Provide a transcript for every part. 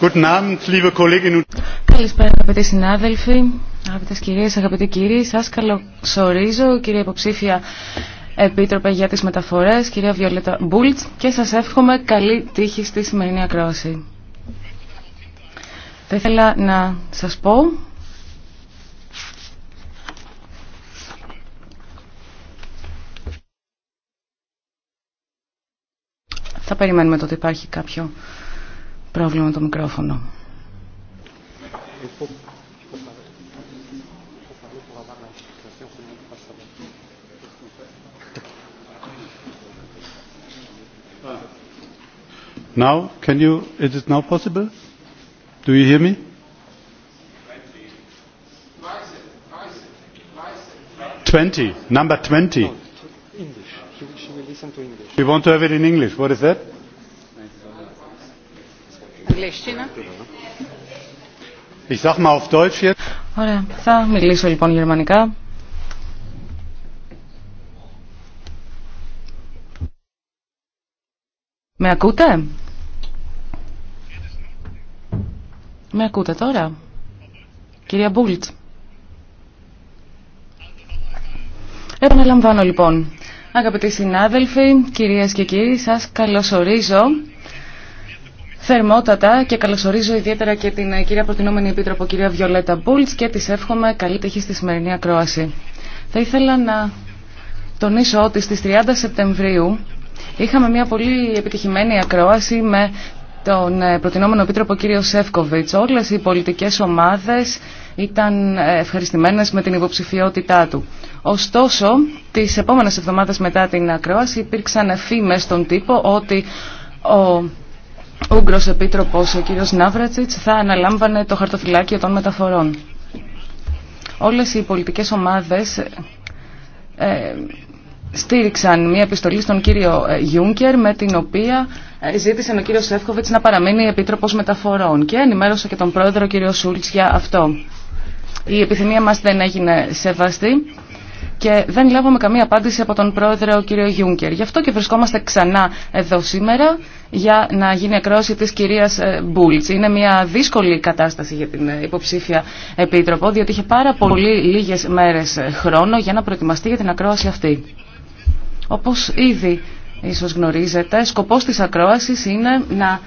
Καλησπέρα αγαπητοί συνάδελφοι, αγαπητέ κυρίε, αγαπητοί κύριοι. Σα καλωσορίζω, κυρία υποψήφια Επίτροπε για τι Μεταφορέ, κυρία Βιολέτα Μπούλτ, και σα εύχομαι καλή τύχη στη σημερινή ακρόαση. Θα ήθελα να σας πω Θα περιμένουμε ότι υπάρχει κάποιο πρόβλημα το μικρόφωνο. Now, can you, is it now possible? Do you hear me? Twenty, number twenty. English. She will listen to English. We want to have it in English. What is that? Ωραία, θα μιλήσω λοιπόν γερμανικά. Με ακούτε? Με ακούτε τώρα? Κυρία Μπούλτ. Επαναλαμβάνω λοιπόν. Αγαπητοί συνάδελφοι, κυρίες και κύριοι, σας καλωσορίζω θερμότατα και καλωσορίζω ιδιαίτερα και την ε, κυρία Προτινόμενη Επίτροπο, κυρία Βιολέτα Μπούλτς και της εύχομαι καλή τύχη στη σημερινή ακρόαση. Θα ήθελα να τονίσω ότι στις 30 Σεπτεμβρίου είχαμε μια πολύ επιτυχημένη ακρόαση με τον ε, προτινόμενο επίτροπο κύριο Σεύκοβιτς. Όλες οι πολιτικές ομάδες ήταν ε, ευχαριστημένες με την υποψηφιότητά του. Ωστόσο, τις επόμενες εβδομάδες μετά την ακρόαση υπήρξαν φήμες στον τύπο ότι ο Ούγκρος Επίτροπος, ο κύριος Ναύρατσιτς, θα αναλάμβανε το χαρτοφυλάκιο των μεταφορών. Όλες οι πολιτικές ομάδες ε, ε στήριξαν μια επιστολή στον κύριο ε, Γιούνκερ με την οποία ε, ζήτησαν ο κύριος Σεύκοβιτς να παραμείνει επίτροπος μεταφορών και ενημέρωσε και τον πρόεδρο κύριο Σούλτς για αυτό. Η επιθυμία μας δεν έγινε σεβαστή και δεν λάβουμε καμία απάντηση από τον πρόεδρο κύριο Γιούνκερ. Γι' αυτό και βρισκόμαστε ξανά εδώ σήμερα για να γίνει ακρόαση της κυρίας ε, Μπούλτς. Είναι μια δύσκολη κατάσταση για την ε, υποψήφια επίτροπο, διότι είχε πάρα πολύ λίγες μέρες ε, χρόνο για να προετοιμαστεί για την ακρόαση αυτή. Όπως ήδη ίσως γνωρίζετε, σκοπός της ακρόασης είναι να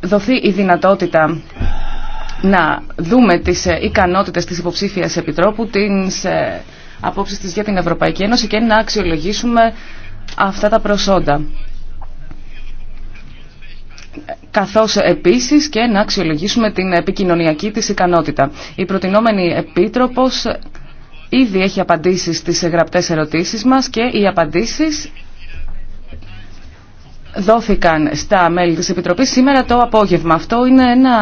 δοθεί η δυνατότητα να δούμε τις ικανότητες της υποψήφιας επιτρόπου, τις απόψεις της για την Ευρωπαϊκή Ένωση και να αξιολογήσουμε αυτά τα προσόντα καθώς επίσης και να αξιολογήσουμε την επικοινωνιακή της ικανότητα. Η προτινόμενη Επίτροπος ήδη έχει απαντήσει στις γραπτές ερωτήσεις μας και οι απαντήσεις δόθηκαν στα μέλη της Επιτροπής σήμερα το απόγευμα. Αυτό είναι ένα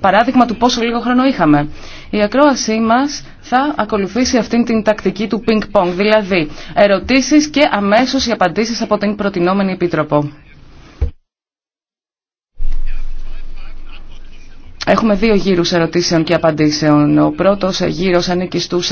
παράδειγμα του πόσο λίγο χρόνο είχαμε. Η ακρόασή μας θα ακολουθήσει αυτήν την τακτική του πινκ-πονγκ, δηλαδή ερωτήσεις και αμέσως οι απαντήσεις από την προτινόμενη Επίτροπο. Έχουμε δύο γύρους ερωτήσεων και απαντήσεων. Ο πρώτος γύρος ανήκει στους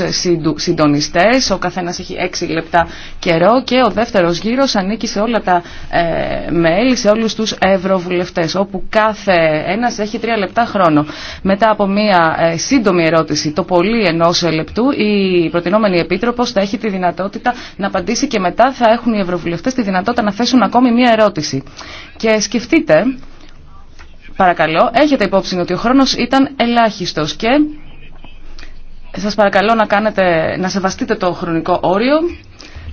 συντονιστές, ο καθένας έχει έξι λεπτά καιρό και ο δεύτερος γύρος ανήκει σε όλα τα ε, μέλη, σε όλους τους ευρωβουλευτές, όπου κάθε ένας έχει τρία λεπτά χρόνο. Μετά από μία ε, σύντομη ερώτηση, το πολύ ενός λεπτού, η προτινόμενη επίτροπος θα έχει τη δυνατότητα να απαντήσει και μετά θα έχουν οι ευρωβουλευτές τη δυνατότητα να θέσουν ακόμη μία ερώτηση. Και σκεφτείτε παρακαλώ, έχετε υπόψη ότι ο χρόνος ήταν ελάχιστος και σας παρακαλώ να, κάνετε, να σεβαστείτε το χρονικό όριο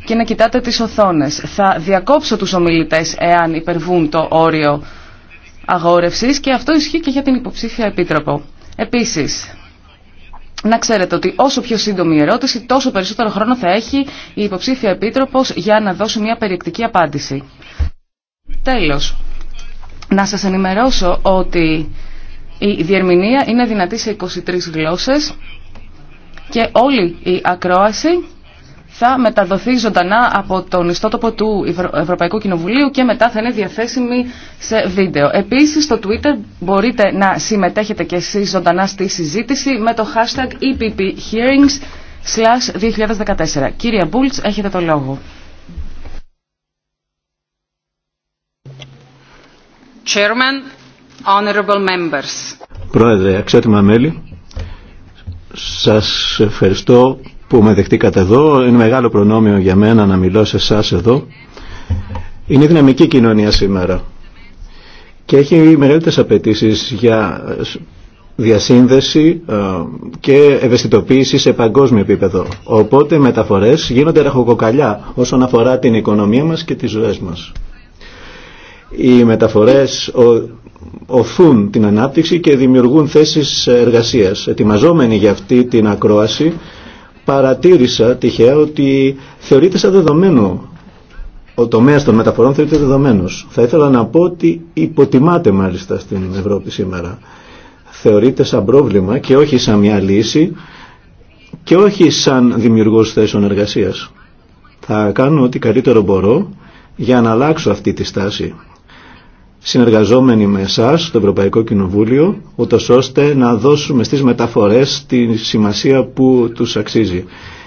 και να κοιτάτε τις οθόνες. Θα διακόψω τους ομιλητές εάν υπερβούν το όριο αγόρευσης και αυτό ισχύει και για την υποψήφια επίτροπο. Επίσης, να ξέρετε ότι όσο πιο σύντομη η ερώτηση, τόσο περισσότερο χρόνο θα έχει η υποψήφια επίτροπος για να δώσει μια περιεκτική απάντηση. Τέλος. Να σας ενημερώσω ότι η διερμηνία είναι δυνατή σε 23 γλώσσες και όλη η ακρόαση θα μεταδοθεί ζωντανά από τον ιστότοπο του Ευρωπαϊκού Κοινοβουλίου και μετά θα είναι διαθέσιμη σε βίντεο. Επίσης στο Twitter μπορείτε να συμμετέχετε και εσείς ζωντανά στη συζήτηση με το hashtag EPPhearings Hearings 2014. Κύριε Μπούλτς, έχετε το λόγο. Chairman, Πρόεδρε, αξιότιμα μέλη, σας ευχαριστώ που με δεχτήκατε εδώ. Είναι μεγάλο προνόμιο για μένα να μιλώ σε εσά εδώ. Είναι δυναμική κοινωνία σήμερα και έχει μεγαλύτερε απαιτήσει για διασύνδεση ε, και ευαισθητοποίηση σε παγκόσμιο επίπεδο. Οπότε μεταφορές γίνονται ραχοκοκαλιά όσον αφορά την οικονομία μας και τις ζωές μας. Οι μεταφορές οθούν την ανάπτυξη και δημιουργούν θέσεις εργασίας. Ετοιμαζόμενοι για αυτή την ακρόαση παρατήρησα τυχαία ότι θεωρείται σαν δεδομένο ο τομέας των μεταφορών θεωρείται δεδομένος. Θα ήθελα να πω ότι υποτιμάται μάλιστα στην Ευρώπη σήμερα. Θεωρείται σαν πρόβλημα και όχι σαν μια λύση και όχι σαν δημιουργός θέσεων εργασίας. Θα κάνω ό,τι καλύτερο μπορώ για να αλλάξω αυτή τη στάση συνεργαζόμενοι με εσά στο Ευρωπαϊκό Κοινοβούλιο, ούτως ώστε να δώσουμε στις μεταφορές τη σημασία που τους αξίζει.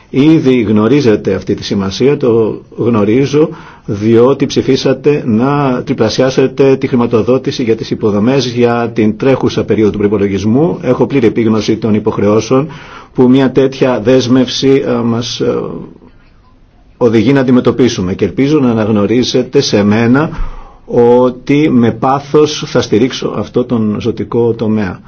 Ήδη γνωρίζετε αυτή τη σημασία, το γνωρίζω, διότι ψηφίσατε να τριπλασιάσετε τη χρηματοδότηση για τις υποδομές για την τρέχουσα περίοδο του προπολογισμού. Έχω πλήρη επίγνωση των υποχρεώσεων που μια τέτοια δέσμευση ε, μας ε, οδηγεί να αντιμετωπίσουμε και ελπίζω να αναγνωρίσετε σε μένα ότι με πάθος θα στηρίξω αυτό τον ζωτικό τομέα.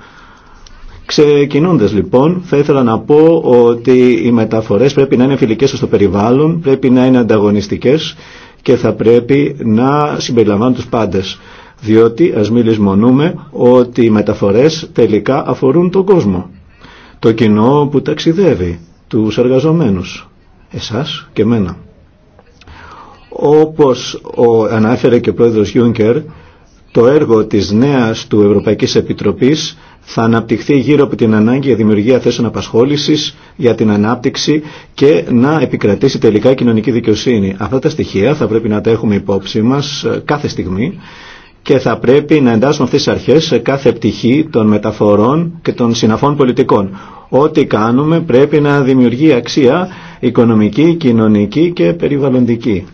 Ξεκινώντας λοιπόν, θα ήθελα να πω ότι οι μεταφορές πρέπει να είναι φιλικές στο περιβάλλον, πρέπει να είναι ανταγωνιστικές και θα πρέπει να συμπεριλαμβάνουν τους πάντες. Διότι ας μην λησμονούμε ότι οι μεταφορές τελικά αφορούν τον κόσμο. Το κοινό που ταξιδεύει, τους εργαζομένους, εσάς και μένα. Όπως ο, ανάφερε και ο πρόεδρος Γιούνκερ, το έργο της νέας του Ευρωπαϊκής Επιτροπής θα αναπτυχθεί γύρω από την ανάγκη για δημιουργία θέσεων απασχόλησης, για την ανάπτυξη και να επικρατήσει τελικά κοινωνική δικαιοσύνη. Αυτά τα στοιχεία θα πρέπει να τα έχουμε υπόψη μας ε, κάθε στιγμή και θα πρέπει να εντάσσουμε αυτές τις αρχές σε κάθε πτυχή των μεταφορών και των συναφών πολιτικών. Ό,τι κάνουμε πρέπει να δημιουργεί αξία οικονομική, κοινωνική και περιβαλλοντική.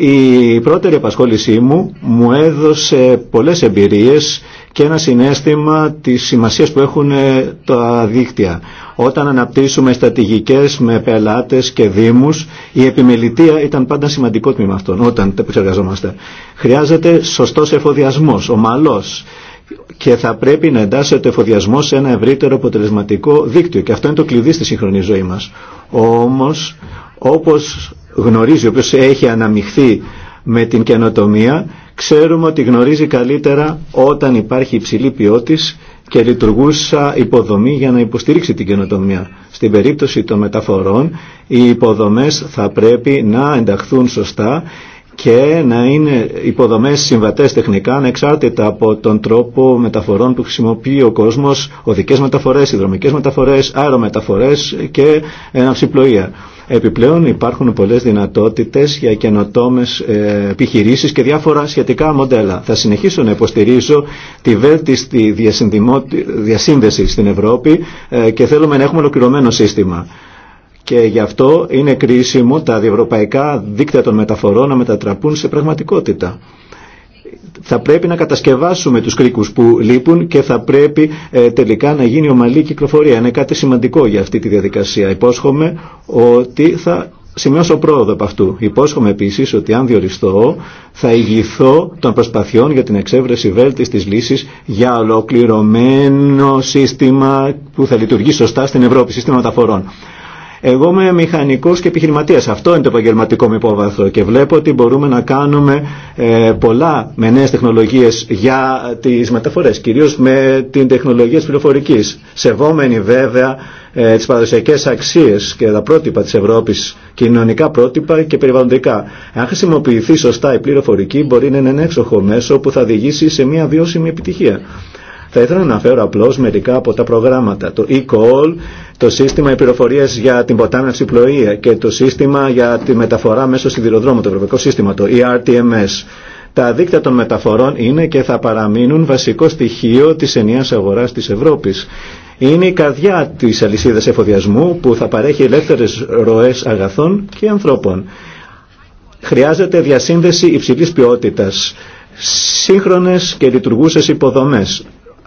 Η πρώτερη επασχόλησή μου μου έδωσε πολλές εμπειρίες και ένα συνέστημα της σημασίας που έχουν ε, τα δίκτυα. Όταν αναπτύσσουμε στρατηγικές με πελάτες και δήμους, η επιμελητεία ήταν πάντα σημαντικό τμήμα αυτών όταν τα επεξεργαζόμαστε. Χρειάζεται σωστός εφοδιασμός, ομαλός και θα πρέπει να εντάσσεται ο εφοδιασμός σε ένα ευρύτερο αποτελεσματικό δίκτυο και αυτό είναι το κλειδί στη σύγχρονη ζωή μας. Όμως όπως γνωρίζει, όπως έχει αναμειχθεί με την καινοτομία, ξέρουμε ότι γνωρίζει καλύτερα όταν υπάρχει υψηλή ποιότης και λειτουργούσα υποδομή για να υποστηρίξει την καινοτομία. Στην περίπτωση των μεταφορών, οι υποδομές θα πρέπει να ενταχθούν σωστά και να είναι υποδομές συμβατές τεχνικά ανεξάρτητα από τον τρόπο μεταφορών που χρησιμοποιεί ο κόσμος, οδικές μεταφορές, υδρομικές μεταφορές, αερομεταφορές και αναψυπλοεία. Επιπλέον υπάρχουν πολλές δυνατότητες για καινοτόμες ε, επιχειρήσεις και διάφορα σχετικά μοντέλα. Θα συνεχίσω να υποστηρίζω τη βέλτιστη διασύνδεση στην Ευρώπη ε, και θέλουμε να έχουμε ολοκληρωμένο σύστημα. Και γι' αυτό είναι κρίσιμο τα διευρωπαϊκά δίκτυα των μεταφορών να μετατραπούν σε πραγματικότητα θα πρέπει να κατασκευάσουμε τους κρίκους που λείπουν και θα πρέπει ε, τελικά να γίνει ομαλή κυκλοφορία. Είναι κάτι σημαντικό για αυτή τη διαδικασία. Υπόσχομαι ότι θα σημειώσω πρόοδο από αυτού. Υπόσχομαι επίσης ότι αν διοριστώ θα ηγηθώ των προσπαθειών για την εξέβρεση βέλτιστης της λύσης για ολοκληρωμένο σύστημα που θα λειτουργεί σωστά στην Ευρώπη, σύστημα μεταφορών. Εγώ είμαι μηχανικό και επιχειρηματία. Αυτό είναι το επαγγελματικό μου υπόβαθρο και βλέπω ότι μπορούμε να κάνουμε ε, πολλά με νέε τεχνολογίε για τι μεταφορέ, κυρίω με την τεχνολογία τη πληροφορική. Σεβόμενοι βέβαια ε, τι παραδοσιακέ αξίε και τα πρότυπα τη Ευρώπη, κοινωνικά πρότυπα και περιβαλλοντικά. Αν χρησιμοποιηθεί σωστά η πληροφορική, μπορεί να είναι ένα έξοχο μέσο που θα οδηγήσει σε μια βιώσιμη επιτυχία. Θα ήθελα να αναφέρω απλώ μερικά από τα προγράμματα. Το e-call, το σύστημα πληροφορίες για την ποτάμευση πλοία και το σύστημα για τη μεταφορά μέσω σιδηροδρόμου, το ευρωπαϊκό σύστημα, το ERTMS. Τα δίκτυα των μεταφορών είναι και θα παραμείνουν βασικό στοιχείο τη ενιαία αγορά τη Ευρώπη. Είναι η καρδιά τη αλυσίδα εφοδιασμού που θα παρέχει ελεύθερε ροέ αγαθών και ανθρώπων. Χρειάζεται διασύνδεση υψηλή ποιότητα. Σύγχρονε και λειτουργούσε υποδομέ.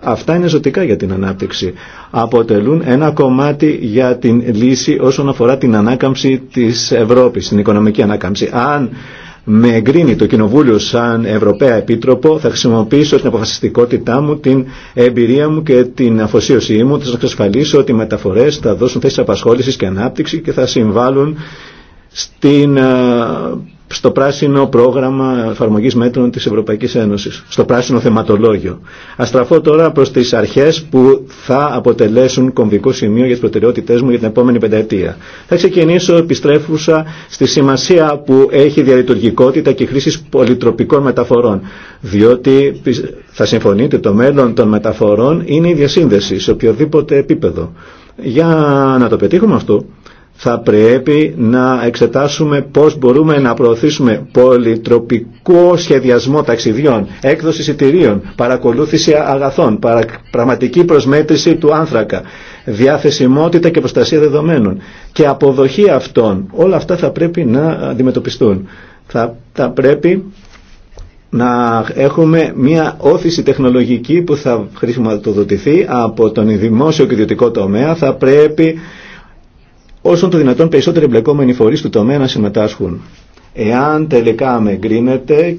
Αυτά είναι ζωτικά για την ανάπτυξη. Αποτελούν ένα κομμάτι για την λύση όσον αφορά την ανάκαμψη της Ευρώπης, την οικονομική ανάκαμψη. Αν με εγκρίνει το Κοινοβούλιο σαν Ευρωπαία Επίτροπο, θα χρησιμοποιήσω την αποφασιστικότητά μου, την εμπειρία μου και την αφοσίωσή μου, θα σας εξασφαλίσω ότι οι μεταφορές θα δώσουν θέσεις απασχόλησης και ανάπτυξη και θα συμβάλλουν στην ε, στο πράσινο πρόγραμμα εφαρμογή μέτρων της Ευρωπαϊκής Ένωσης, στο πράσινο θεματολόγιο. Αστραφώ τώρα προς τις αρχές που θα αποτελέσουν κομβικό σημείο για τις προτεραιότητές μου για την επόμενη πενταετία. Θα ξεκινήσω επιστρέφουσα στη σημασία που έχει διαλειτουργικότητα και χρήση πολυτροπικών μεταφορών, διότι θα συμφωνείτε το μέλλον των μεταφορών είναι η διασύνδεση σε οποιοδήποτε επίπεδο. Για να το πετύχουμε αυτό, θα πρέπει να εξετάσουμε πώς μπορούμε να προωθήσουμε πολυτροπικό σχεδιασμό ταξιδιών, έκδοση εισιτηρίων, παρακολούθηση αγαθών, πραγματική προσμέτρηση του άνθρακα, διαθεσιμότητα και προστασία δεδομένων και αποδοχή αυτών. Όλα αυτά θα πρέπει να αντιμετωπιστούν. Θα, θα πρέπει να έχουμε μια όθηση τεχνολογική που θα χρηματοδοτηθεί από τον δημόσιο και ιδιωτικό τομέα. Θα πρέπει όσο το δυνατόν περισσότεροι εμπλεκόμενοι φορεί του τομέα να συμμετάσχουν. Εάν τελικά με εγκρίνεται,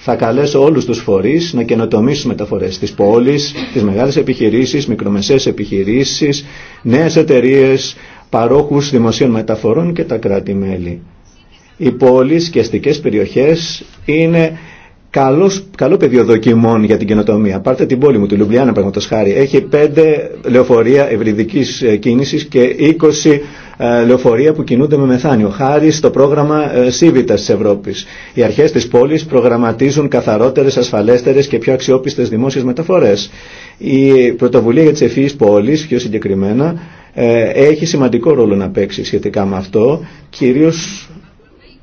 θα καλέσω όλους τους φορείς να καινοτομήσουν μεταφορές της πόλεις, τις μεγάλες επιχειρήσεις, μικρομεσαίες επιχειρήσεις, νέες εταιρείες, παρόχους δημοσίων μεταφορών και τα κράτη-μέλη. Οι πόλεις και αστικές περιοχές είναι καλός, καλό πεδίο δοκιμών για την καινοτομία. Πάρτε την πόλη μου, τη Λουμπλιάνα, παραδείγματο χάρη. Έχει πέντε λεωφορεία ευρυδική ε, κίνηση και είκοσι ε, λεωφορεία που κινούνται με μεθάνιο, χάρη στο πρόγραμμα Σίβητα ε, τη Ευρώπη. Οι αρχέ τη πόλη προγραμματίζουν καθαρότερε, ασφαλέστερε και πιο αξιόπιστε δημόσιε μεταφορέ. Η πρωτοβουλία για τι ευφυεί πόλει, πιο συγκεκριμένα, έχει σημαντικό ρόλο να παίξει σχετικά με αυτό, κυρίω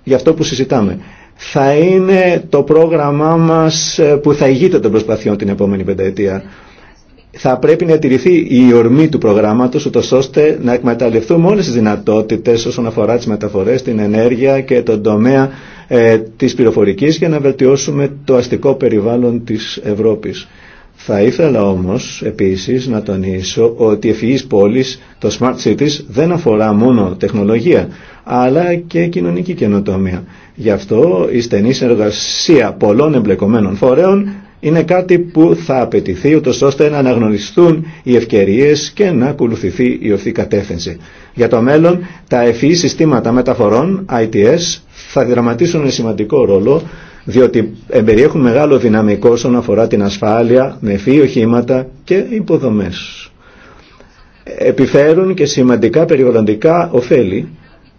για αυτό που συζητάμε θα είναι το πρόγραμμά μας ε, που θα ηγείται των προσπαθειών την επόμενη πενταετία. Θα πρέπει να τηρηθεί η ορμή του προγράμματος, ώστε να εκμεταλλευτούμε όλες τις δυνατότητες όσον αφορά τις μεταφορές, την ενέργεια και τον τομέα ε, της πληροφορικής για να βελτιώσουμε το αστικό περιβάλλον της Ευρώπης. Θα ήθελα όμως επίσης να τονίσω ότι η ευφυής πόλης, το Smart Cities, δεν αφορά μόνο τεχνολογία, αλλά και κοινωνική καινοτομία. Γι' αυτό η στενή συνεργασία πολλών εμπλεκομένων φορέων είναι κάτι που θα απαιτηθεί ούτως ώστε να αναγνωριστούν οι ευκαιρίες και να ακολουθηθεί η ορθή κατεύθυνση. Για το μέλλον, τα ευφυή e συστήματα μεταφορών, ITS, θα δραματίσουν ένα σημαντικό ρόλο διότι εμπεριέχουν μεγάλο δυναμικό όσον αφορά την ασφάλεια, με ευφυή e οχήματα και υποδομές. Επιφέρουν και σημαντικά περιβαλλοντικά ωφέλη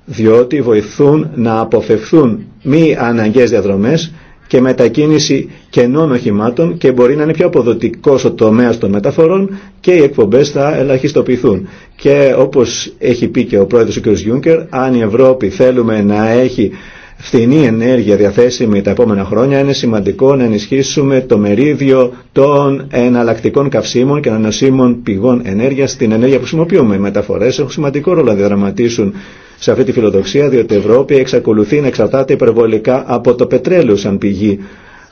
διότι βοηθούν να αποφευθούν μη αναγκαίες διαδρομές και μετακίνηση κενών οχημάτων και μπορεί να είναι πιο αποδοτικό ο τομέα των μεταφορών και οι εκπομπέ θα ελαχιστοποιηθούν. Και όπω έχει πει και ο πρόεδρο ο κ. Γιούγκερ, αν η Ευρώπη θέλουμε να έχει Φθηνή ενέργεια διαθέσιμη τα επόμενα χρόνια, είναι σημαντικό να ενισχύσουμε το μερίδιο των εναλλακτικών καυσίμων και ανανοσίμων πηγών ενέργειας στην ενέργεια που χρησιμοποιούμε. Οι μεταφορές έχουν σημαντικό ρόλο να διαδραματίσουν σε αυτή τη φιλοδοξία, διότι η Ευρώπη εξακολουθεί να εξαρτάται υπερβολικά από το πετρέλαιο σαν πηγή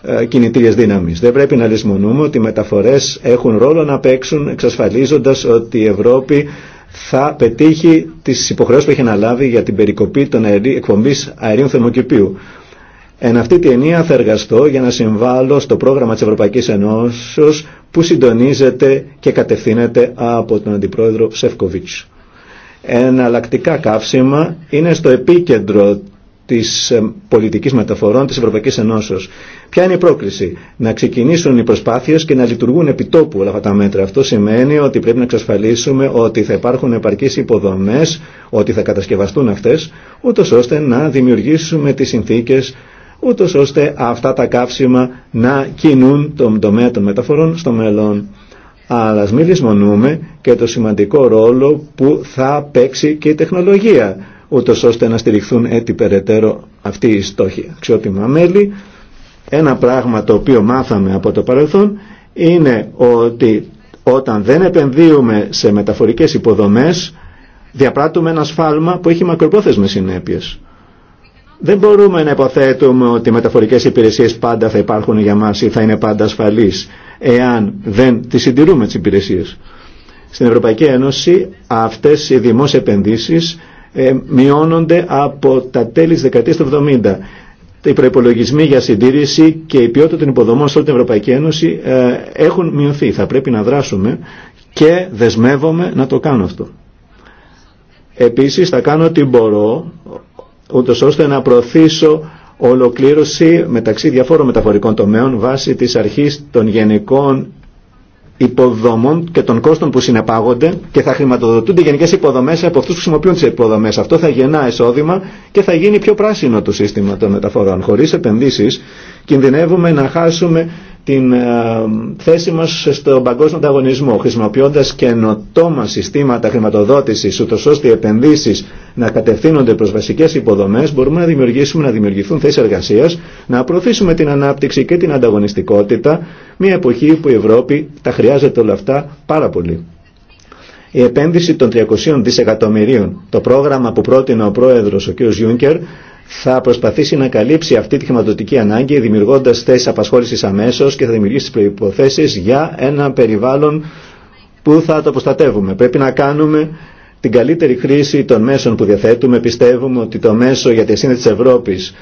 ε, κινητήρια δύναμη. Δεν πρέπει να λησμονούμε ότι οι μεταφορέ έχουν ρόλο να παίξουν εξασφαλίζοντα ότι η Ευρώπη θα πετύχει τις υποχρεώσεις που έχει αναλάβει για την περικοπή των αερί, εκπομπής αερίων θερμοκηπίου. Εν αυτή τη ενία θα εργαστώ για να συμβάλλω στο πρόγραμμα της Ευρωπαϊκής Ενώσεω που συντονίζεται και κατευθύνεται από τον Αντιπρόεδρο Σεφκοβίτς. Εναλλακτικά καύσιμα είναι στο επίκεντρο Τη ε, πολιτική μεταφορών τη Ευρωπαϊκή Ενώσεω. Ποια είναι η πρόκληση. Να ξεκινήσουν οι προσπάθειε και να λειτουργούν επιτόπου όλα αυτά τα μέτρα. Αυτό σημαίνει ότι πρέπει να εξασφαλίσουμε ότι θα υπάρχουν επαρκείς υποδομέ, ότι θα κατασκευαστούν αυτέ, ούτως ώστε να δημιουργήσουμε τι συνθήκε, ούτως ώστε αυτά τα καύσιμα να κινούν τον τομέα των μεταφορών στο μέλλον. Αλλά ας μην και το σημαντικό ρόλο που θα παίξει και η τεχνολογία ούτως ώστε να στηριχθούν έτσι περαιτέρω αυτοί οι στόχοι. Αξιότιμα μέλη, ένα πράγμα το οποίο μάθαμε από το παρελθόν είναι ότι όταν δεν επενδύουμε σε μεταφορικές υποδομές διαπράττουμε ένα σφάλμα που έχει μακροπρόθεσμες συνέπειες. Δεν μπορούμε να υποθέτουμε ότι οι μεταφορικές υπηρεσίες πάντα θα υπάρχουν για μας ή θα είναι πάντα ασφαλείς εάν δεν τις συντηρούμε τις υπηρεσίες. Στην Ευρωπαϊκή Ένωση αυτές οι δημόσιες επενδύσεις ε, μειώνονται από τα τέλη της δεκαετίας του 70. Οι προπολογισμοί για συντήρηση και η ποιότητα των υποδομών σε όλη την Ευρωπαϊκή Ένωση ε, έχουν μειωθεί. Θα πρέπει να δράσουμε και δεσμεύομαι να το κάνω αυτό. Επίσης θα κάνω ό,τι μπορώ ούτως ώστε να προωθήσω ολοκλήρωση μεταξύ διαφόρων μεταφορικών τομέων βάσει της αρχής των γενικών υποδομών και των κόστων που συνεπάγονται και θα χρηματοδοτούνται γενικέ υποδομέ από αυτού που χρησιμοποιούν τι υποδομέ. Αυτό θα γεννά εισόδημα και θα γίνει πιο πράσινο το σύστημα των μεταφορών. Χωρί επενδύσει κινδυνεύουμε να χάσουμε την ε, θέση μας στον παγκόσμιο ανταγωνισμό χρησιμοποιώντας καινοτόμα συστήματα χρηματοδότησης ούτως ώστε οι επενδύσεις να κατευθύνονται προς βασικές υποδομές μπορούμε να δημιουργήσουμε, να δημιουργηθούν θέσεις εργασίας να προωθήσουμε την ανάπτυξη και την ανταγωνιστικότητα μια εποχή που η Ευρώπη τα χρειάζεται όλα αυτά πάρα πολύ. Η επένδυση των 300 δισεκατομμυρίων, το πρόγραμμα που πρότεινε ο πρόεδρος ο κ. Γιούνκερ θα προσπαθήσει να καλύψει αυτή τη χρηματοδοτική ανάγκη δημιουργώντας θέσεις απασχόλησης αμέσως και θα δημιουργήσει τις προϋποθέσεις για ένα περιβάλλον που θα το προστατεύουμε. Πρέπει να κάνουμε την καλύτερη χρήση των μέσων που διαθέτουμε. Πιστεύουμε ότι το μέσο για τη σύνδεση της Ευρώπης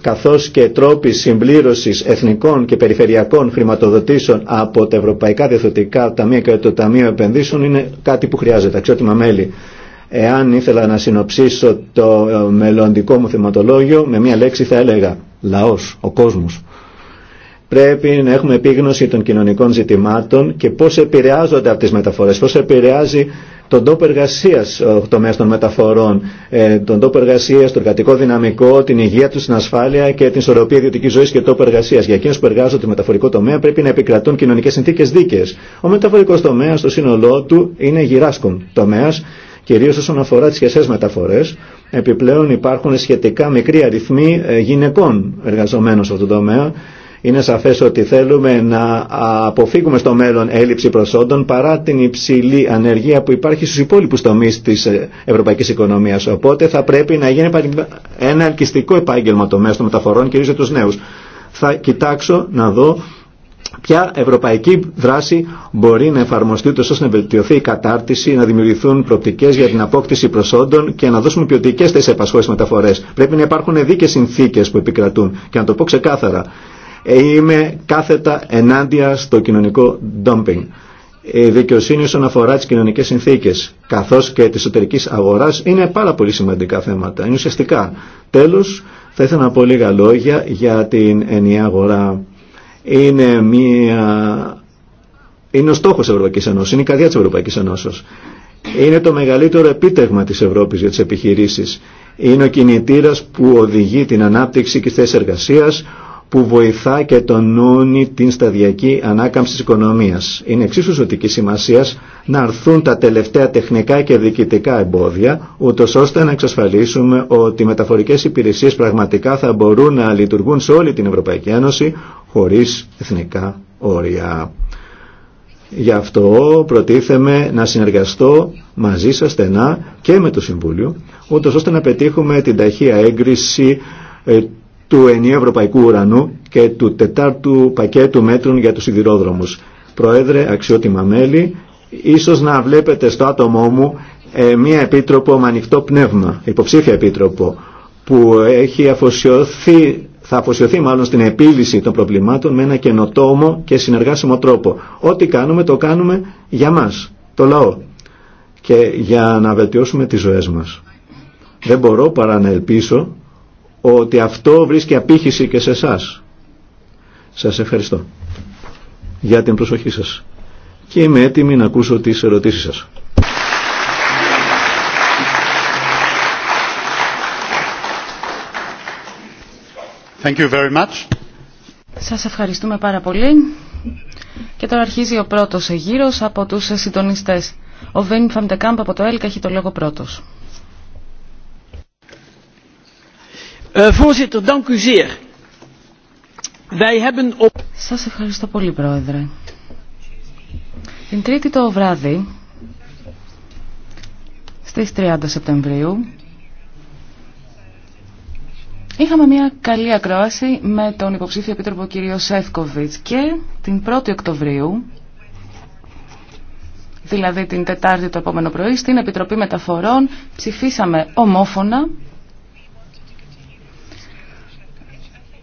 καθώς και τρόποι συμπλήρωσης εθνικών και περιφερειακών χρηματοδοτήσεων από τα Ευρωπαϊκά Διευθυντικά Ταμεία και το Ταμείο Επενδύσεων είναι κάτι που χρειάζεται, αξιότιμα μέλη. Εάν ήθελα να συνοψίσω το ε, μελλοντικό μου θεματολόγιο, με μία λέξη θα έλεγα λαός, ο κόσμος. Πρέπει να έχουμε επίγνωση των κοινωνικών ζητημάτων και πώς επηρεάζονται από τις μεταφορές, πώς επηρεάζει τον τόπο εργασία ε, ο τομέα των μεταφορών, ε, τον τόπο εργασία, το εργατικό δυναμικό, την υγεία του, την ασφάλεια και την ισορροπία ιδιωτική ζωή και τόπο εργασία. Για εκείνου που εργάζονται το μεταφορικό τομέα πρέπει να επικρατούν κοινωνικέ συνθήκε δίκαιε. Ο μεταφορικό τομέα, στο σύνολό του, είναι γυράσκον τομέα κυρίως όσον αφορά τις χεσές μεταφορές. Επιπλέον υπάρχουν σχετικά μικροί αριθμοί ε, γυναικών εργαζομένων σε αυτό το τομέα. Είναι σαφές ότι θέλουμε να αποφύγουμε στο μέλλον έλλειψη προσόντων παρά την υψηλή ανεργία που υπάρχει στους υπόλοιπους τομείς της ε, ευρωπαϊκής οικονομίας. Οπότε θα πρέπει να γίνει ένα ελκυστικό επάγγελμα το μέσο των μεταφορών κυρίως για τους νέους. Θα κοιτάξω να δω ποια ευρωπαϊκή δράση μπορεί να εφαρμοστεί ούτως ώστε να βελτιωθεί η κατάρτιση, να δημιουργηθούν προπτικές για την απόκτηση προσόντων και να δώσουμε ποιοτικέ θέσει επασχόληση μεταφορέ. Πρέπει να υπάρχουν δίκαιε συνθήκε που επικρατούν. Και να το πω ξεκάθαρα, είμαι κάθετα ενάντια στο κοινωνικό dumping. Η δικαιοσύνη όσον αφορά τι κοινωνικέ συνθήκε καθώ και τη εσωτερική αγορά είναι πάρα πολύ σημαντικά θέματα. Είναι ουσιαστικά. Τέλο, θα ήθελα να πω λίγα λόγια για την ενιαία αγορά είναι, μια... είναι ο στόχος της Ευρωπαϊκής Ενώσης, είναι η καρδιά της Ευρωπαϊκής Ενώσης. Είναι το μεγαλύτερο επίτευγμα της Ευρώπης για τις επιχειρήσεις. Είναι ο κινητήρας που οδηγεί την ανάπτυξη και θέσεις εργασίας, που βοηθά και τονώνει την σταδιακή ανάκαμψη της οικονομίας. Είναι εξίσου ζωτική σημασία να αρθούν τα τελευταία τεχνικά και διοικητικά εμπόδια, ούτω ώστε να εξασφαλίσουμε ότι οι μεταφορικές υπηρεσίες πραγματικά θα μπορούν να λειτουργούν σε όλη την Ευρωπαϊκή Ένωση, χωρίς εθνικά όρια. Γι' αυτό προτίθεμαι να συνεργαστώ μαζί σας στενά και με το Συμβούλιο, ούτως ώστε να πετύχουμε την ταχεία έγκριση ε, του ενιαίου ευρωπαϊκού ουρανού και του τετάρτου πακέτου μέτρων για τους σιδηρόδρομους. Πρόεδρε, αξιότιμα μέλη, ίσως να βλέπετε στο άτομό μου ε, μία επίτροπο με ανοιχτό πνεύμα, υποψήφια επίτροπο, που έχει αφοσιωθεί θα αφοσιωθεί μάλλον στην επίλυση των προβλημάτων με ένα καινοτόμο και συνεργάσιμο τρόπο. Ό,τι κάνουμε το κάνουμε για μας, το λαό και για να βελτιώσουμε τις ζωές μας. Δεν μπορώ παρά να ελπίσω ότι αυτό βρίσκει απήχηση και σε εσάς. Σας ευχαριστώ για την προσοχή σας και είμαι έτοιμη να ακούσω τις ερωτήσεις σας. Σας ευχαριστούμε πάρα πολύ. Και τώρα αρχίζει ο πρώτος γύρος από τους συντονιστές. Ο Βέιν Φαμτεκάμπ από το ΕΛΚΑ έχει το λόγο πρώτος. Ε, Σας ευχαριστώ πολύ, Πρόεδρε. Την Τρίτη το βράδυ, στις 30 Σεπτεμβρίου, Είχαμε μια καλή ακρόαση με τον υποψήφιο επίτροπο κύριο Σεύκοβιτς και την 1η Οκτωβρίου, δηλαδή την Τετάρτη το επόμενο πρωί, στην Επιτροπή Μεταφορών ψηφίσαμε ομόφωνα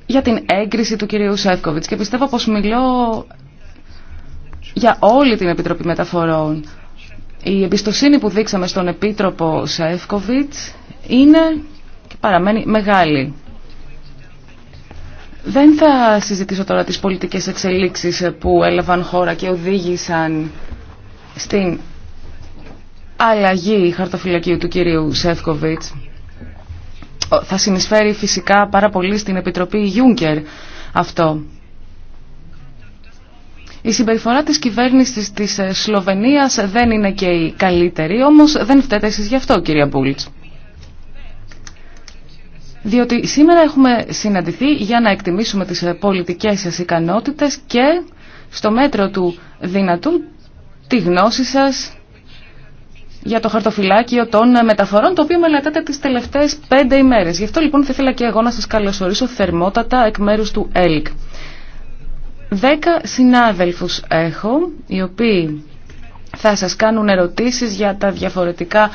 για την έγκριση του κυρίου Σεύκοβιτς και πιστεύω πως μιλώ για όλη την Επιτροπή Μεταφορών. Η εμπιστοσύνη που δείξαμε στον Επίτροπο Σεύκοβιτς είναι και παραμένει μεγάλη. Δεν θα συζητήσω τώρα τις πολιτικές εξελίξεις που έλαβαν χώρα και οδήγησαν στην αλλαγή χαρτοφυλακίου του κυρίου Σεύκοβιτς. Θα συνεισφέρει φυσικά πάρα πολύ στην Επιτροπή Γιούνκερ αυτό. Η συμπεριφορά της κυβέρνησης της ε, Σλοβενίας δεν είναι και η καλύτερη, όμως δεν φταίτε εσείς γι' αυτό κυρία Μπούλτς διότι σήμερα έχουμε συναντηθεί για να εκτιμήσουμε τις ε, πολιτικές σας ικανότητες και στο μέτρο του δυνατού τη γνώση σας για το χαρτοφυλάκιο των ε, μεταφορών, το οποίο μελετάτε τις τελευταίες πέντε ημέρες. Γι' αυτό λοιπόν θα ήθελα και εγώ να σας καλωσορίσω θερμότατα εκ μέρους του ΕΛΚ. Δέκα συνάδελφους έχω, οι οποίοι θα σας κάνουν ερωτήσεις για τα διαφορετικά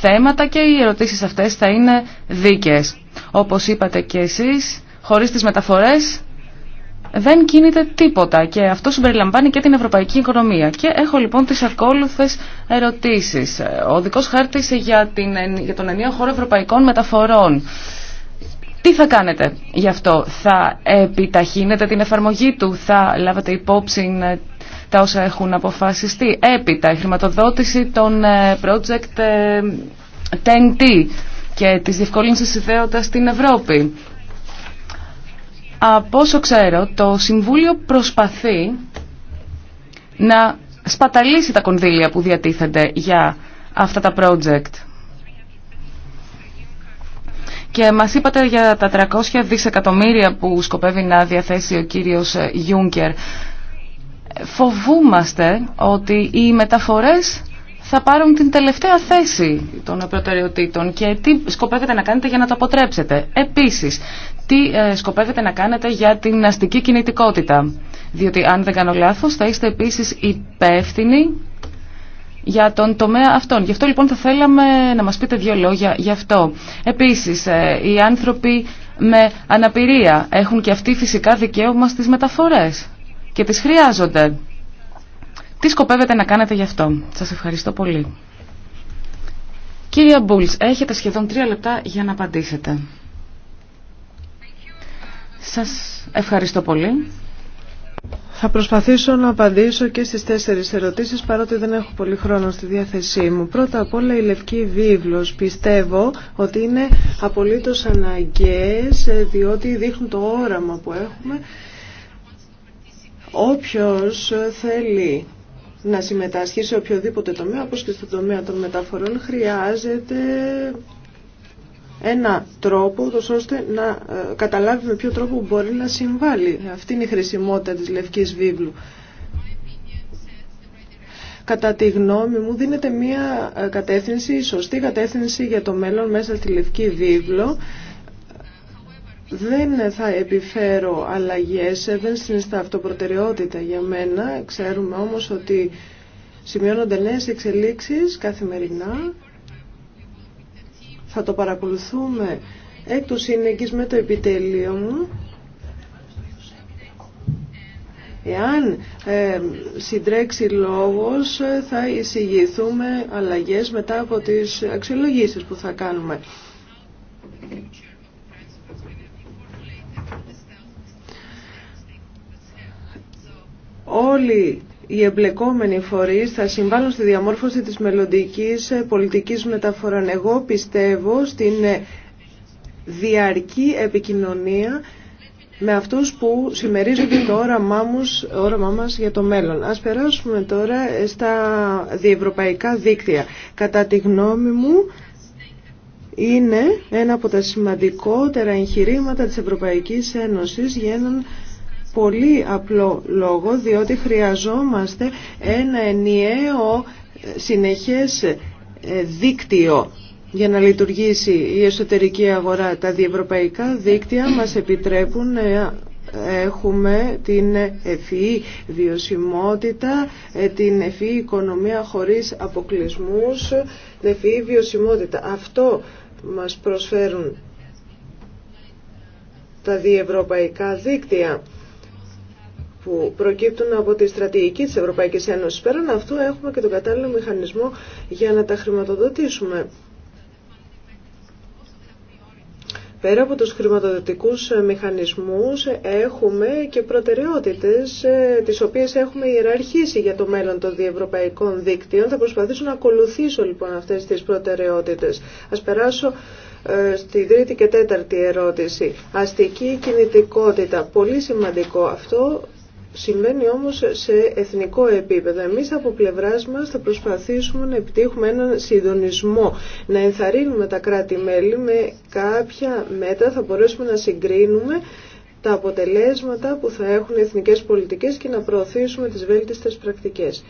θέματα και οι ερωτήσεις αυτές θα είναι δίκαιες. Όπως είπατε και εσείς, χωρίς τις μεταφορές δεν κινείται τίποτα και αυτό συμπεριλαμβάνει και την ευρωπαϊκή οικονομία. Και έχω λοιπόν τις ακόλουθες ερωτήσεις. Ο δικός χάρτης για, την, για τον ενίο χώρο ευρωπαϊκών μεταφορών. Τι θα κάνετε γι' αυτό, θα επιταχύνετε την εφαρμογή του, θα λάβετε υπόψη ε, τα όσα έχουν αποφασιστεί. Έπειτα, η χρηματοδότηση των ε, project 10T. Ε, και της διευκόλυνσης ιδέωτας στην Ευρώπη. Από όσο ξέρω, το Συμβούλιο προσπαθεί να σπαταλήσει τα κονδύλια που διατίθενται για αυτά τα project. Και μας είπατε για τα 300 δισεκατομμύρια που σκοπεύει να διαθέσει ο κύριος Γιούνκερ. Φοβούμαστε ότι οι μεταφορές θα πάρουν την τελευταία θέση των προτεραιοτήτων και τι σκοπεύετε να κάνετε για να το αποτρέψετε. Επίσης, τι ε, σκοπεύετε να κάνετε για την αστική κινητικότητα. Διότι αν δεν κάνω λάθος θα είστε επίσης υπεύθυνοι για τον τομέα αυτόν. Γι' αυτό λοιπόν θα θέλαμε να μας πείτε δύο λόγια γι' αυτό. Επίσης, ε, οι άνθρωποι με αναπηρία έχουν και αυτοί φυσικά δικαίωμα στις μεταφορές και τις χρειάζονται. Τι σκοπεύετε να κάνετε γι' αυτό. Σας ευχαριστώ πολύ. Κύριε Μπούλς, έχετε σχεδόν τρία λεπτά για να απαντήσετε. Σας ευχαριστώ πολύ. Θα προσπαθήσω να απαντήσω και στις τέσσερις ερωτήσεις παρότι δεν έχω πολύ χρόνο στη διάθεσή μου. Πρώτα απ' όλα η Λευκή Βίβλος πιστεύω ότι είναι απολύτως αναγκαίες ε, διότι δείχνουν το όραμα που έχουμε. Όποιος θέλει να συμμετάσχει σε οποιοδήποτε τομέα, όπως και στο τομέα των μεταφορών, χρειάζεται ένα τρόπο, ώστε να ε, καταλάβει με ποιο τρόπο μπορεί να συμβάλλει. Αυτή είναι η χρησιμότητα της Λευκής Βίβλου. Κατά τη γνώμη μου δίνεται μια ε, κατεύθυνση, σωστή κατεύθυνση για το μέλλον μέσα στη Λευκή Βίβλο. Δεν θα επιφέρω αλλαγές, δεν συνιστά αυτοπροτεραιότητα για μένα. Ξέρουμε όμως ότι σημειώνονται νέες εξελίξεις καθημερινά. Θα το παρακολουθούμε εκ του με το επιτελείο μου. Εάν ε, συντρέξει λόγος θα εισηγηθούμε αλλαγές μετά από τις αξιολογήσεις που θα κάνουμε. όλοι οι εμπλεκόμενοι φορείς θα συμβάλλουν στη διαμόρφωση της μελλοντική ε, πολιτικής μεταφοράς. Εγώ πιστεύω στην ε, διαρκή επικοινωνία με αυτούς που συμμερίζονται το όραμά, μας, όραμά μας για το μέλλον. Ας περάσουμε τώρα ε, στα διευρωπαϊκά δίκτυα. Κατά τη γνώμη μου είναι ένα από τα σημαντικότερα εγχειρήματα της Ευρωπαϊκής Ένωσης για έναν πολύ απλό λόγο, διότι χρειαζόμαστε ένα ενιαίο συνεχές ε, δίκτυο για να λειτουργήσει η εσωτερική αγορά. Τα διευρωπαϊκά δίκτυα μας επιτρέπουν να έχουμε την ευφυή βιωσιμότητα, ε, την ευφυή οικονομία χωρίς αποκλεισμούς, την ευφυή βιωσιμότητα. Αυτό μας προσφέρουν τα διευρωπαϊκά δίκτυα που προκύπτουν από τη στρατηγική της Ευρωπαϊκής Ένωσης. Πέραν αυτού έχουμε και τον κατάλληλο μηχανισμό για να τα χρηματοδοτήσουμε. Πέρα από τους χρηματοδοτικούς μηχανισμούς έχουμε και προτεραιότητες ε, τις οποίες έχουμε ιεραρχήσει για το μέλλον των διευρωπαϊκών δίκτυων. Θα προσπαθήσω να ακολουθήσω λοιπόν αυτές τις προτεραιότητες. Ας περάσω ε, στη τρίτη και τέταρτη ερώτηση. Αστική κινητικότητα. Πολύ σημαντικό αυτό Συμβαίνει όμως σε εθνικό επίπεδο. Εμείς από πλευράς μας θα προσπαθήσουμε να επιτύχουμε έναν συντονισμό, να ενθαρρύνουμε τα κράτη-μέλη με κάποια μέτρα, θα μπορέσουμε να συγκρίνουμε τα αποτελέσματα που θα έχουν οι εθνικές πολιτικές και να προωθήσουμε τις βέλτιστες πρακτικές.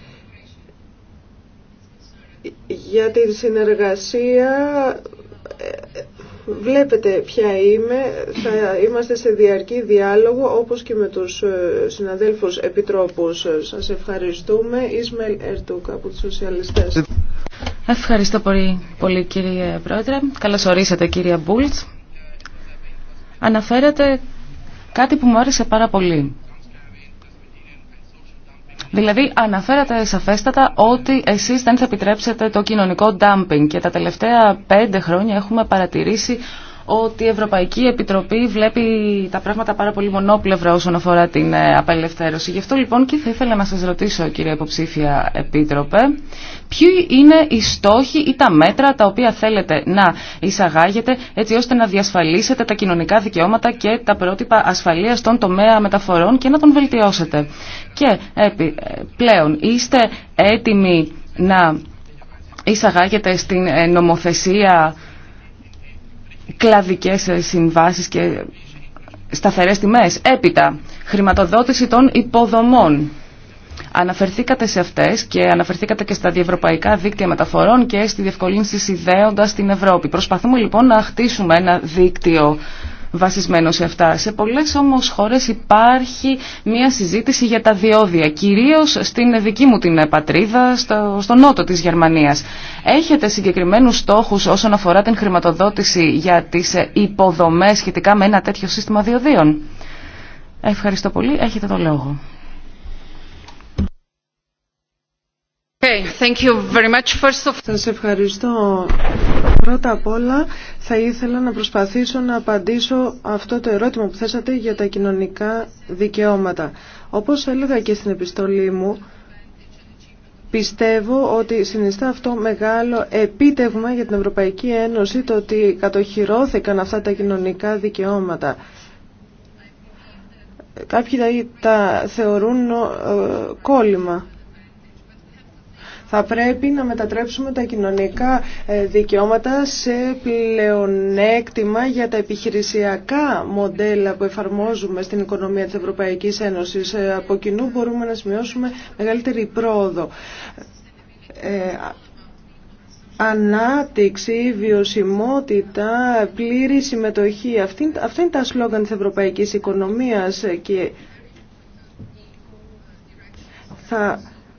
Για τη συνεργασία ε, Βλέπετε ποια είμαι, θα είμαστε σε διαρκή διάλογο όπως και με τους ε, συναδέλφους επιτρόπους. Σας ευχαριστούμε. Ισμελ Ερτούκ από τους Σοσιαλιστές. Ευχαριστώ πολύ, πολύ κύριε Πρόεδρε. Καλώς ορίσατε κύριε Μπούλτς. Αναφέρατε κάτι που μου άρεσε πάρα πολύ. Δηλαδή αναφέρατε σαφέστατα ότι εσείς δεν θα επιτρέψετε το κοινωνικό dumping και τα τελευταία πέντε χρόνια έχουμε παρατηρήσει ότι η Ευρωπαϊκή Επιτροπή βλέπει τα πράγματα πάρα πολύ μονόπλευρα όσον αφορά την ε, απελευθέρωση. Γι' αυτό λοιπόν και θα ήθελα να σας ρωτήσω κύριε υποψήφια Επίτροπε, ποιοι είναι οι στόχοι ή τα μέτρα τα οποία θέλετε να εισαγάγετε έτσι ώστε να διασφαλίσετε τα κοινωνικά δικαιώματα και τα πρότυπα ασφαλείας στον τομέα μεταφορών και να τον βελτιώσετε. Και ε, πλέον είστε έτοιμοι να εισαγάγετε στην ε, νομοθεσία κλαδικές ε, συμβάσεις και σταθερές τιμές. Έπειτα, χρηματοδότηση των υποδομών. Αναφερθήκατε σε αυτές και αναφερθήκατε και στα διευρωπαϊκά δίκτυα μεταφορών και στη διευκολύνση συνδέοντας την Ευρώπη. Προσπαθούμε λοιπόν να χτίσουμε ένα δίκτυο βασισμένο σε αυτά. Σε πολλές όμως χώρες υπάρχει μια συζήτηση για τα διόδια, κυρίως στην δική μου την πατρίδα, στο, νότο της Γερμανίας. Έχετε συγκεκριμένους στόχου όσον αφορά την χρηματοδότηση για τις υποδομέ σχετικά με ένα τέτοιο σύστημα διοδίων. Ευχαριστώ πολύ. Έχετε το λόγο. Okay, Σας ευχαριστώ. Πρώτα απ' όλα θα ήθελα να προσπαθήσω να απαντήσω αυτό το ερώτημα που θέσατε για τα κοινωνικά δικαιώματα. Όπως έλεγα και στην επιστολή μου, Πιστεύω ότι συνιστά αυτό μεγάλο επίτευγμα για την Ευρωπαϊκή Ένωση το ότι κατοχυρώθηκαν αυτά τα κοινωνικά δικαιώματα. Κάποιοι τα θεωρούν ε, κόλλημα. Θα πρέπει να μετατρέψουμε τα κοινωνικά ε, δικαιώματα σε πλεονέκτημα για τα επιχειρησιακά μοντέλα που εφαρμόζουμε στην οικονομία της Ευρωπαϊκής Ένωσης. Ε, από κοινού μπορούμε να σημειώσουμε μεγαλύτερη πρόοδο ε, ανάπτυξη, βιωσιμότητα, πλήρη συμμετοχή. Αυτή, αυτά είναι τα σλόγγαν της ευρωπαϊκής οικονομίας και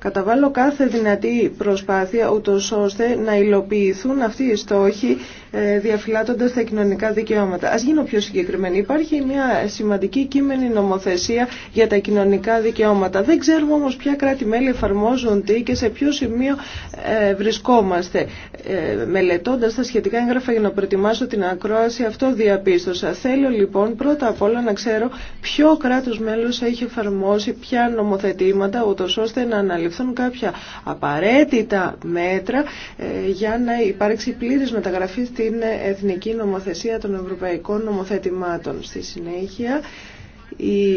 καταβάλω κάθε δυνατή προσπάθεια ούτως ώστε να υλοποιηθούν αυτοί οι στόχοι ε, διαφυλάτοντας τα κοινωνικά δικαιώματα. Ας γίνω πιο συγκεκριμένη. Υπάρχει μια σημαντική κείμενη νομοθεσία για τα κοινωνικά δικαιώματα. Δεν ξέρουμε όμως ποια κράτη-μέλη εφαρμόζουν τι και σε ποιο σημείο ε, βρισκόμαστε. Ε, μελετώντας τα σχετικά έγγραφα για να προετοιμάσω την ακρόαση, αυτό διαπίστωσα. Θέλω λοιπόν πρώτα απ' όλα να ξέρω ποιο κράτος μέλος έχει εφαρμόσει ποια νομοθετήματα, ούτω ώστε να αναλυφθούν κάποια απαραίτητα μέτρα για να υπάρξει πλήρης μεταγραφή στην εθνική νομοθεσία των ευρωπαϊκών νομοθετημάτων. Στη συνέχεια, η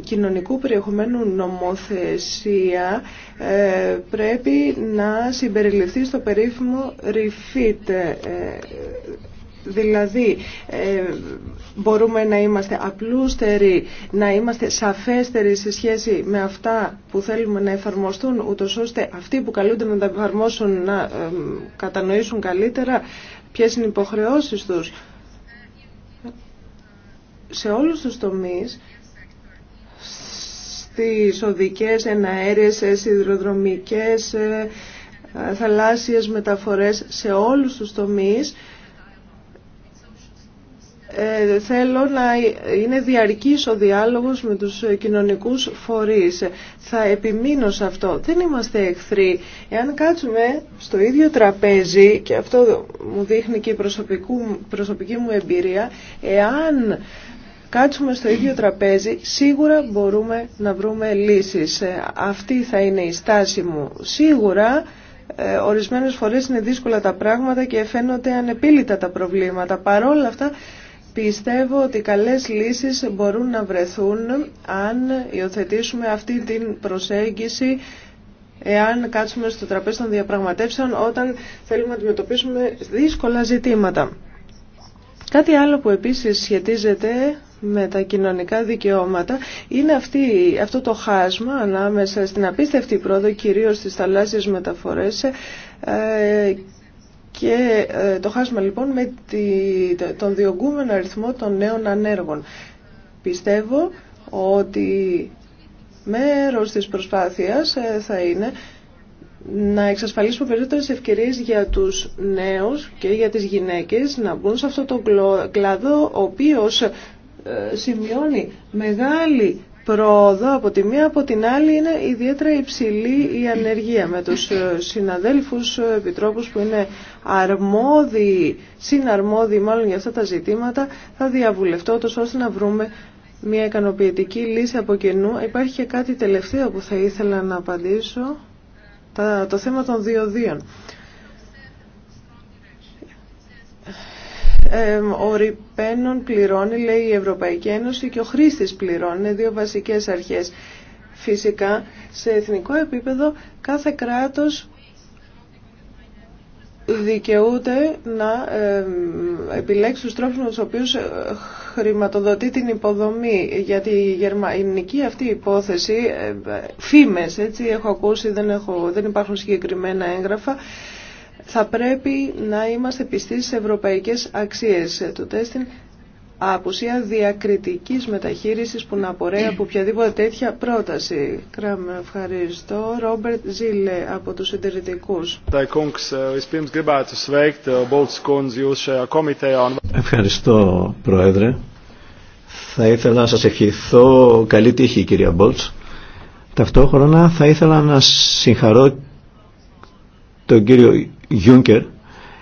κοινωνικού περιεχομένου νομοθεσία ε, πρέπει να συμπεριληφθεί στο περίφημο refit. Ε, δηλαδή, ε, μπορούμε να είμαστε απλούστεροι, να είμαστε σαφέστεροι σε σχέση με αυτά που θέλουμε να εφαρμοστούν, ούτως ώστε αυτοί που καλούνται να τα εφαρμόσουν να κατανοήσουν καλύτερα ποιες είναι οι υποχρεώσεις τους. Σε όλους τους τομείς, στις οδικές, εναέρειες, σιδηροδρομικές, ε, ε, θαλάσσιες μεταφορές, σε όλους τους τομείς, ε, θέλω να είναι διαρκής ο διάλογος με τους κοινωνικούς φορείς. Θα επιμείνω σε αυτό. Δεν είμαστε εχθροί. Εάν κάτσουμε στο ίδιο τραπέζι, και αυτό μου δείχνει και η προσωπική μου εμπειρία, εάν κάτσουμε στο ίδιο τραπέζι, σίγουρα μπορούμε να βρούμε λύσεις. Ε, αυτή θα είναι η στάση μου. Σίγουρα ε, ορισμένες φορές είναι δύσκολα τα πράγματα και φαίνονται ανεπίλητα τα προβλήματα. Παρόλα αυτά Πιστεύω ότι καλές λύσεις μπορούν να βρεθούν αν υιοθετήσουμε αυτή την προσέγγιση εάν κάτσουμε στο τραπέζι των διαπραγματεύσεων όταν θέλουμε να αντιμετωπίσουμε δύσκολα ζητήματα. Κάτι άλλο που επίσης σχετίζεται με τα κοινωνικά δικαιώματα είναι αυτή, αυτό το χάσμα ανάμεσα στην απίστευτη πρόοδο κυρίως στις θαλάσσιες μεταφορές ε, και ε, το χάσμα λοιπόν με τον διωγγούμενο αριθμό των νέων ανέργων. Πιστεύω ότι μέρος της προσπάθειας ε, θα είναι να εξασφαλίσουμε περισσότερες ευκαιρίες για τους νέους και για τις γυναίκες να μπουν σε αυτό το κλάδο ο οποίος ε, σημειώνει μεγάλη πρόοδο από τη μία, από την άλλη είναι ιδιαίτερα υψηλή η ανεργία με τους ε, συναδέλφους ε, επιτρόπους που είναι αρμόδιοι, συναρμόδιοι μάλλον για αυτά τα ζητήματα, θα διαβουλευτώ τόσο ώστε να βρούμε μια ικανοποιητική λύση από κενού. Υπάρχει και κάτι τελευταίο που θα ήθελα να απαντήσω, το θέμα των διοδίων. ο ρηπαίνων πληρώνει, λέει η Ευρωπαϊκή Ένωση, και ο Χρήστη πληρώνει. Είναι δύο βασικές αρχές. Φυσικά, σε εθνικό επίπεδο, κάθε κράτος δικαιούται να επιλέξει τους τρόπους με τους οποίους ε, χρηματοδοτεί την υποδομή. Γιατί η γερμανική αυτή υπόθεση, ε, ε, φήμες, έτσι, έχω ακούσει, δεν, έχω, δεν υπάρχουν συγκεκριμένα έγγραφα, θα πρέπει να είμαστε πιστοί στις ευρωπαϊκές αξίες. Το τέστην απουσία διακριτικής μεταχείρισης που να απορρέει από οποιαδήποτε τέτοια πρόταση. κράμ, ευχαριστώ. Ρόμπερτ Ζήλε από τους συντηρητικούς. Ευχαριστώ, Πρόεδρε. Θα ήθελα να σας ευχηθώ καλή τύχη, κυρία Μπόλτς. Ταυτόχρονα θα ήθελα να συγχαρώ τον κύριο Γιούνκερ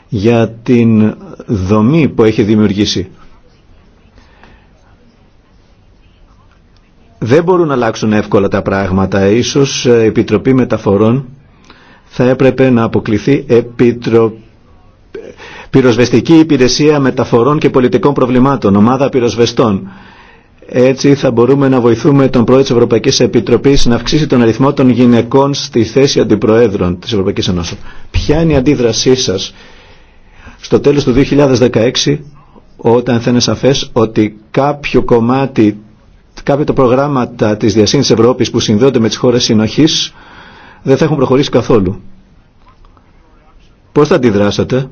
για την δομή που έχει δημιουργήσει. Δεν μπορούν να αλλάξουν εύκολα τα πράγματα. Ίσως ε, η Επιτροπή Μεταφορών θα έπρεπε να αποκληθεί επιτρο... πυροσβεστική υπηρεσία μεταφορών και πολιτικών προβλημάτων, ομάδα πυροσβεστών. Έτσι θα μπορούμε να βοηθούμε τον πρόεδρο της Ευρωπαϊκής Επιτροπής να αυξήσει τον αριθμό των γυναικών στη θέση αντιπροέδρων της Ευρωπαϊκής Ενώσης. Ποια είναι η αντίδρασή σας στο τέλος του 2016 όταν θα είναι σαφές ότι κάποιο κομμάτι, κάποια τα προγράμματα της Διασύνης Ευρώπης που συνδέονται με τις χώρες συνοχής δεν θα έχουν προχωρήσει καθόλου. Πώς θα αντιδράσετε,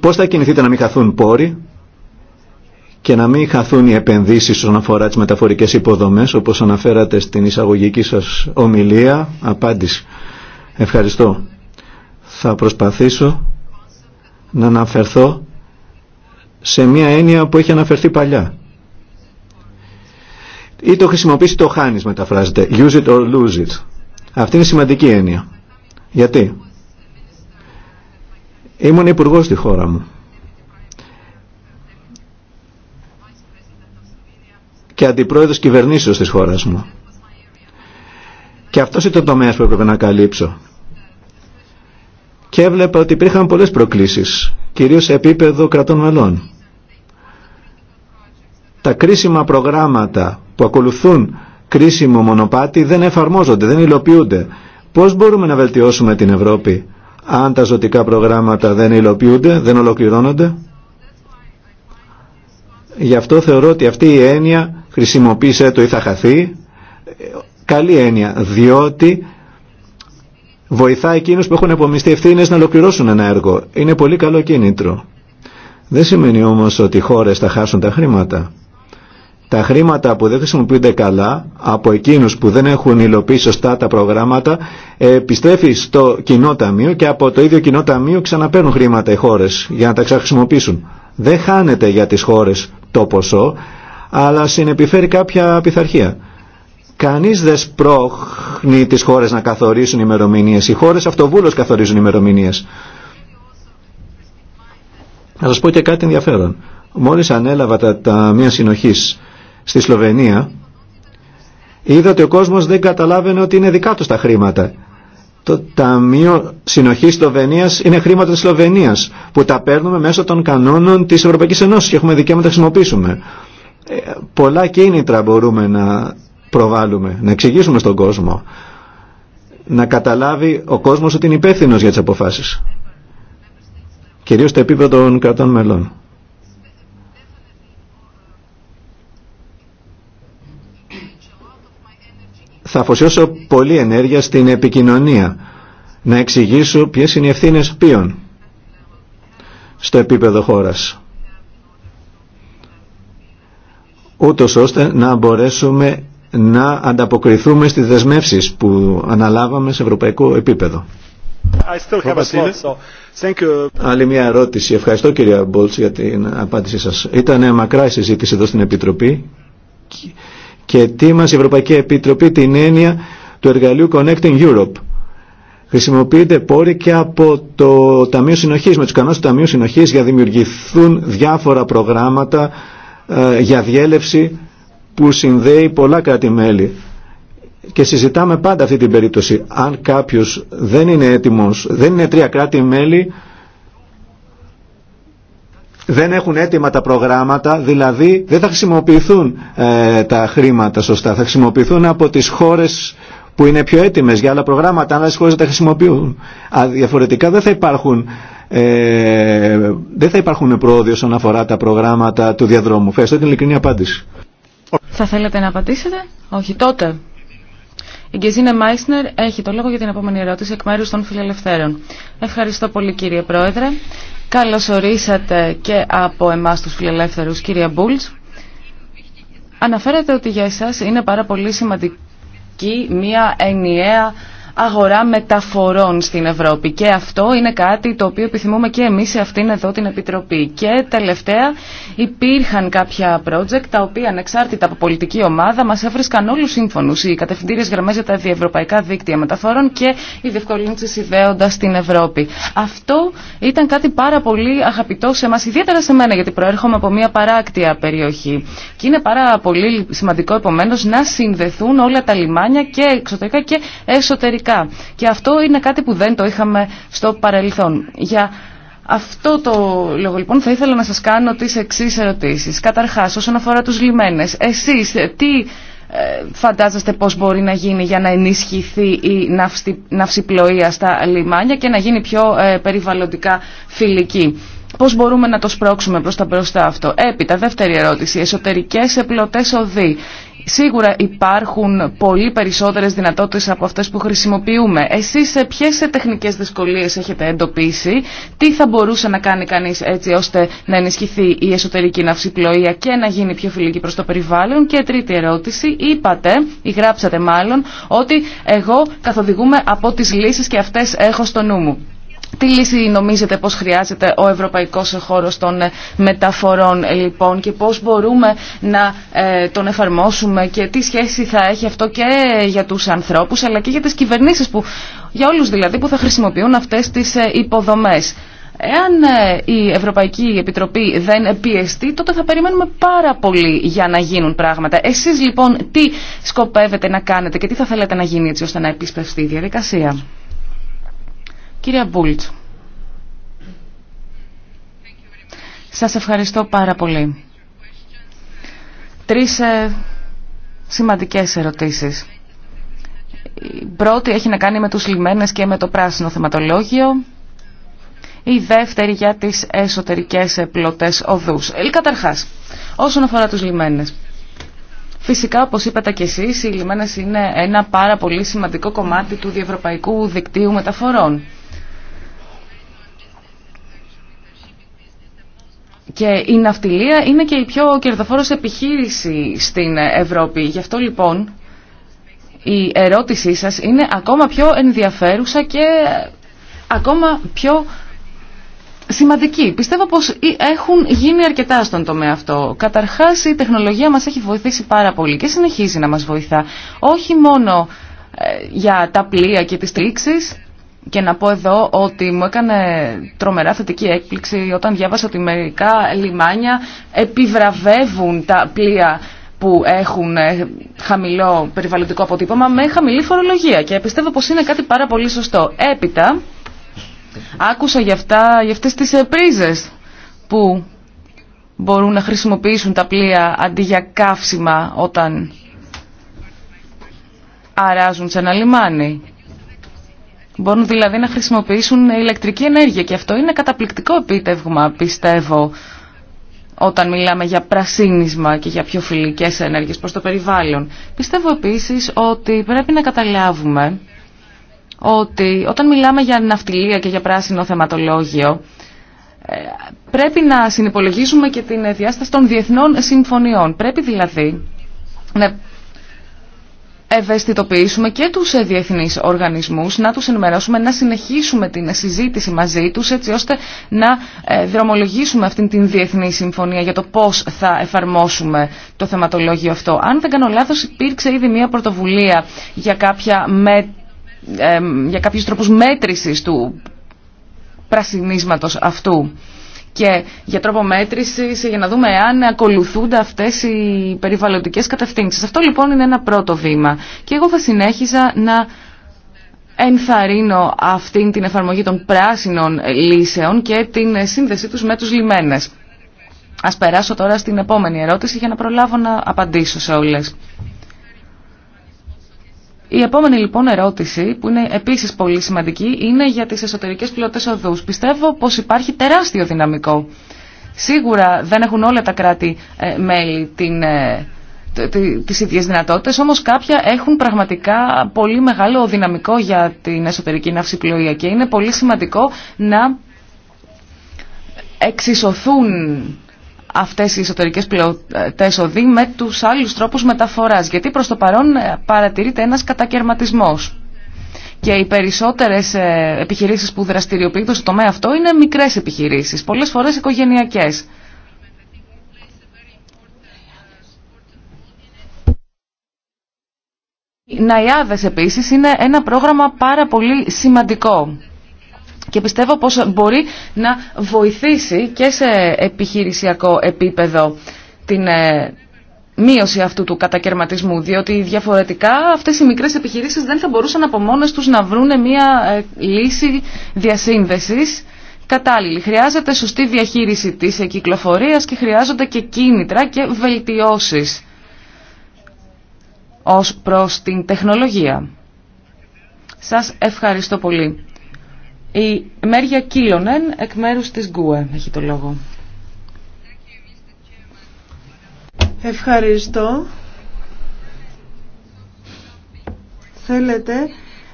πώς θα κινηθείτε να μην χαθούν πόροι, και να μην χαθούν οι επενδύσεις όσον αφορά τις μεταφορικές υποδομές όπως αναφέρατε στην εισαγωγική σας ομιλία απάντηση ευχαριστώ θα προσπαθήσω να αναφερθώ σε μια έννοια που έχει αναφερθεί παλιά ή το χρησιμοποιήσει το χάνεις μεταφράζεται use it or lose it αυτή είναι σημαντική έννοια γιατί ήμουν υπουργό στη χώρα μου και αντιπρόεδρος κυβερνήσεως της χώρας μου. Και αυτός ήταν το τομέας που έπρεπε να καλύψω. Και έβλεπα ότι υπήρχαν πολλές προκλήσεις, κυρίως σε επίπεδο κρατών μελών. Τα κρίσιμα προγράμματα που ακολουθούν κρίσιμο μονοπάτι δεν εφαρμόζονται, δεν υλοποιούνται. Πώς μπορούμε να βελτιώσουμε την Ευρώπη αν τα ζωτικά προγράμματα δεν υλοποιούνται, δεν ολοκληρώνονται. Γι' αυτό θεωρώ ότι αυτή η έννοια χρησιμοποίησε το ή θα χαθεί, καλή έννοια, διότι βοηθά εκείνους που έχουν απομειστεί ευθύνες να ολοκληρώσουν ένα έργο. Είναι πολύ καλό κίνητρο. Δεν σημαίνει όμως ότι οι χώρες θα χάσουν τα χρήματα. Τα χρήματα που δεν χρησιμοποιούνται καλά από εκείνους που δεν έχουν υλοποιήσει σωστά τα προγράμματα επιστρέφει στο κοινό ταμείο και από το ίδιο κοινό ταμείο ξαναπαίρνουν χρήματα οι χώρες για να τα ξαχρησιμοποιήσουν. Δεν χάνεται για τις χώρες το ποσό, αλλά συνεπιφέρει κάποια πειθαρχία. Κανείς δεν σπρώχνει τις χώρες να καθορίσουν ημερομηνίες. Οι χώρες αυτοβούλως καθορίζουν ημερομηνίες. Να σας πω και κάτι ενδιαφέρον. Μόλις ανέλαβα τα ταμεία συνοχής στη Σλοβενία, είδα ότι ο κόσμος δεν καταλάβαινε ότι είναι δικά του τα χρήματα. Το Ταμείο συνοχή Σλοβενίας είναι χρήματα τη Σλοβενίας που τα παίρνουμε μέσω των κανόνων τη Ευρωπαϊκή Ένωση και έχουμε δικαίωμα να τα χρησιμοποιήσουμε. Ε, πολλά κίνητρα μπορούμε να προβάλλουμε, να εξηγήσουμε στον κόσμο, να καταλάβει ο κόσμος ότι είναι υπεύθυνο για τις αποφάσεις. Κυρίως στο επίπεδο των κρατών μελών. Θα αφοσιώσω πολλή ενέργεια στην επικοινωνία, να εξηγήσω ποιες είναι οι ευθύνες ποιων στο επίπεδο χώρας. ούτως ώστε να μπορέσουμε να ανταποκριθούμε στις δεσμεύσεις που αναλάβαμε σε ευρωπαϊκό επίπεδο. Άλλη μια ερώτηση. Ευχαριστώ κυρία Μπόλτς για την απάντησή σας. Ήταν μακρά η συζήτηση εδώ στην Επιτροπή και τι μας η Ευρωπαϊκή Επιτροπή την έννοια του εργαλείου Connecting Europe. Χρησιμοποιείται πόροι και από το Ταμείο Συνοχής, με τους κανόνες του Ταμείου Συνοχής για δημιουργηθούν διάφορα προγράμματα ε, για διέλευση που συνδέει πολλά κράτη-μέλη. Και συζητάμε πάντα αυτή την περίπτωση. Αν κάποιος δεν είναι έτοιμος, δεν είναι τρία κράτη-μέλη, δεν έχουν έτοιμα τα προγράμματα, δηλαδή δεν θα χρησιμοποιηθούν ε, τα χρήματα σωστά. Θα χρησιμοποιηθούν από τις χώρες που είναι πιο έτοιμες για άλλα προγράμματα, αν άλλες χώρες δεν τα χρησιμοποιούν. Α, διαφορετικά δεν θα υπάρχουν ε, δεν θα υπάρχουν πρόοδοι όσον αφορά τα προγράμματα του διαδρόμου. Ευχαριστώ την ειλικρινή απάντηση. Θα θέλετε να απαντήσετε? Όχι τότε. Η Γκεζίνε Μάισνερ έχει το λόγο για την επόμενη ερώτηση εκ μέρους των φιλελευθέρων. Ευχαριστώ πολύ κύριε Πρόεδρε. Καλώς ορίσατε και από εμάς τους φιλελεύθερους κύριε Μπούλτς. Αναφέρατε ότι για εσάς είναι πάρα πολύ σημαντική μια ενιαία αγορά μεταφορών στην Ευρώπη και αυτό είναι κάτι το οποίο επιθυμούμε και εμείς σε αυτήν εδώ την Επιτροπή. Και τελευταία υπήρχαν κάποια project τα οποία ανεξάρτητα από πολιτική ομάδα μας έβρισκαν όλους σύμφωνους οι κατευθυντήριες γραμμές για τα διευρωπαϊκά δίκτυα μεταφορών και οι διευκολύνσει ιδέοντα στην Ευρώπη. Αυτό ήταν κάτι πάρα πολύ αγαπητό σε εμάς, ιδιαίτερα σε μένα γιατί προέρχομαι από μια παράκτια περιοχή και είναι πάρα πολύ σημαντικό επομένω να συνδεθούν όλα τα λιμάνια και εξωτερικά και εσωτερικά και αυτό είναι κάτι που δεν το είχαμε στο παρελθόν. Για αυτό το λόγο λοιπόν θα ήθελα να σας κάνω τις εξής ερωτήσεις. Καταρχάς όσον αφορά τους λιμένες, εσείς τι ε, φαντάζεστε πώς μπορεί να γίνει για να ενισχυθεί η ναυσιπλοεία στα λιμάνια και να γίνει πιο ε, περιβαλλοντικά φιλική. Πώς μπορούμε να το σπρώξουμε προς τα μπροστά αυτό. Έπειτα, δεύτερη ερώτηση, εσωτερικές επλωτές οδοί. Σίγουρα υπάρχουν πολύ περισσότερες δυνατότητες από αυτές που χρησιμοποιούμε. Εσείς σε ποιες τεχνικές δυσκολίες έχετε εντοπίσει, τι θα μπορούσε να κάνει κανείς έτσι ώστε να ενισχυθεί η εσωτερική ναυσιπλοεία και να γίνει πιο φιλική προς το περιβάλλον. Και τρίτη ερώτηση, είπατε ή γράψατε μάλλον ότι εγώ καθοδηγούμε από τις λύσεις και αυτές έχω στο νου μου. Τι λύση νομίζετε πώς χρειάζεται ο ευρωπαϊκός χώρος των ε, μεταφορών ε, λοιπόν και πώς μπορούμε να ε, τον εφαρμόσουμε και τι σχέση θα έχει αυτό και για τους ανθρώπους αλλά και για τις κυβερνήσεις που, για όλους δηλαδή που θα χρησιμοποιούν αυτές τις υποδομές. Εάν η Ευρωπαϊκή Επιτροπή δεν πιεστεί, τότε θα περιμένουμε πάρα πολύ για να γίνουν πράγματα. Εσείς λοιπόν τι σκοπεύετε να κάνετε και τι θα θέλετε να γίνει έτσι ώστε να επισπευστεί η διαδικασία. Κυρία Μπούλτ, σας ευχαριστώ πάρα πολύ. Τρεις ε, σημαντικές ερωτήσεις. Η πρώτη έχει να κάνει με τους λιμένες και με το πράσινο θεματολόγιο. Η δεύτερη για τις εσωτερικές πλωτές οδούς. Ε, καταρχάς, όσον αφορά τους λιμένες. Φυσικά, όπως είπατε και εσείς, οι λιμένες είναι ένα πάρα πολύ σημαντικό κομμάτι του διευρωπαϊκού δικτύου μεταφορών. Και η ναυτιλία είναι και η πιο κερδοφόρος επιχείρηση στην Ευρώπη. Γι' αυτό λοιπόν η ερώτησή σας είναι ακόμα πιο ενδιαφέρουσα και ακόμα πιο σημαντική. Πιστεύω πως έχουν γίνει αρκετά στον τομέα αυτό. Καταρχάς η τεχνολογία μας έχει βοηθήσει πάρα πολύ και συνεχίζει να μας βοηθά. Όχι μόνο ε, για τα πλοία και τις τρίξεις, και να πω εδώ ότι μου έκανε τρομερά θετική έκπληξη όταν διάβασα ότι μερικά λιμάνια επιβραβεύουν τα πλοία που έχουν ε, χαμηλό περιβαλλοντικό αποτύπωμα με χαμηλή φορολογία και πιστεύω πως είναι κάτι πάρα πολύ σωστό. Έπειτα άκουσα για, αυτά, για αυτές τις πρίζες που μπορούν να χρησιμοποιήσουν τα πλοία αντί για καύσιμα όταν αράζουν σε ένα λιμάνι. Μπορούν δηλαδή να χρησιμοποιήσουν ηλεκτρική ενέργεια και αυτό είναι καταπληκτικό επίτευγμα πιστεύω όταν μιλάμε για πρασίνισμα και για πιο φιλικές ενέργειες προς το περιβάλλον. Πιστεύω επίσης ότι πρέπει να καταλάβουμε ότι όταν μιλάμε για ναυτιλία και για πράσινο θεματολόγιο ε, πρέπει να συνυπολογίσουμε και την διάσταση των διεθνών συμφωνιών. Πρέπει δηλαδή να ευαισθητοποιήσουμε και τους ε, διεθνείς οργανισμούς, να τους ενημερώσουμε, να συνεχίσουμε την συζήτηση μαζί τους έτσι ώστε να ε, δρομολογήσουμε αυτήν την διεθνή συμφωνία για το πώς θα εφαρμόσουμε το θεματολόγιο αυτό. Αν δεν κάνω λάθος υπήρξε ήδη μια πρωτοβουλία για, κάποια με, ε, για κάποιους τρόπους μέτρησης του πρασινίσματος αυτού και για τρόπο μέτρησης για να δούμε αν ακολουθούνται αυτές οι περιβαλλοντικές κατευθύνσεις. Αυτό λοιπόν είναι ένα πρώτο βήμα και εγώ θα συνέχιζα να ενθαρρύνω αυτήν την εφαρμογή των πράσινων λύσεων και την σύνδεσή τους με τους λιμένες. Ας περάσω τώρα στην επόμενη ερώτηση για να προλάβω να απαντήσω σε όλες. Η επόμενη λοιπόν ερώτηση, που είναι επίση πολύ σημαντική, είναι για τι εσωτερικές πλειοτές οδούς. Πιστεύω πως υπάρχει τεράστιο δυναμικό. Σίγουρα δεν έχουν όλα τα κράτη-μέλη ε, τι ε, ιδιέ δυνατότητε, όμω κάποια έχουν πραγματικά πολύ μεγάλο δυναμικό για την εσωτερική ναυσιπλοεία και είναι πολύ σημαντικό να εξισωθούν αυτές οι εσωτερικές πλωτές οδοί με τους άλλους τρόπους μεταφοράς. Γιατί προς το παρόν ε, παρατηρείται ένας κατακαιρματισμός. Και οι περισσότερες ε, επιχειρήσεις που δραστηριοποιούνται στο τομέα αυτό είναι μικρές επιχειρήσεις, πολλές φορές οικογενειακές. Ναϊάδες επίσης είναι ένα πρόγραμμα πάρα πολύ σημαντικό και πιστεύω πως μπορεί να βοηθήσει και σε επιχειρησιακό επίπεδο την ε, μείωση αυτού του κατακαιρματισμού, διότι διαφορετικά αυτές οι μικρές επιχειρήσεις δεν θα μπορούσαν από μόνες τους να βρουν μια ε, λύση διασύνδεσης κατάλληλη. Χρειάζεται σωστή διαχείριση της κυκλοφορίας και χρειάζονται και κίνητρα και βελτιώσεις ως προς την τεχνολογία. Σας ευχαριστώ πολύ. Η Μέρια Κίλονεν εκ μέρους της Γκουε έχει το λόγο. Ευχαριστώ. Θέλετε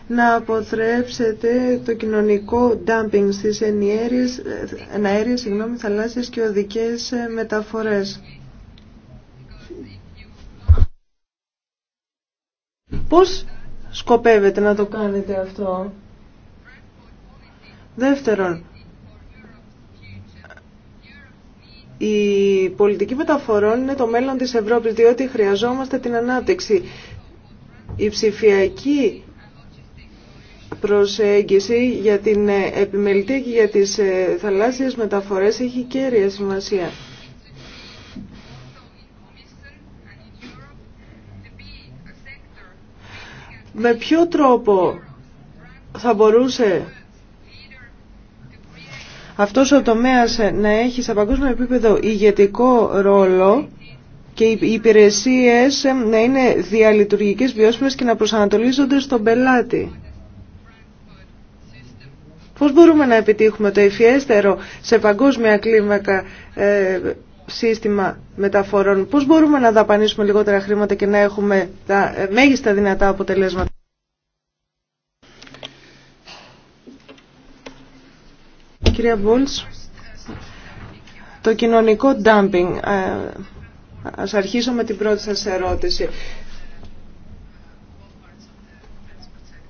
να αποτρέψετε το κοινωνικό dumping στις ενιαίρες, εναέρειες, συγγνώμη, θαλάσσιες και οδικές ε, μεταφορές. Πώς σκοπεύετε να το κάνετε αυτό. Δεύτερον, η πολιτική μεταφορών είναι το μέλλον της Ευρώπης, διότι χρειαζόμαστε την ανάπτυξη. Η ψηφιακή προσέγγιση για την ε, επιμελητή και για τις ε, θαλάσσιες μεταφορές έχει κέρια σημασία. Με ποιο τρόπο θα μπορούσε αυτός ο τομέας να έχει σε παγκόσμιο επίπεδο ηγετικό ρόλο και οι υπηρεσίες να είναι διαλειτουργικές βιώσιμες και να προσανατολίζονται στον πελάτη. Πώς μπορούμε να επιτύχουμε το υφιέστερο σε παγκόσμια κλίμακα ε, σύστημα μεταφορών. Πώς μπορούμε να δαπανίσουμε λιγότερα χρήματα και να έχουμε τα ε, μέγιστα δυνατά αποτελέσματα. κυρία Βούλτς, Το κοινωνικό ντάμπινγκ. Ε, ας αρχίσω με την πρώτη σας ερώτηση.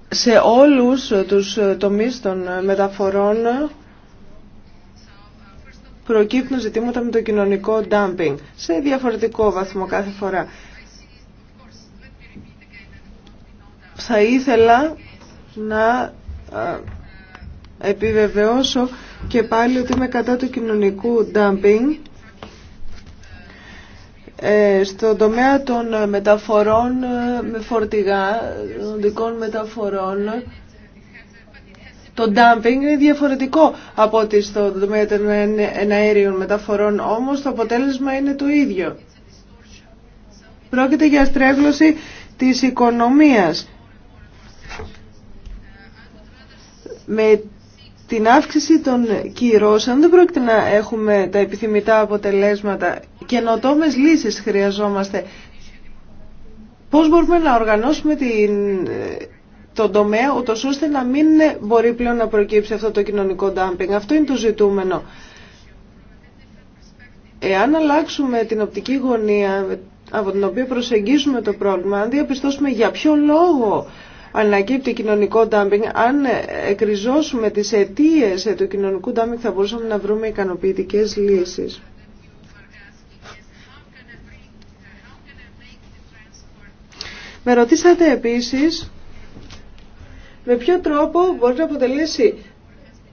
Σε όλους τους τομείς των μεταφορών προκύπτουν ζητήματα με το κοινωνικό ντάμπινγκ σε διαφορετικό βαθμό κάθε φορά. Θα ήθελα να ε, επιβεβαιώσω και πάλι ότι είμαι κατά του κοινωνικού dumping ε, στον τομέα των μεταφορών ε, με φορτηγά, των δικών μεταφορών, το dumping είναι διαφορετικό από ότι στον τομέα των εναέριων μεταφορών, όμως το αποτέλεσμα είναι το ίδιο. Πρόκειται για στρέβλωση της οικονομίας. Με την αύξηση των κυρώσεων δεν πρόκειται να έχουμε τα επιθυμητά αποτελέσματα. Καινοτόμε λύσεις χρειαζόμαστε. Πώς μπορούμε να οργανώσουμε την, τον τομέα ούτω ώστε να μην μπορεί πλέον να προκύψει αυτό το κοινωνικό ντάμπινγκ. Αυτό είναι το ζητούμενο. Εάν αλλάξουμε την οπτική γωνία από την οποία προσεγγίζουμε το πρόβλημα, αν διαπιστώσουμε για ποιο λόγο ανακύπτει κοινωνικό ντάμπινγκ, αν εκριζώσουμε τις αιτίε του κοινωνικού ντάμπινγκ θα μπορούσαμε να βρούμε ικανοποιητικέ λύσεις. Με ρωτήσατε επίσης με ποιο τρόπο μπορεί να αποτελέσει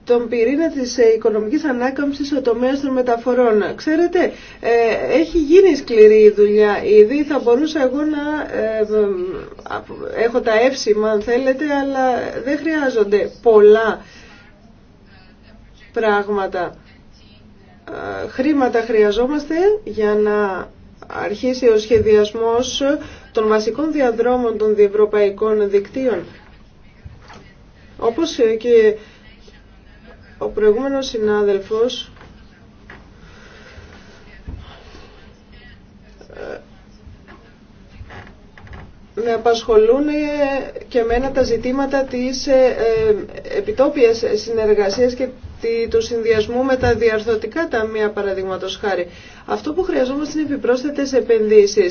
τον πυρήνα της ε, οικονομικής ανάκαμψης ο τομέας των μεταφορών. Ξέρετε, ε, έχει γίνει σκληρή η δουλειά ήδη, θα μπορούσα εγώ να ε, έχω τα εύσημα αν θέλετε, αλλά δεν χρειάζονται πολλά πράγματα. Χρήματα χρειαζόμαστε για να αρχίσει ο σχεδιασμός των βασικών διαδρόμων των διευρωπαϊκών δικτύων. Όπως και ο προηγούμενος συνάδελφος ε, με απασχολούν και μένα τα ζητήματα της ε, ε, επιτόπιας συνεργασίας και του συνδυασμού με τα διαρθωτικά ταμεία παραδείγματο χάρη. Αυτό που χρειαζόμαστε είναι επιπρόσθετε επενδύσει.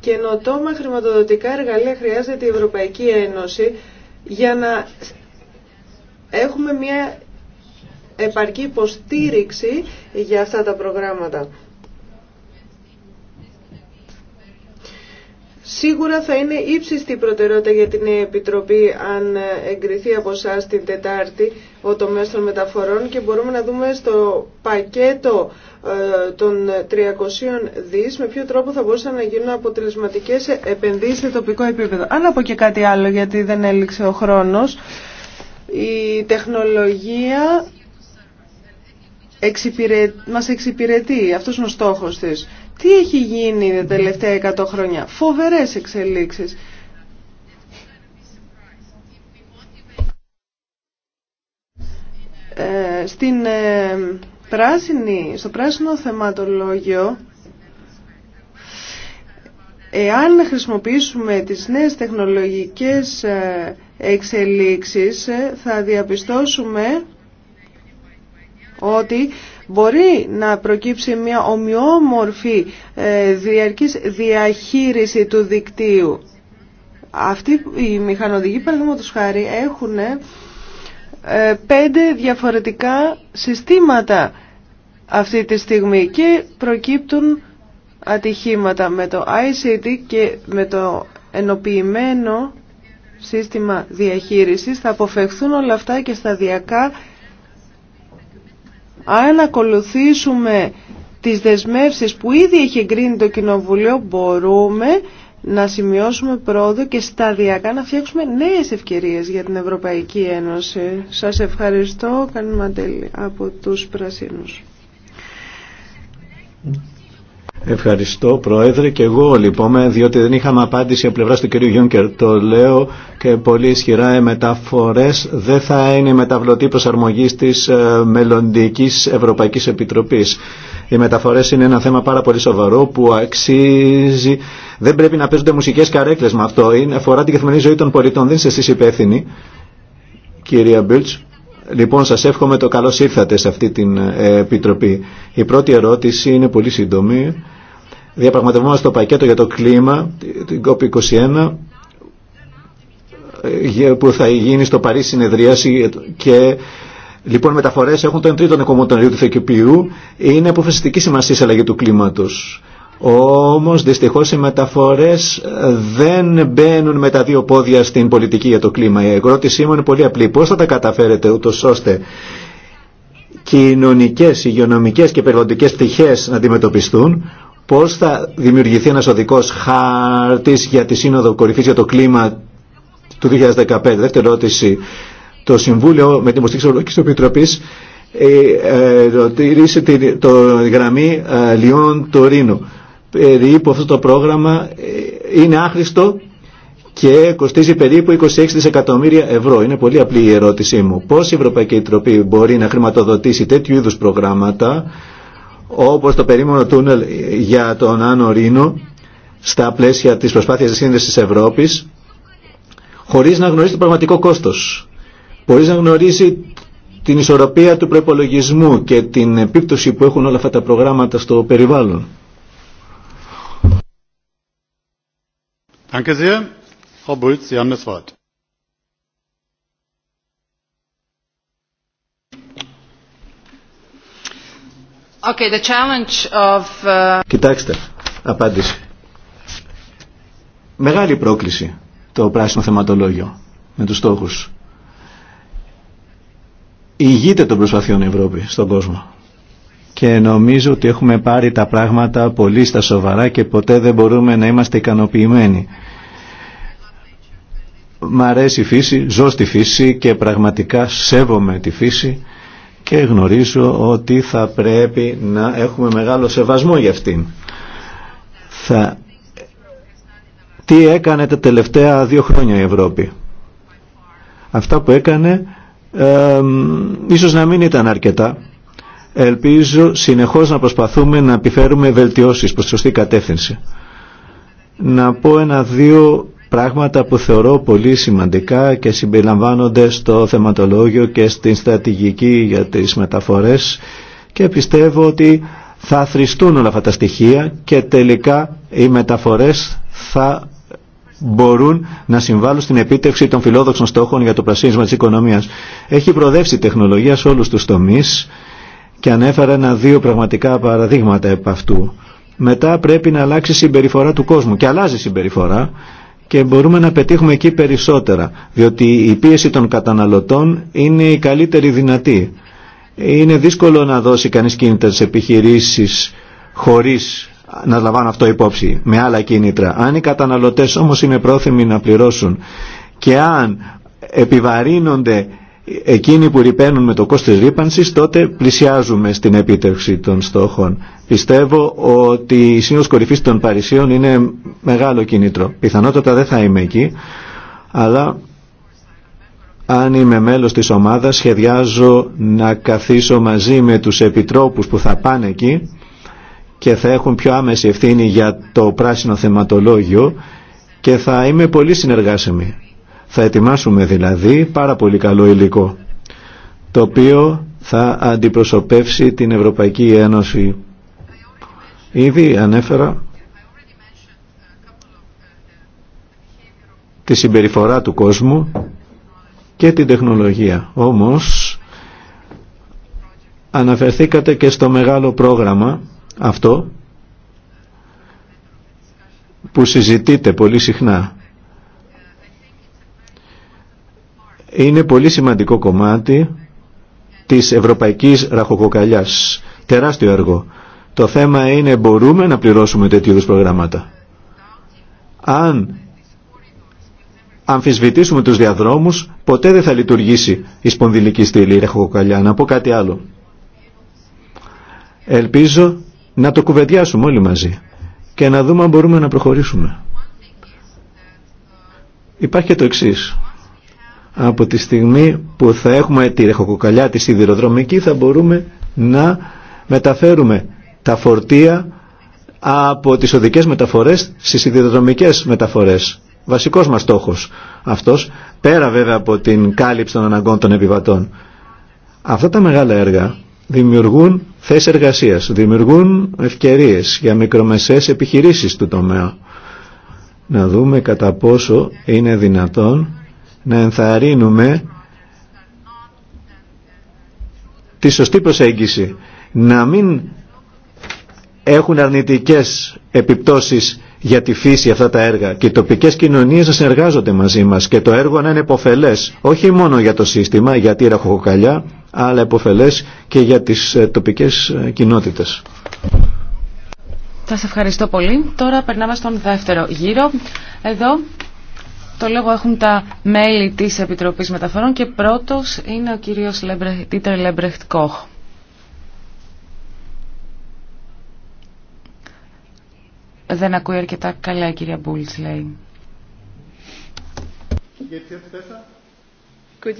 Καινοτόμα χρηματοδοτικά εργαλεία χρειάζεται η Ευρωπαϊκή Ένωση για να έχουμε μια επαρκή υποστήριξη για αυτά τα προγράμματα. Σίγουρα θα είναι ύψιστη προτεραιότητα για την Επιτροπή αν εγκριθεί από εσά την Τετάρτη ο τομέας των μεταφορών και μπορούμε να δούμε στο πακέτο ε, των 300 δις με ποιο τρόπο θα μπορούσαν να γίνουν αποτελεσματικές επενδύσεις σε τοπικό επίπεδο. Αν από και κάτι άλλο γιατί δεν έλειξε ο χρόνος, η τεχνολογία εξυπηρε... μας εξυπηρετεί, αυτός είναι ο στόχος της. Τι έχει γίνει τα τελευταία 100 χρόνια, φοβερές εξελίξεις. Ε, στην, ε, πράσινη, στο πράσινο θεματολόγιο, εάν χρησιμοποιήσουμε τις νέες τεχνολογικές ε, εξελίξεις, θα διαπιστώσουμε ότι μπορεί να προκύψει μια ομοιόμορφη ε, διαρκής διαχείριση του δικτύου. Αυτοί οι μηχανοδηγοί, παραδείγματο χάρη, έχουν ε, πέντε διαφορετικά συστήματα αυτή τη στιγμή και προκύπτουν ατυχήματα με το ICT και με το ενοποιημένο σύστημα διαχείρισης θα αποφευχθούν όλα αυτά και σταδιακά αν ακολουθήσουμε τις δεσμεύσεις που ήδη έχει εγκρίνει το Κοινοβουλίο μπορούμε να σημειώσουμε πρόοδο και σταδιακά να φτιάξουμε νέες ευκαιρίες για την Ευρωπαϊκή Ένωση. Σας ευχαριστώ. Κανήμα τέλει από τους πρασίνους. Ευχαριστώ Πρόεδρε και εγώ λοιπόν διότι δεν είχαμε απάντηση από πλευρά του κ. Γιούνκερ. Το λέω και πολύ ισχυρά οι μεταφορές δεν θα είναι η μεταβλωτή προσαρμογή της ε, μελλοντική Ευρωπαϊκής Επιτροπής. Οι μεταφορές είναι ένα θέμα πάρα πολύ σοβαρό που αξίζει. Δεν πρέπει να παίζονται μουσικές καρέκλες με αυτό. Είναι, αφορά την καθημερινή ζωή των πολιτών. Δεν είστε εσείς υπεύθυνοι κυρία Μπίλτς Λοιπόν, σας εύχομαι το καλώς ήρθατε σε αυτή την ε, επιτροπή. Η πρώτη ερώτηση είναι πολύ σύντομη. Διαπραγματευόμαστε το πακέτο για το κλίμα, την COP21, ε, που θα γίνει στο Παρίσι συνεδρίαση και Λοιπόν, μεταφορές έχουν τον τρίτο νοικομοτονιού του Θεκυπίου. Είναι αποφασιστική σημασία η αλλαγή του κλίματος. Όμως δυστυχώς οι μεταφορές δεν μπαίνουν με τα δύο πόδια στην πολιτική για το κλίμα. Η ερώτησή μου είναι πολύ απλή. Πώς θα τα καταφέρετε ούτως ώστε κοινωνικές, υγειονομικές και περιβαλλοντικές πτυχές να αντιμετωπιστούν πώς θα δημιουργηθεί ένας οδικός χάρτης για τη Σύνοδο Κορυφής για το κλίμα του 2015. Δεύτερη ερώτηση, το Συμβούλιο με την υποστήριξη Ευρωπαϊκής Επιτροπής ε, ε, ρωτήρισε τη, το γραμμή ε, Λιόν περίπου αυτό το πρόγραμμα ε, είναι άχρηστο και κοστίζει περίπου 26 δισεκατομμύρια ευρώ. Είναι πολύ απλή η ερώτησή μου. Πώς η Ευρωπαϊκή Επιτροπή μπορεί να χρηματοδοτήσει τέτοιου είδους προγράμματα όπως το περίμενο τούνελ για τον Άνω Ρήνο στα πλαίσια της προσπάθειας της σύνδεσης Ευρώπης χωρίς να γνωρίζει το πραγματικό κόστος, χωρίς να γνωρίζει την ισορροπία του προπολογισμού και την επίπτωση που έχουν όλα αυτά τα προγράμματα στο περιβάλλον. Κοιτάξτε, απάντηση. Μεγάλη πρόκληση το πράσινο θεματολόγιο με τους στόχους. Υγείται των προσπαθειών Ευρώπη στον κόσμο και νομίζω ότι έχουμε πάρει τα πράγματα πολύ στα σοβαρά και ποτέ δεν μπορούμε να είμαστε ικανοποιημένοι. Μ' αρέσει η φύση, ζω στη φύση και πραγματικά σέβομαι τη φύση και γνωρίζω ότι θα πρέπει να έχουμε μεγάλο σεβασμό για αυτήν. Τι έκανε τα τελευταία δύο χρόνια η Ευρώπη. Αυτά που έκανε ε, ίσως να μην ήταν αρκετά Ελπίζω συνεχώς να προσπαθούμε να επιφέρουμε βελτιώσεις προς τη σωστή κατεύθυνση. Να πω ένα-δύο πράγματα που θεωρώ πολύ σημαντικά και συμπεριλαμβάνονται στο θεματολόγιο και στην στρατηγική για τις μεταφορές και πιστεύω ότι θα θρηστούν όλα αυτά τα στοιχεία και τελικά οι μεταφορές θα μπορούν να συμβάλλουν στην επίτευξη των φιλόδοξων στόχων για το πρασίνισμα της οικονομίας. Έχει προοδεύσει τεχνολογία σε όλους τους τομείς και ανέφερα ένα-δύο πραγματικά παραδείγματα επ' αυτού. Μετά πρέπει να αλλάξει η συμπεριφορά του κόσμου και αλλάζει η συμπεριφορά και μπορούμε να πετύχουμε εκεί περισσότερα διότι η πίεση των καταναλωτών είναι η καλύτερη δυνατή. Είναι δύσκολο να δώσει κανείς κίνητρα στις επιχειρήσεις χωρίς να λαμβάνω αυτό υπόψη με άλλα κίνητρα. Αν οι καταναλωτές όμως είναι πρόθυμοι να πληρώσουν και αν επιβαρύνονται εκείνοι που ρηπαίνουν με το κόστος ρήπανσης τότε πλησιάζουμε στην επίτευξη των στόχων. Πιστεύω ότι η σύνος κορυφή των Παρισίων είναι μεγάλο κίνητρο. Πιθανότατα δεν θα είμαι εκεί, αλλά αν είμαι μέλος της ομάδας σχεδιάζω να καθίσω μαζί με τους επιτρόπους που θα πάνε εκεί και θα έχουν πιο άμεση ευθύνη για το πράσινο θεματολόγιο και θα είμαι πολύ συνεργάσιμη θα ετοιμάσουμε δηλαδή πάρα πολύ καλό υλικό, το οποίο θα αντιπροσωπεύσει την Ευρωπαϊκή Ένωση. Ήδη ανέφερα τη συμπεριφορά του κόσμου και την τεχνολογία. Όμως, αναφερθήκατε και στο μεγάλο πρόγραμμα αυτό που συζητείτε πολύ συχνά είναι πολύ σημαντικό κομμάτι της ευρωπαϊκής ραχοκοκαλιάς. Τεράστιο έργο. Το θέμα είναι μπορούμε να πληρώσουμε τέτοιου είδους προγράμματα. Αν αμφισβητήσουμε τους διαδρόμους, ποτέ δεν θα λειτουργήσει η σπονδυλική στήλη, η ραχοκοκαλιά. Να πω κάτι άλλο. Ελπίζω να το κουβεντιάσουμε όλοι μαζί και να δούμε αν μπορούμε να προχωρήσουμε. Υπάρχει και το εξής από τη στιγμή που θα έχουμε τη ρεχοκοκαλιά τη σιδηροδρομική θα μπορούμε να μεταφέρουμε τα φορτία από τις οδικές μεταφορές στις σιδηροδρομικές μεταφορές. Βασικός μας στόχος αυτός, πέρα βέβαια από την κάλυψη των αναγκών των επιβατών. Αυτά τα μεγάλα έργα δημιουργούν θέσεις εργασίας, δημιουργούν ευκαιρίες για μικρομεσαίες επιχειρήσεις του τομέα. Να δούμε κατά πόσο είναι δυνατόν να ενθαρρύνουμε τη σωστή προσέγγιση. Να μην έχουν αρνητικές επιπτώσεις για τη φύση αυτά τα έργα και οι τοπικές κοινωνίες να συνεργάζονται μαζί μας και το έργο να είναι επωφελές όχι μόνο για το σύστημα, για τη ραχοκοκαλιά αλλά επωφελές και για τις ε, τοπικές ε, κοινότητες. Σας ευχαριστώ πολύ. Τώρα περνάμε στον δεύτερο γύρο. Εδώ το λόγο έχουν τα μέλη της Επιτροπής Μεταφορών και πρώτος είναι ο κύριος Τίτερ Λέμπρεχτ Κόχ. Δεν ακούει αρκετά καλά η κυρία Μπούλτς, λέει. Could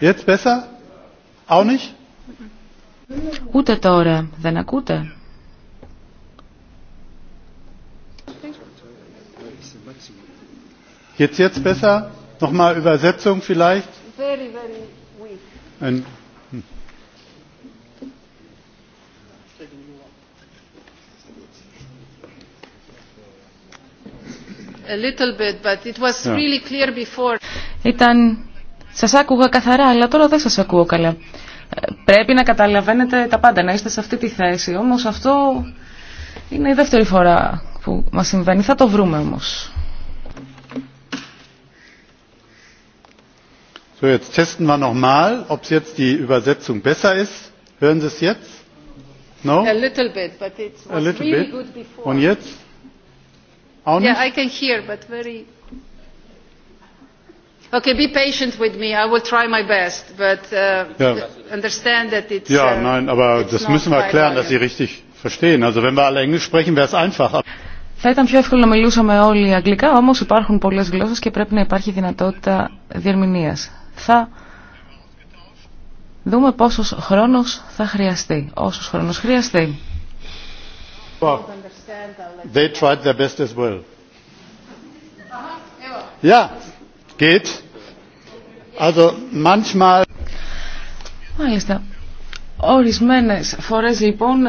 Jetzt besser? Auch nicht? Ούτε τώρα. Δεν ακούτε. Jetzt jetzt besser? Nochmal Übersetzung vielleicht? Very, very weak. Ein A little bit, but it was really clear before. Ήταν σας άκουγα καθαρά, αλλά τώρα δεν σας ακούω καλά. Πρέπει να καταλαβαίνετε τα πάντα, να είστε σε αυτή τη θέση. Όμως αυτό είναι η δεύτερη φορά που μας συμβαίνει. Θα το βρούμε όμως. So, jetzt testen wir nochmal, ob jetzt die Übersetzung besser ist. Hören Sie es jetzt? No? A little bit, but it was really good before. Und jetzt? Auch nicht? Yeah, I can hear, but very Okay, be patient with me. I will try my best, but uh, understand that it's. Ja, uh, nein, aber das müssen wir erklären, dass Sie richtig verstehen. Also wenn wir alle Englisch sprechen, wäre es einfach. Θα ήταν πιο εύκολο να μιλούσαμε όλοι αγγλικά, όμως υπάρχουν πολλές γλώσσες και πρέπει να υπάρχει δυνατότητα διερμηνίας. Θα δούμε πόσος χρόνος θα χρειαστεί, όσος χρόνος χρειαστεί. Well, They tried their best as well. Yeah geht. Also manchmal... Μάλιστα. Ορισμένε φορέ λοιπόν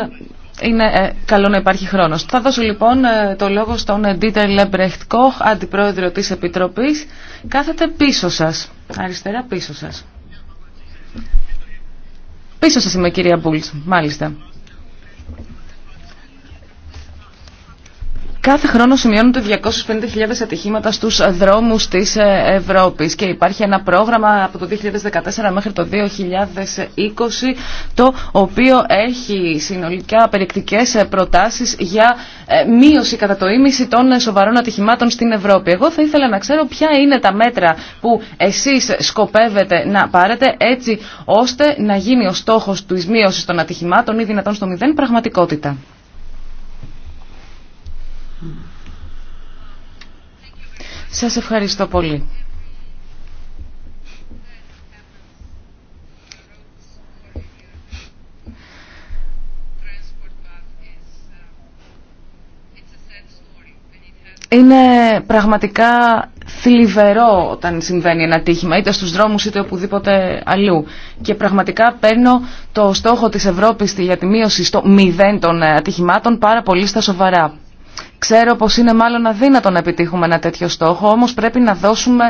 είναι ε, καλό να υπάρχει χρόνο. Θα δώσω λοιπόν ε, το λόγο στον Ντίτερ Λεμπρέχτ Κοχ, αντιπρόεδρο τη Επιτροπή, Κάθετε πίσω σα, Αριστερά πίσω σα. Πίσω σα είμαι κυρία Μπούλτ. μάλιστα. Κάθε χρόνο σημειώνονται 250.000 ατυχήματα στους δρόμους της ε, Ευρώπης και υπάρχει ένα πρόγραμμα από το 2014 μέχρι το 2020 το οποίο έχει συνολικά περιεκτικές ε, προτάσεις για ε, μείωση κατά το ίμιση των σοβαρών ατυχημάτων στην Ευρώπη. Εγώ θα ήθελα να ξέρω ποια είναι τα μέτρα που εσείς σκοπεύετε να πάρετε έτσι ώστε να γίνει ο στόχος του μείωσης των ατυχημάτων ή δυνατόν στο μηδέν πραγματικότητα. Σας ευχαριστώ πολύ. Είναι πραγματικά θλιβερό όταν συμβαίνει ένα τύχημα, είτε στους δρόμους είτε οπουδήποτε αλλού. Και πραγματικά παίρνω το στόχο της Ευρώπης για τη μείωση στο μηδέν των ατυχημάτων πάρα πολύ στα σοβαρά. Ξέρω πως είναι μάλλον αδύνατο να επιτύχουμε ένα τέτοιο στόχο, όμως πρέπει να δώσουμε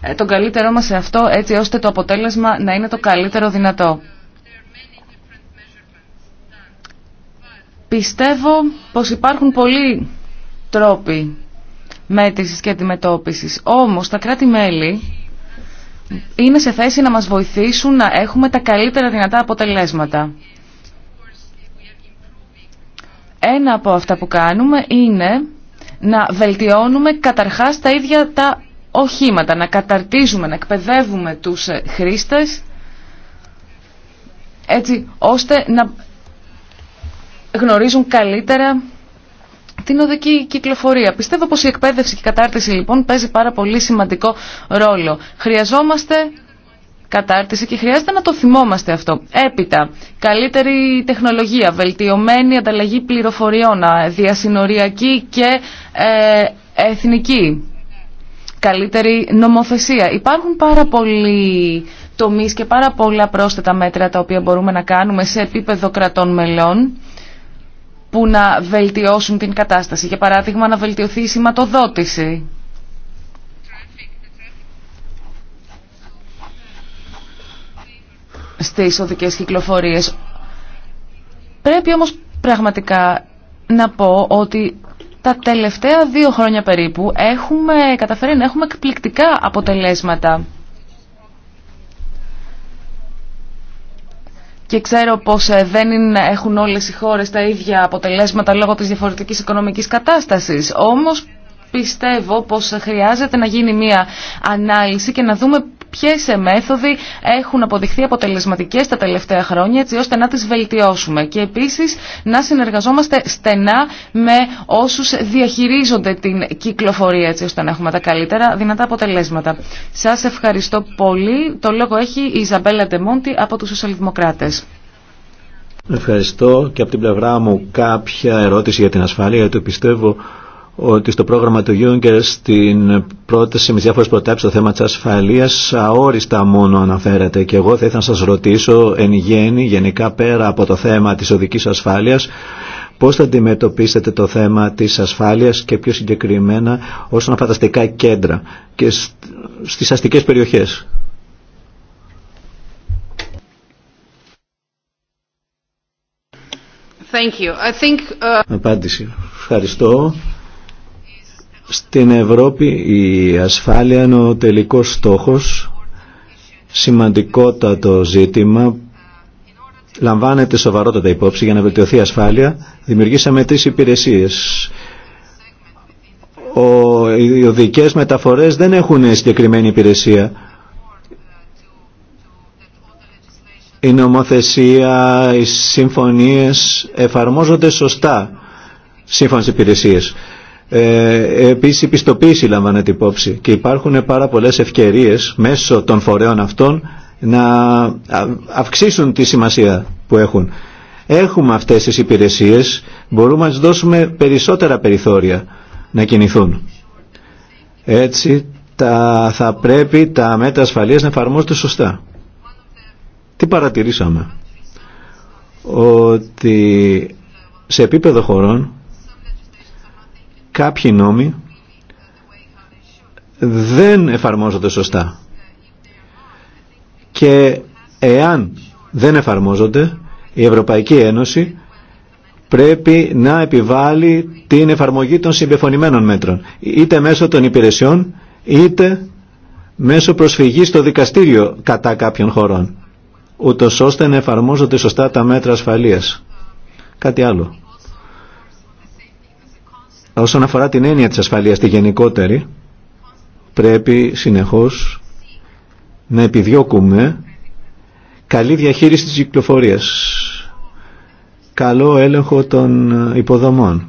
ε, τον καλύτερό μας σε αυτό έτσι ώστε το αποτέλεσμα να είναι το καλύτερο δυνατό. Πιστεύω πως υπάρχουν πολλοί τρόποι μέτρησης και αντιμετώπισης. Όμως τα κράτη-μέλη είναι σε θέση να μας βοηθήσουν να έχουμε τα καλύτερα δυνατά αποτελέσματα. Ένα από αυτά που κάνουμε είναι να βελτιώνουμε καταρχάς τα ίδια τα οχήματα, να καταρτίζουμε, να εκπαιδεύουμε τους ε, χρήστες έτσι ώστε να γνωρίζουν καλύτερα την οδική κυκλοφορία. Πιστεύω πως η εκπαίδευση και η κατάρτιση λοιπόν παίζει πάρα πολύ σημαντικό ρόλο. Χρειαζόμαστε κατάρτιση και χρειάζεται να το θυμόμαστε αυτό. Έπειτα, καλύτερη τεχνολογία, βελτιωμένη ανταλλαγή πληροφοριών, διασυνοριακή και ε, εθνική. Καλύτερη νομοθεσία. Υπάρχουν πάρα πολλοί τομείς και πάρα πολλά πρόσθετα μέτρα τα οποία μπορούμε να κάνουμε σε επίπεδο κρατών μελών που να βελτιώσουν την κατάσταση. Για παράδειγμα, να βελτιωθεί η σηματοδότηση στις οδικές κυκλοφορίες. Πρέπει όμως πραγματικά να πω ότι τα τελευταία δύο χρόνια περίπου έχουμε καταφέρει να έχουμε εκπληκτικά αποτελέσματα. Και ξέρω πως ε, δεν είναι, έχουν όλες οι χώρες τα ίδια αποτελέσματα λόγω της διαφορετικής οικονομικής κατάστασης. Όμως πιστεύω πως ε, χρειάζεται να γίνει μια ανάλυση και να δούμε ποιες μέθοδοι έχουν αποδειχθεί αποτελεσματικές τα τελευταία χρόνια έτσι ώστε να τις βελτιώσουμε και επίσης να συνεργαζόμαστε στενά με όσους διαχειρίζονται την κυκλοφορία έτσι ώστε να έχουμε τα καλύτερα δυνατά αποτελέσματα. Σας ευχαριστώ πολύ. Το λόγο έχει η Ιζαμπέλα Ντεμόντι από τους Σοσιαλδημοκράτες. Ευχαριστώ και από την πλευρά μου κάποια ερώτηση για την ασφάλεια, γιατί πιστεύω ότι στο πρόγραμμα του Γιούγκερ στην πρόταση με διάφορε προτάσει στο θέμα τη ασφαλεία αόριστα μόνο αναφέρεται. Και εγώ θα ήθελα να σα ρωτήσω εν γέννη, γενικά πέρα από το θέμα τη οδική ασφάλεια, πώ θα αντιμετωπίσετε το θέμα τη ασφάλεια και πιο συγκεκριμένα όσον αφορά τα αστικά κέντρα και στι αστικέ περιοχέ. Thank uh, Απάντηση. Ευχαριστώ. Στην Ευρώπη η ασφάλεια είναι ο τελικός στόχος, σημαντικότατο ζήτημα, λαμβάνεται σοβαρότατα υπόψη για να βελτιωθεί η ασφάλεια. Δημιουργήσαμε τρεις υπηρεσίες. οι οδικέ μεταφορές δεν έχουν συγκεκριμένη υπηρεσία. Η νομοθεσία, οι συμφωνίες εφαρμόζονται σωστά σύμφωνα στις υπηρεσίες. Ε, επίσης η πιστοποίηση λαμβάνεται υπόψη και υπάρχουν πάρα πολλέ ευκαιρίε μέσω των φορέων αυτών να αυξήσουν τη σημασία που έχουν. Έχουμε αυτές τις υπηρεσίες, μπορούμε να τι δώσουμε περισσότερα περιθώρια να κινηθούν. Έτσι τα, θα πρέπει τα μέτρα ασφαλεία να εφαρμόζονται σωστά. Τι παρατηρήσαμε. Ότι σε επίπεδο χωρών κάποιοι νόμοι δεν εφαρμόζονται σωστά. Και εάν δεν εφαρμόζονται, η Ευρωπαϊκή Ένωση πρέπει να επιβάλλει την εφαρμογή των συμπεφωνημένων μέτρων, είτε μέσω των υπηρεσιών, είτε μέσω προσφυγής στο δικαστήριο κατά κάποιων χωρών, ούτως ώστε να εφαρμόζονται σωστά τα μέτρα ασφαλείας. Κάτι άλλο. Όσον αφορά την έννοια της ασφαλείας, τη γενικότερη, πρέπει συνεχώς να επιδιώκουμε καλή διαχείριση της κυκλοφορίας, καλό έλεγχο των υποδομών.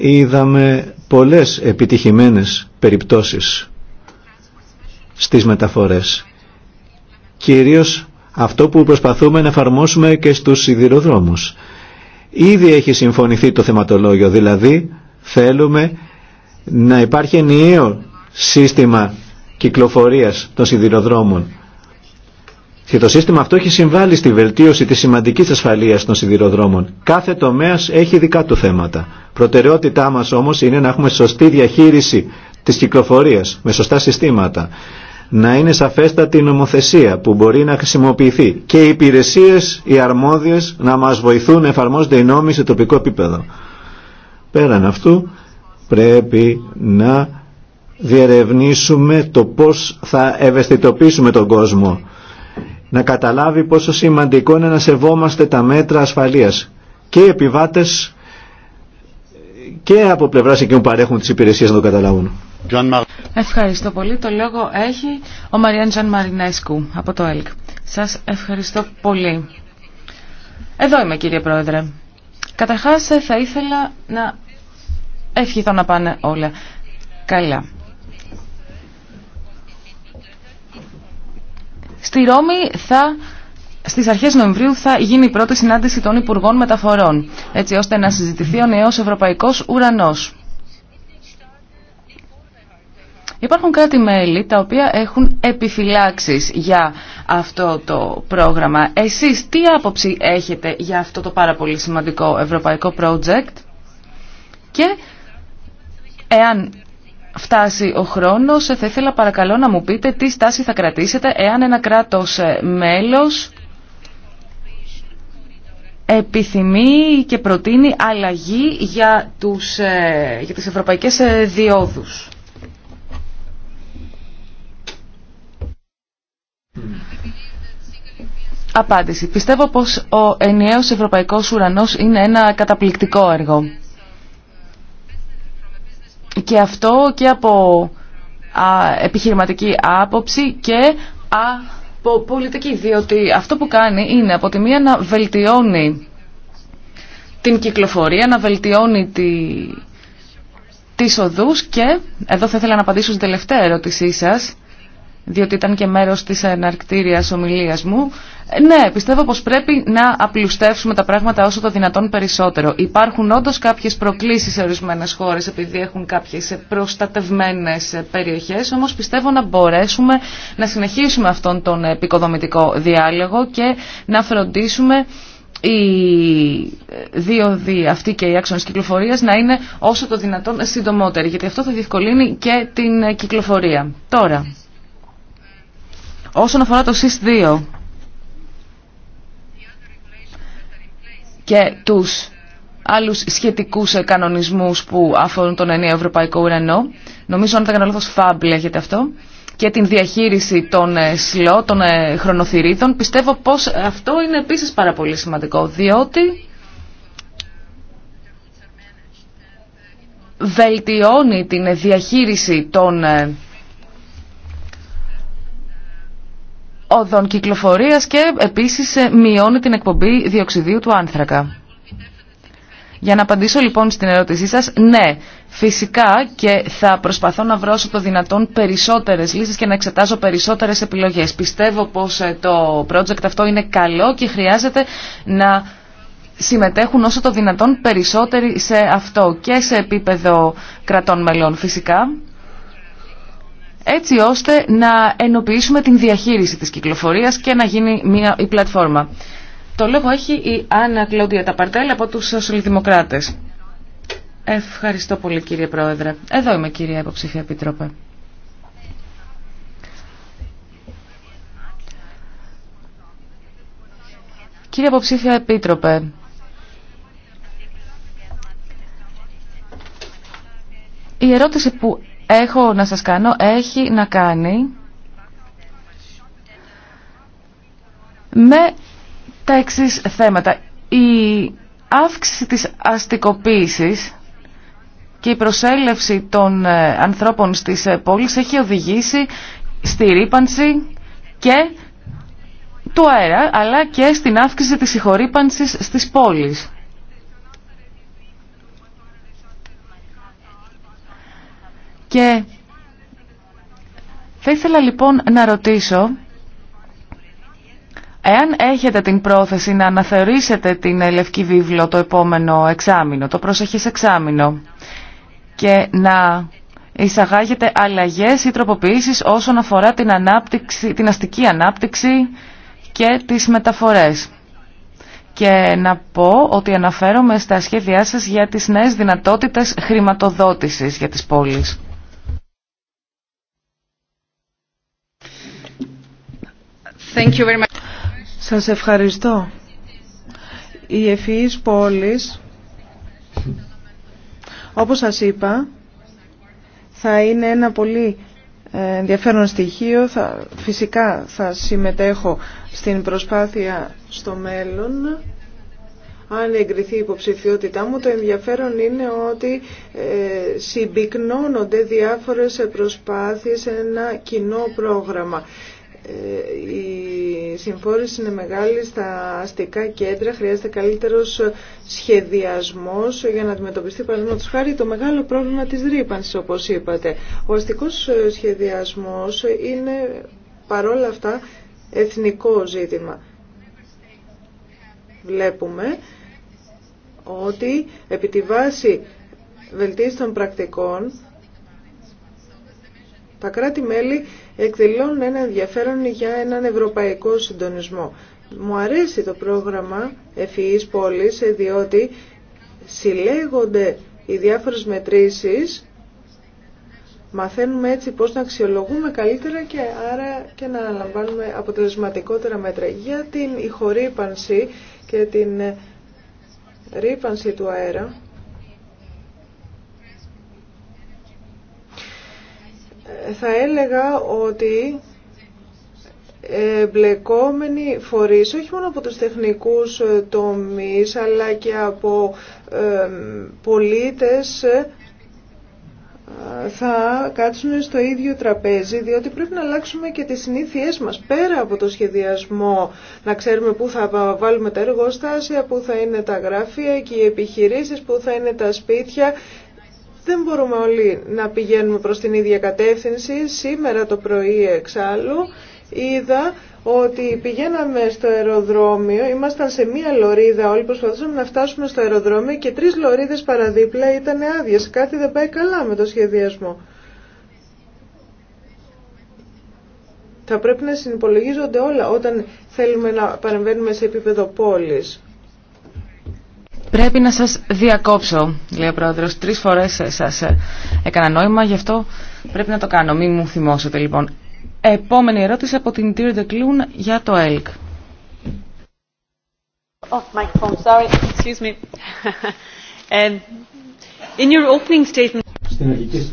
Είδαμε πολλές επιτυχημένες περιπτώσεις στις μεταφορές. Κυρίως αυτό που προσπαθούμε να εφαρμόσουμε και στους σιδηροδρόμους. Ήδη έχει συμφωνηθεί το θεματολόγιο, δηλαδή θέλουμε να υπάρχει ενιαίο σύστημα κυκλοφορίας των σιδηροδρόμων. Και το σύστημα αυτό έχει συμβάλει στη βελτίωση της σημαντικής ασφαλείας των σιδηροδρόμων. Κάθε τομέας έχει δικά του θέματα. Προτεραιότητά μας όμως είναι να έχουμε σωστή διαχείριση της κυκλοφορίας με σωστά συστήματα να είναι σαφέστατη η νομοθεσία που μπορεί να χρησιμοποιηθεί και οι υπηρεσίες, οι αρμόδιες να μας βοηθούν να εφαρμόζονται οι νόμοι σε τοπικό επίπεδο. Πέραν αυτού πρέπει να διερευνήσουμε το πώς θα ευαισθητοποιήσουμε τον κόσμο να καταλάβει πόσο σημαντικό είναι να σεβόμαστε τα μέτρα ασφαλείας και οι επιβάτες και από πλευράς εκείνων που παρέχουν τις υπηρεσίες να το καταλάβουν. Ευχαριστώ πολύ. Το λόγο έχει ο Μαριάν Τζαν Μαρινέσκου από το ΕΛΚ. Σας ευχαριστώ πολύ. Εδώ είμαι κύριε Πρόεδρε. Καταρχάς θα ήθελα να ευχηθώ να πάνε όλα καλά. Στη Ρώμη θα Στι αρχέ Νοεμβρίου θα γίνει η πρώτη συνάντηση των Υπουργών Μεταφορών, έτσι ώστε να συζητηθεί ο νέο Ευρωπαϊκό Ουρανό. Υπάρχουν κράτη-μέλη τα οποία έχουν επιφυλάξεις για αυτό το πρόγραμμα. Εσείς τι άποψη έχετε για αυτό το πάρα πολύ σημαντικό ευρωπαϊκό project και εάν φτάσει ο χρόνος θα ήθελα παρακαλώ να μου πείτε τι στάση θα κρατήσετε εάν ένα κράτος ε, μέλος επιθυμεί και προτείνει αλλαγή για, τους, ε, για τις ευρωπαϊκές ε, διόδους. Απάντηση. Πιστεύω πως ο ενιαίος ευρωπαϊκός ουρανός είναι ένα καταπληκτικό έργο. Και αυτό και από επιχειρηματική άποψη και από πολιτική, διότι αυτό που κάνει είναι από τη μία να βελτιώνει την κυκλοφορία, να βελτιώνει τη, τις οδούς και, εδώ θα ήθελα να απαντήσω στην τελευταία ερώτησή σας, διότι ήταν και μέρος της εναρκτήριας ομιλίας μου. Ε, ναι, πιστεύω πως πρέπει να απλουστεύσουμε τα πράγματα όσο το δυνατόν περισσότερο. Υπάρχουν όντως κάποιες προκλήσεις σε ορισμένες χώρες επειδή έχουν κάποιες προστατευμένες περιοχές, όμως πιστεύω να μπορέσουμε να συνεχίσουμε αυτόν τον επικοδομητικό διάλογο και να φροντίσουμε οι δύο δι, αυτοί και οι άξονε κυκλοφορία να είναι όσο το δυνατόν συντομότεροι, γιατί αυτό θα διευκολύνει και την κυκλοφορία. Τώρα, Όσον αφορά το ΣΥΣ2 και τους άλλους σχετικούς κανονισμούς που αφορούν τον ενιαίο ευρωπαϊκό ουρανό, νομίζω αν δεν κάνω λάθος FAB λέγεται αυτό, και την διαχείριση των ε, σλό, των ε, χρονοθυρίδων, πιστεύω πως αυτό είναι επίσης πάρα πολύ σημαντικό, διότι βελτιώνει την διαχείριση των ε, οδών κυκλοφορίας και επίσης ε, μειώνει την εκπομπή διοξιδίου του άνθρακα. Για να απαντήσω λοιπόν στην ερώτησή σας, ναι, φυσικά και θα προσπαθώ να βρω όσο το δυνατόν περισσότερες λύσεις και να εξετάζω περισσότερες επιλογές. Πιστεύω πως ε, το project αυτό είναι καλό και χρειάζεται να συμμετέχουν όσο το δυνατόν περισσότεροι σε αυτό και σε επίπεδο κρατών μελών φυσικά έτσι ώστε να ενοποιήσουμε την διαχείριση της κυκλοφορίας και να γίνει μια, η πλατφόρμα. Το λόγο έχει η Άννα Κλόντια Ταπαρτέλ από τους Σοσιαλδημοκράτες. Ευχαριστώ πολύ κύριε Πρόεδρε. Εδώ είμαι κύριε Υποψήφια Επιτρόπε. Κύριε Υποψήφια Επίτροπε, η ερώτηση που έχω να σας κάνω έχει να κάνει με τα εξή θέματα. Η αύξηση της αστικοποίησης και η προσέλευση των ε, ανθρώπων στις ε, πόλεις έχει οδηγήσει στη ρήπανση και του αέρα αλλά και στην αύξηση της συγχωρήπανσης στις πόλεις. Και θα ήθελα λοιπόν να ρωτήσω Εάν έχετε την πρόθεση να αναθεωρήσετε την Λευκή Βίβλο το επόμενο εξάμηνο, το προσεχής εξάμηνο, και να εισαγάγετε αλλαγές ή τροποποιήσεις όσον αφορά την, ανάπτυξη, την αστική ανάπτυξη και τις μεταφορές. Και να πω ότι αναφέρομαι στα σχέδιά σας για τις νέες δυνατότητες χρηματοδότησης για τις πόλεις. Thank Σας ευχαριστώ. Η ευφυείς πόλεις, όπως σας είπα, θα είναι ένα πολύ ε, ενδιαφέρον στοιχείο. Θα, φυσικά θα συμμετέχω στην προσπάθεια στο μέλλον. Αν εγκριθεί η υποψηφιότητά μου, το ενδιαφέρον είναι ότι ε, συμπυκνώνονται διάφορες προσπάθειες σε ένα κοινό πρόγραμμα. Ε, η συμφόρηση είναι μεγάλη στα αστικά κέντρα, χρειάζεται καλύτερος σχεδιασμός για να αντιμετωπιστεί παραδείγματος χάρη το μεγάλο πρόβλημα της ρήπανσης όπως είπατε. Ο αστικός σχεδιασμός είναι παρόλα αυτά εθνικό ζήτημα. Βλέπουμε ότι επί τη βάση βελτίστων πρακτικών τα κράτη-μέλη εκδηλώνουν ένα ενδιαφέρον για έναν ευρωπαϊκό συντονισμό. Μου αρέσει το πρόγραμμα ευφυής πόλης διότι συλλέγονται οι διάφορες μετρήσεις Μαθαίνουμε έτσι πώς να αξιολογούμε καλύτερα και άρα και να αναλαμβάνουμε αποτελεσματικότερα μέτρα. Για την ηχορύπανση και την ρύπανση του αέρα, θα έλεγα ότι ε, μπλεκόμενοι φορείς όχι μόνο από τους τεχνικούς ε, τομείς αλλά και από ε, πολίτες θα κάτσουν στο ίδιο τραπέζι διότι πρέπει να αλλάξουμε και τις συνήθειές μας πέρα από το σχεδιασμό να ξέρουμε πού θα βάλουμε τα εργοστάσια, πού θα είναι τα γραφεία και οι επιχειρήσεις, πού θα είναι τα σπίτια δεν μπορούμε όλοι να πηγαίνουμε προς την ίδια κατεύθυνση. Σήμερα το πρωί εξάλλου είδα ότι πηγαίναμε στο αεροδρόμιο, ήμασταν σε μία λωρίδα όλοι, προσπαθούσαμε να φτάσουμε στο αεροδρόμιο και τρεις λωρίδες παραδίπλα ήταν άδειε. Κάτι δεν πάει καλά με το σχεδιασμό. Θα πρέπει να συνυπολογίζονται όλα όταν θέλουμε να παρεμβαίνουμε σε επίπεδο πόλης. Πρέπει να σας διακόψω, λέει ο Πρόεδρος. Τρεις φορές ε, σας ε, έκανα νόημα, γι' αυτό πρέπει να το κάνω. Μην μου θυμώσετε λοιπόν. Επόμενη ερώτηση από την Τίρντε Κλούν για το ΕΛΚ. Στην αρχική,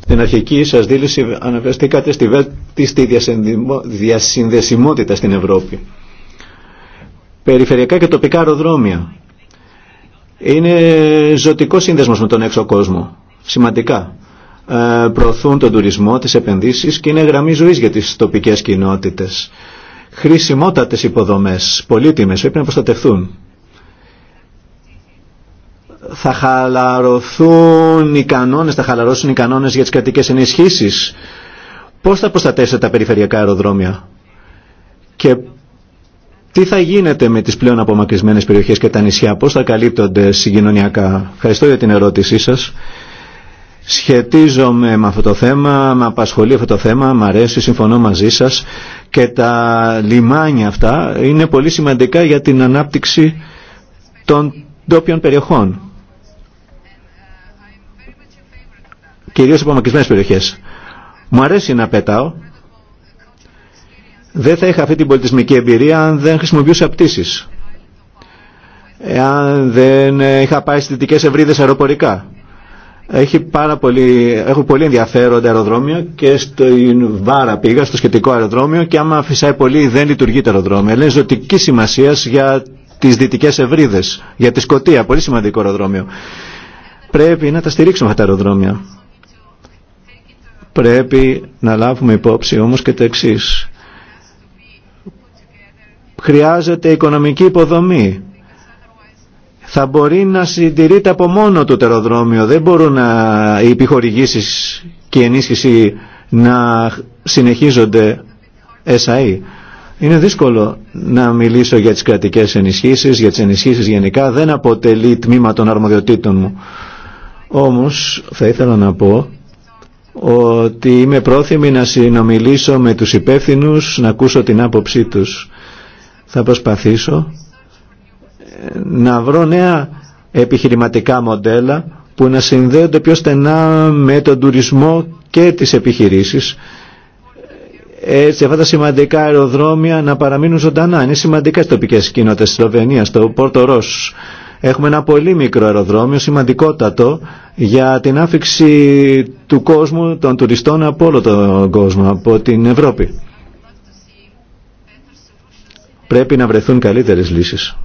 στην αρχική σας δήλωση αναφερθήκατε στη βέλτιστη διασυνδεσιμότητα στην Ευρώπη. Περιφερειακά και τοπικά αεροδρόμια είναι ζωτικό σύνδεσμος με τον έξω κόσμο. Σημαντικά. Ε, προωθούν τον τουρισμό, τις επενδύσεις και είναι γραμμή ζωής για τις τοπικές κοινότητες. Χρησιμότατες υποδομές, πολύτιμες, πρέπει να προστατευτούν. Θα χαλαρωθούν οι κανόνες, θα χαλαρώσουν οι κανόνες για τις κρατικές ενισχύσεις. Πώς θα προστατεύσετε τα περιφερειακά αεροδρόμια και τι θα γίνεται με τις πλέον απομακρυσμένες περιοχές και τα νησιά, πώς θα καλύπτονται συγκοινωνιακά. Ευχαριστώ για την ερώτησή σας. Σχετίζομαι με αυτό το θέμα, με απασχολεί αυτό το θέμα, μ' αρέσει, συμφωνώ μαζί σας και τα λιμάνια αυτά είναι πολύ σημαντικά για την ανάπτυξη των τόπιων περιοχών. Κυρίως από μακρισμένες περιοχές. Μου αρέσει να πετάω δεν θα είχα αυτή την πολιτισμική εμπειρία αν δεν χρησιμοποιούσα πτήσει. Εάν δεν είχα πάει στι δυτικέ ευρύδες αεροπορικά. Έχει πάρα πολύ, έχω πολύ ενδιαφέροντα αεροδρόμια και στο Βάρα πήγα, στο σχετικό αεροδρόμιο και άμα φυσάει πολύ δεν λειτουργεί το αεροδρόμιο. Είναι ζωτική σημασία για τι δυτικέ ευρύδε, για τη Σκοτία, πολύ σημαντικό αεροδρόμιο. Πρέπει να τα στηρίξουμε αυτά τα αεροδρόμια. Πρέπει να λάβουμε υπόψη όμως και το εξή χρειάζεται οικονομική υποδομή. Θα μπορεί να συντηρείται από μόνο το τεροδρόμιο. Δεν μπορούν να, οι επιχορηγήσεις και η ενίσχυση να συνεχίζονται SAE. Είναι δύσκολο να μιλήσω για τις κρατικές ενισχύσεις, για τις ενισχύσεις γενικά. Δεν αποτελεί τμήμα των αρμοδιοτήτων μου. Όμως θα ήθελα να πω ότι είμαι πρόθυμη να συνομιλήσω με τους υπεύθυνους, να ακούσω την άποψή τους θα προσπαθήσω ε, να βρω νέα επιχειρηματικά μοντέλα που να συνδέονται πιο στενά με τον τουρισμό και τις επιχειρήσεις έτσι αυτά τα σημαντικά αεροδρόμια να παραμείνουν ζωντανά. Είναι σημαντικά στις τοπικές κοινότητες στη Σλοβενία, στο Πόρτο Ρος. Έχουμε ένα πολύ μικρό αεροδρόμιο, σημαντικότατο, για την άφηξη του κόσμου, των τουριστών από όλο τον κόσμο, από την Ευρώπη πρέπει να βρεθούν καλύτερες λύσεις.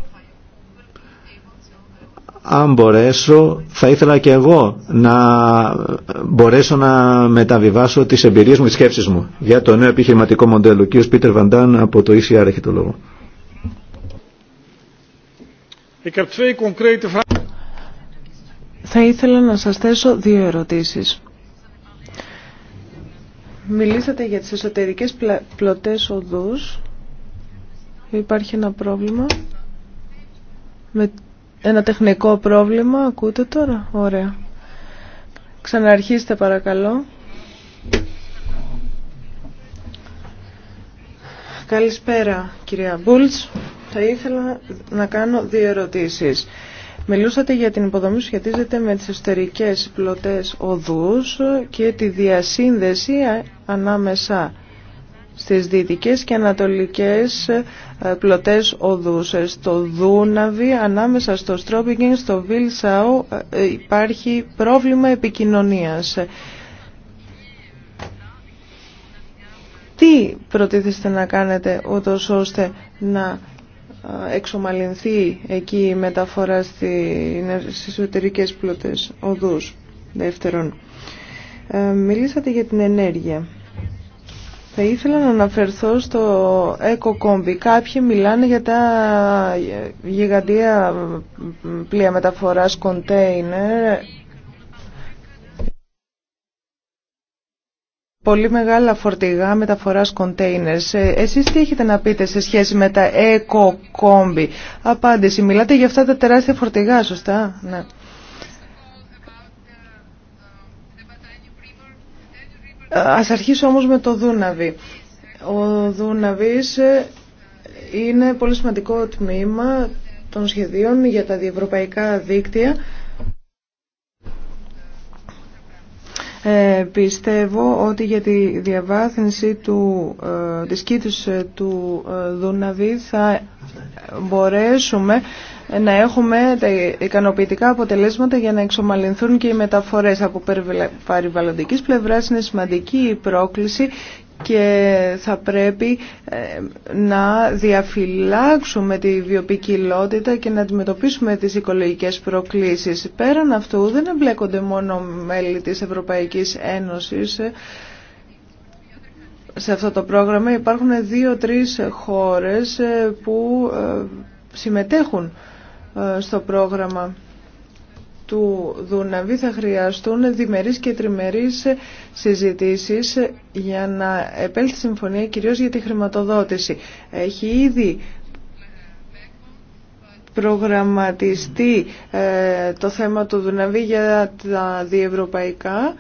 Αν μπορέσω, θα ήθελα και εγώ να μπορέσω να μεταβιβάσω τις εμπειρίες μου, τις σκέψεις μου για το νέο επιχειρηματικό μοντέλο. Ο κύριος Πίτερ Βαντάν από το ECR έχει το λόγο. Θα ήθελα να σας θέσω δύο ερωτήσεις. Μιλήσατε για τις εσωτερικές πλωτές οδούς Υπάρχει ένα πρόβλημα. Με ένα τεχνικό πρόβλημα. Ακούτε τώρα. Ωραία. Ξαναρχίστε παρακαλώ. Καλησπέρα κυρία Μπούλτς. Θα ήθελα να κάνω δύο ερωτήσεις. Μιλούσατε για την υποδομή που σχετίζεται με τις εσωτερικές πλωτές οδούς και τη διασύνδεση ανάμεσα στις δυτικές και ανατολικές ε, πλωτές οδούς. Ε, στο Δούναβι, ανάμεσα στο Στρόπιγγιν, στο Βίλσαου ε, υπάρχει πρόβλημα επικοινωνίας. Τι προτίθεστε να κάνετε ούτως ώστε να εξομαλυνθεί εκεί η μεταφορά στις εσωτερικές πλωτές οδούς. Δεύτερον, μιλήσατε για την ενέργεια. Θα ήθελα να αναφερθώ στο EcoCombi. Κάποιοι μιλάνε για τα γιγαντία πλοία μεταφοράς κοντέινερ. Πολύ μεγάλα φορτηγά μεταφοράς κοντέινερ. Ε, εσείς τι έχετε να πείτε σε σχέση με τα EcoCombi. Απάντηση. Μιλάτε για αυτά τα τεράστια φορτηγά, σωστά. Ναι. Ας αρχίσω όμως με το Δούναβι. Ο Δούναβης ε, είναι πολύ σημαντικό τμήμα των σχεδίων για τα διευρωπαϊκά δίκτυα Ε, πιστεύω ότι για τη διαβάθυνση του, ε, της κήτης ε, του Δούναβη θα μπορέσουμε να έχουμε τα ικανοποιητικά αποτελέσματα για να εξομαλυνθούν και οι μεταφορές από περιβαλλοντικής πλευράς είναι σημαντική η πρόκληση και θα πρέπει ε, να διαφυλάξουμε τη βιοποικιλότητα και να αντιμετωπίσουμε τις οικολογικές προκλήσεις. Πέραν αυτού δεν εμπλέκονται μόνο μέλη της Ευρωπαϊκής Ένωσης ε, σε αυτό το πρόγραμμα. Υπάρχουν δύο-τρεις χώρες ε, που συμμετέχουν στο πρόγραμμα του Δούναβη θα χρειαστούν διμερείς και τριμερείς συζητήσεις για να επέλθει συμφωνία κυρίως για τη χρηματοδότηση. Έχει ήδη προγραμματιστεί ε, το θέμα του Δουναβή για τα διευρωπαϊκά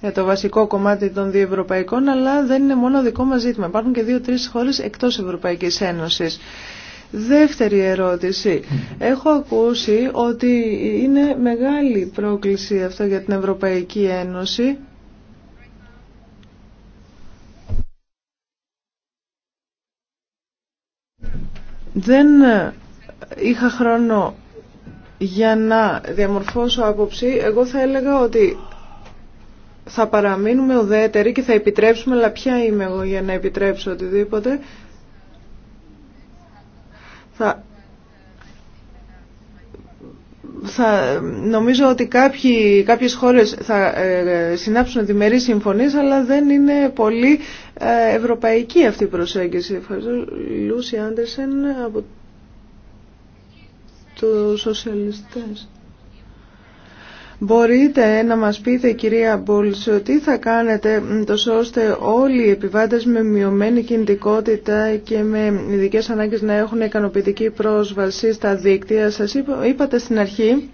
για το βασικό κομμάτι των διευρωπαϊκών αλλά δεν είναι μόνο δικό μας ζήτημα. Υπάρχουν και δύο-τρεις χώρες εκτός Ευρωπαϊκής Ένωσης. Δεύτερη ερώτηση. Έχω ακούσει ότι είναι μεγάλη πρόκληση αυτό για την Ευρωπαϊκή Ένωση. Δεν είχα χρόνο για να διαμορφώσω άποψη. Εγώ θα έλεγα ότι θα παραμείνουμε ουδέτεροι και θα επιτρέψουμε, αλλά ποια είμαι εγώ για να επιτρέψω οτιδήποτε, θα νομίζω ότι κάποιοι, κάποιες χώρες θα ε, συνάψουν διμερείς συμφωνίες, αλλά δεν είναι πολύ ε, ευρωπαϊκή αυτή η προσέγγιση. Ευχαριστώ. Λούση Άντερσεν από τους σοσιαλιστές. Μπορείτε να μας πείτε κυρία Μπούλς τι θα κάνετε τόσο ώστε όλοι οι επιβάτες με μειωμένη κινητικότητα και με ειδικέ ανάγκες να έχουν ικανοποιητική πρόσβαση στα δίκτυα. Σας είπατε στην αρχή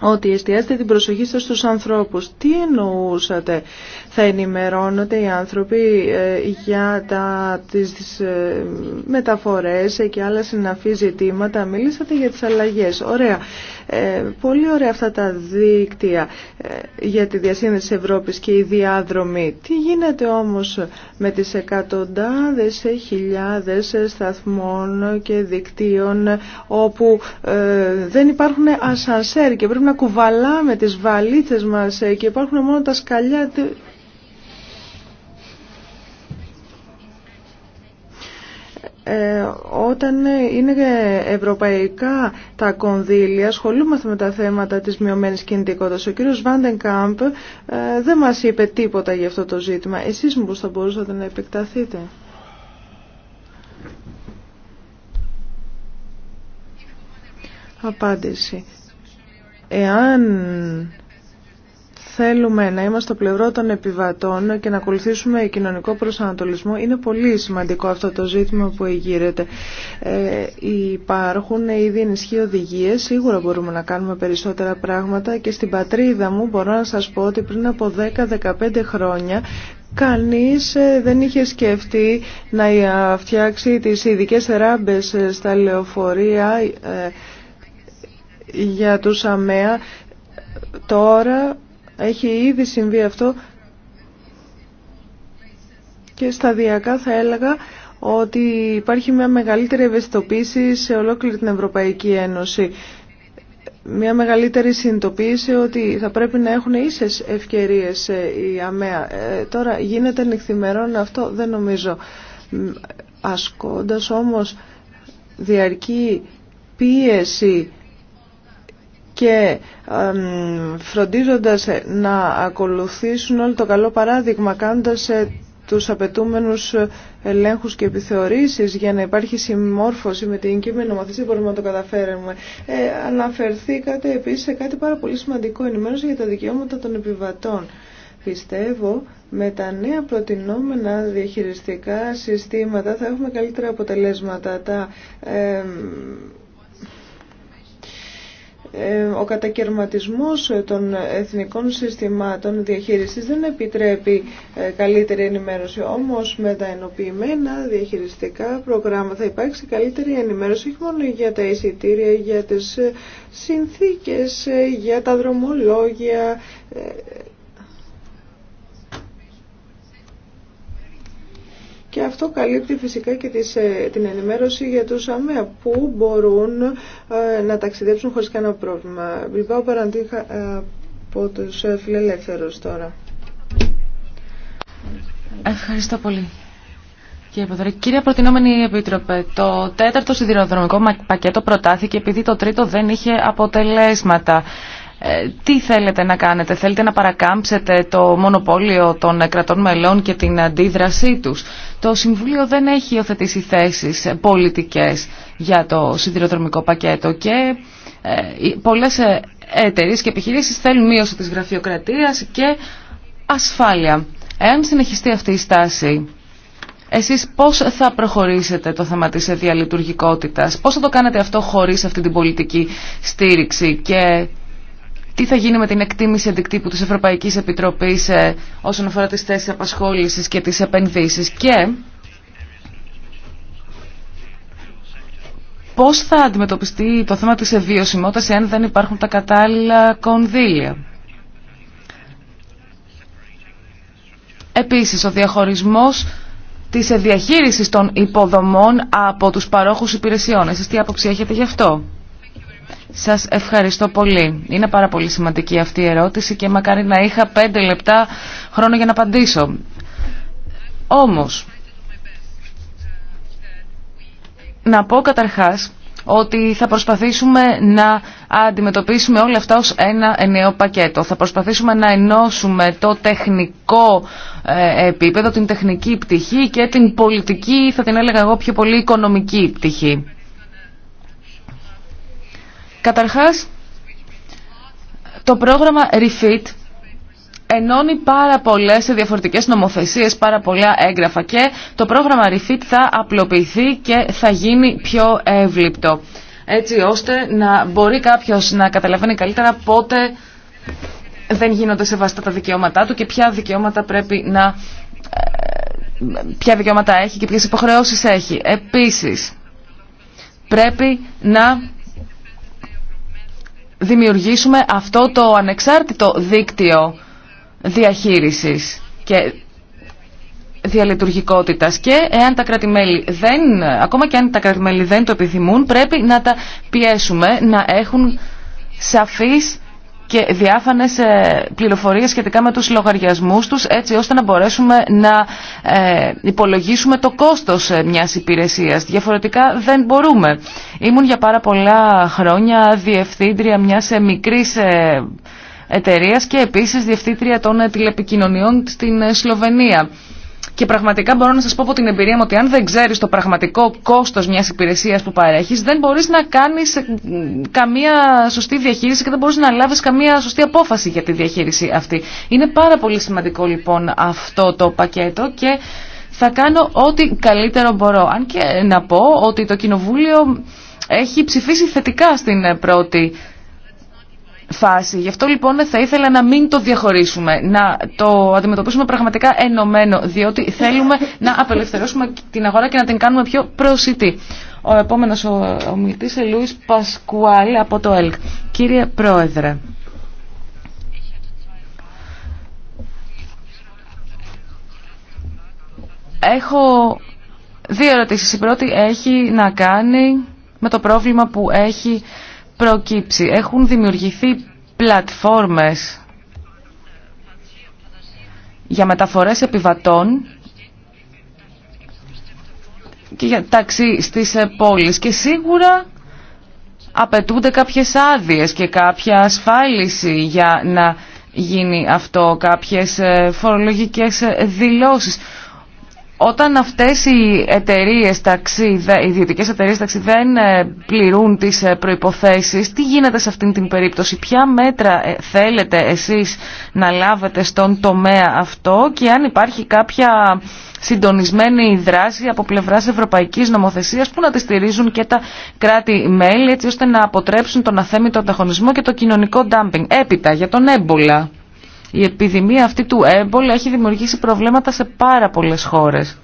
ότι εστιάζετε την προσοχή σας στους ανθρώπους. Τι εννοούσατε θα ενημερώνονται οι άνθρωποι ε, για τα, τις, ε, μεταφορές ε, και άλλα συναφή ζητήματα. Μίλησατε για τις αλλαγές. Ωραία. πολύ ωραία αυτά τα δίκτυα για τη διασύνδεση Ευρώπης και η διάδρομη. Τι γίνεται όμως με τις εκατοντάδες χιλιάδες σταθμών και δικτύων όπου δεν υπάρχουν ασανσέρ και πρέπει να κουβαλάμε τις βαλίτσες μας και υπάρχουν μόνο τα σκαλιά Ε, όταν είναι ευρωπαϊκά τα κονδύλια, ασχολούμαστε με τα θέματα της μειωμένης κινητικότητας. Ο κύριος Βάντενκάμπ ε, δεν μας είπε τίποτα για αυτό το ζήτημα. Εσείς μου θα μπορούσατε να επεκταθείτε. Απάντηση. Εάν θέλουμε να είμαστε στο πλευρό των επιβατών και να ακολουθήσουμε κοινωνικό προσανατολισμό, είναι πολύ σημαντικό αυτό το ζήτημα που εγείρεται. Ε, υπάρχουν ήδη ενισχύει οδηγίε, σίγουρα μπορούμε να κάνουμε περισσότερα πράγματα και στην πατρίδα μου μπορώ να σας πω ότι πριν από 10-15 χρόνια Κανείς ε, δεν είχε σκεφτεί να φτιάξει τις ειδικές ράμπες ε, στα λεωφορεία ε, για τους ΑΜΕΑ. Τώρα έχει ήδη συμβεί αυτό και σταδιακά θα έλεγα ότι υπάρχει μια μεγαλύτερη ευαισθητοποίηση σε ολόκληρη την Ευρωπαϊκή Ένωση. Μια μεγαλύτερη συνειδητοποίηση ότι θα πρέπει να έχουν ίσες ευκαιρίες ε, η ΑΜΕΑ. Ε, τώρα γίνεται νυχθημερών αυτό δεν νομίζω. Ασκώντας όμως διαρκή πίεση και φροντίζοντας να ακολουθήσουν όλο το καλό παράδειγμα κάνοντας ε, τους απαιτούμενους ε, ελέγχους και επιθεωρήσεις για να υπάρχει συμμόρφωση με την κείμενο νομοθεσία μπορούμε να το καταφέρουμε. Ε, αναφερθήκατε επίσης σε κάτι πάρα πολύ σημαντικό, ενημέρωση για τα δικαιώματα των επιβατών. Πιστεύω με τα νέα προτινόμενα διαχειριστικά συστήματα θα έχουμε καλύτερα αποτελέσματα. Τα, ε, ε, ο κατακαιρματισμός των εθνικών συστημάτων διαχείρισης δεν επιτρέπει ε, καλύτερη ενημέρωση. Όμως με τα ενοποιημένα διαχειριστικά προγράμματα θα υπάρξει καλύτερη ενημέρωση όχι μόνο για τα εισιτήρια, για τις ε, συνθήκες, για τα δρομολόγια, και αυτό καλύπτει φυσικά και ε, την ενημέρωση για τους ΑΜΕΑ που μπορούν ε, να ταξιδέψουν χωρίς κανένα πρόβλημα. Μπιλμπάου Παραντίχα ε, από τους φιλελεύθερους τώρα. Ευχαριστώ πολύ. Κύριε κύριε Προτινόμενη Επίτροπε, το τέταρτο σιδηροδρομικό πακέτο προτάθηκε επειδή το τρίτο δεν είχε αποτελέσματα. Ε, τι θέλετε να κάνετε, θέλετε να παρακάμψετε το μονοπόλιο των κρατών μελών και την αντίδρασή τους. Το Συμβούλιο δεν έχει υιοθετήσει θέσεις πολιτικές για το σιδηροδρομικό πακέτο και ε, πολλές ε, εταιρείε και επιχειρήσεις θέλουν μείωση της γραφειοκρατίας και ασφάλεια. Εάν συνεχιστεί αυτή η στάση, εσείς πώς θα προχωρήσετε το θέμα της διαλειτουργικότητας, πώς θα το κάνετε αυτό χωρίς αυτή την πολιτική στήριξη και τι θα γίνει με την εκτίμηση αντικτύπου της Ευρωπαϊκής Επιτροπής ε, όσον αφορά τις θέσεις απασχόλησης και τις επενδύσεις και πώς θα αντιμετωπιστεί το θέμα της ευβιωσιμότητας εάν δεν υπάρχουν τα κατάλληλα κονδύλια. Επίσης, ο διαχωρισμός της διαχείρισης των υποδομών από τους παρόχους υπηρεσιών. Εσείς τι άποψη έχετε γι' αυτό. Σας ευχαριστώ πολύ. Είναι πάρα πολύ σημαντική αυτή η ερώτηση και μακάρι να είχα πέντε λεπτά χρόνο για να απαντήσω. Όμως, να πω καταρχάς ότι θα προσπαθήσουμε να αντιμετωπίσουμε όλα αυτά ως ένα νέο πακέτο. Θα προσπαθήσουμε να ενώσουμε το τεχνικό ε, επίπεδο, την τεχνική πτυχή και την πολιτική, θα την έλεγα εγώ πιο πολύ οικονομική πτυχή. Καταρχάς, το πρόγραμμα REFIT ενώνει πάρα πολλές διαφορετικές νομοθεσίες, πάρα πολλά έγγραφα και το πρόγραμμα REFIT θα απλοποιηθεί και θα γίνει πιο εύληπτο έτσι ώστε να μπορεί κάποιος να καταλαβαίνει καλύτερα πότε δεν γίνονται σεβαστά τα δικαιώματά του και ποια δικαιώματα πρέπει να ε, ποια δικαιώματα έχει και ποιες υποχρεώσεις έχει. Επίσης, πρέπει να δημιουργήσουμε αυτό το ανεξάρτητο δίκτυο διαχείρισης και διαλειτουργικότητας και εάν τα κρατημέλη δεν, ακόμα και αν τα κρατημέλη δεν το επιθυμούν, πρέπει να τα πιέσουμε να έχουν σαφείς και διάφανες ε, πληροφορίες σχετικά με τους λογαριασμούς τους έτσι ώστε να μπορέσουμε να ε, υπολογίσουμε το κόστος ε, μιας υπηρεσίας. Διαφορετικά δεν μπορούμε. Ήμουν για πάρα πολλά χρόνια διευθύντρια μιας μικρής εταιρείας και επίσης διευθύντρια των τηλεπικοινωνιών στην Σλοβενία. Και πραγματικά μπορώ να σας πω από την εμπειρία μου ότι αν δεν ξέρεις το πραγματικό κόστος μιας υπηρεσίας που παρέχει, δεν μπορείς να κάνεις ε, καμία σωστή διαχείριση και δεν μπορείς να λάβεις καμία σωστή απόφαση για τη διαχείριση αυτή. Είναι πάρα πολύ σημαντικό λοιπόν αυτό το πακέτο και θα κάνω ό,τι καλύτερο μπορώ. Αν και να πω ότι το Κοινοβούλιο έχει ψηφίσει θετικά στην πρώτη φάση. Γι' αυτό λοιπόν θα ήθελα να μην το διαχωρίσουμε, να το αντιμετωπίσουμε πραγματικά ενωμένο, διότι θέλουμε να απελευθερώσουμε την αγορά και να την κάνουμε πιο προσιτή. Ο επόμενος ομιλητής είναι Λούις Πασκουάλ από το ΕΛΚ. Κύριε Πρόεδρε. Έχω δύο ερωτήσεις. Η πρώτη έχει να κάνει με το πρόβλημα που έχει έχουν δημιουργηθεί πλατφόρμες για μεταφορές επιβατών και για ταξί στις ε, πόλεις και σίγουρα απαιτούνται κάποιες άδειες και κάποια ασφάλιση για να γίνει αυτό, κάποιες ε, φορολογικές ε, δηλώσεις όταν αυτές οι εταιρείες ταξίδε, οι ιδιωτικές εταιρείες ταξί δεν ε, πληρούν τις ε, προϋποθέσεις, τι γίνεται σε αυτήν την περίπτωση, ποια μέτρα ε, θέλετε εσείς να λάβετε στον τομέα αυτό και αν υπάρχει κάποια συντονισμένη δράση από πλευράς ευρωπαϊκής νομοθεσίας που να τη στηρίζουν και τα κράτη-μέλη έτσι ώστε να αποτρέψουν τον αθέμητο ανταγωνισμό και το κοινωνικό ντάμπινγκ. Έπειτα για τον έμπολα. Η επιδημία αυτή του έμπολα έχει δημιουργήσει προβλήματα σε πάρα πολλές χώρες.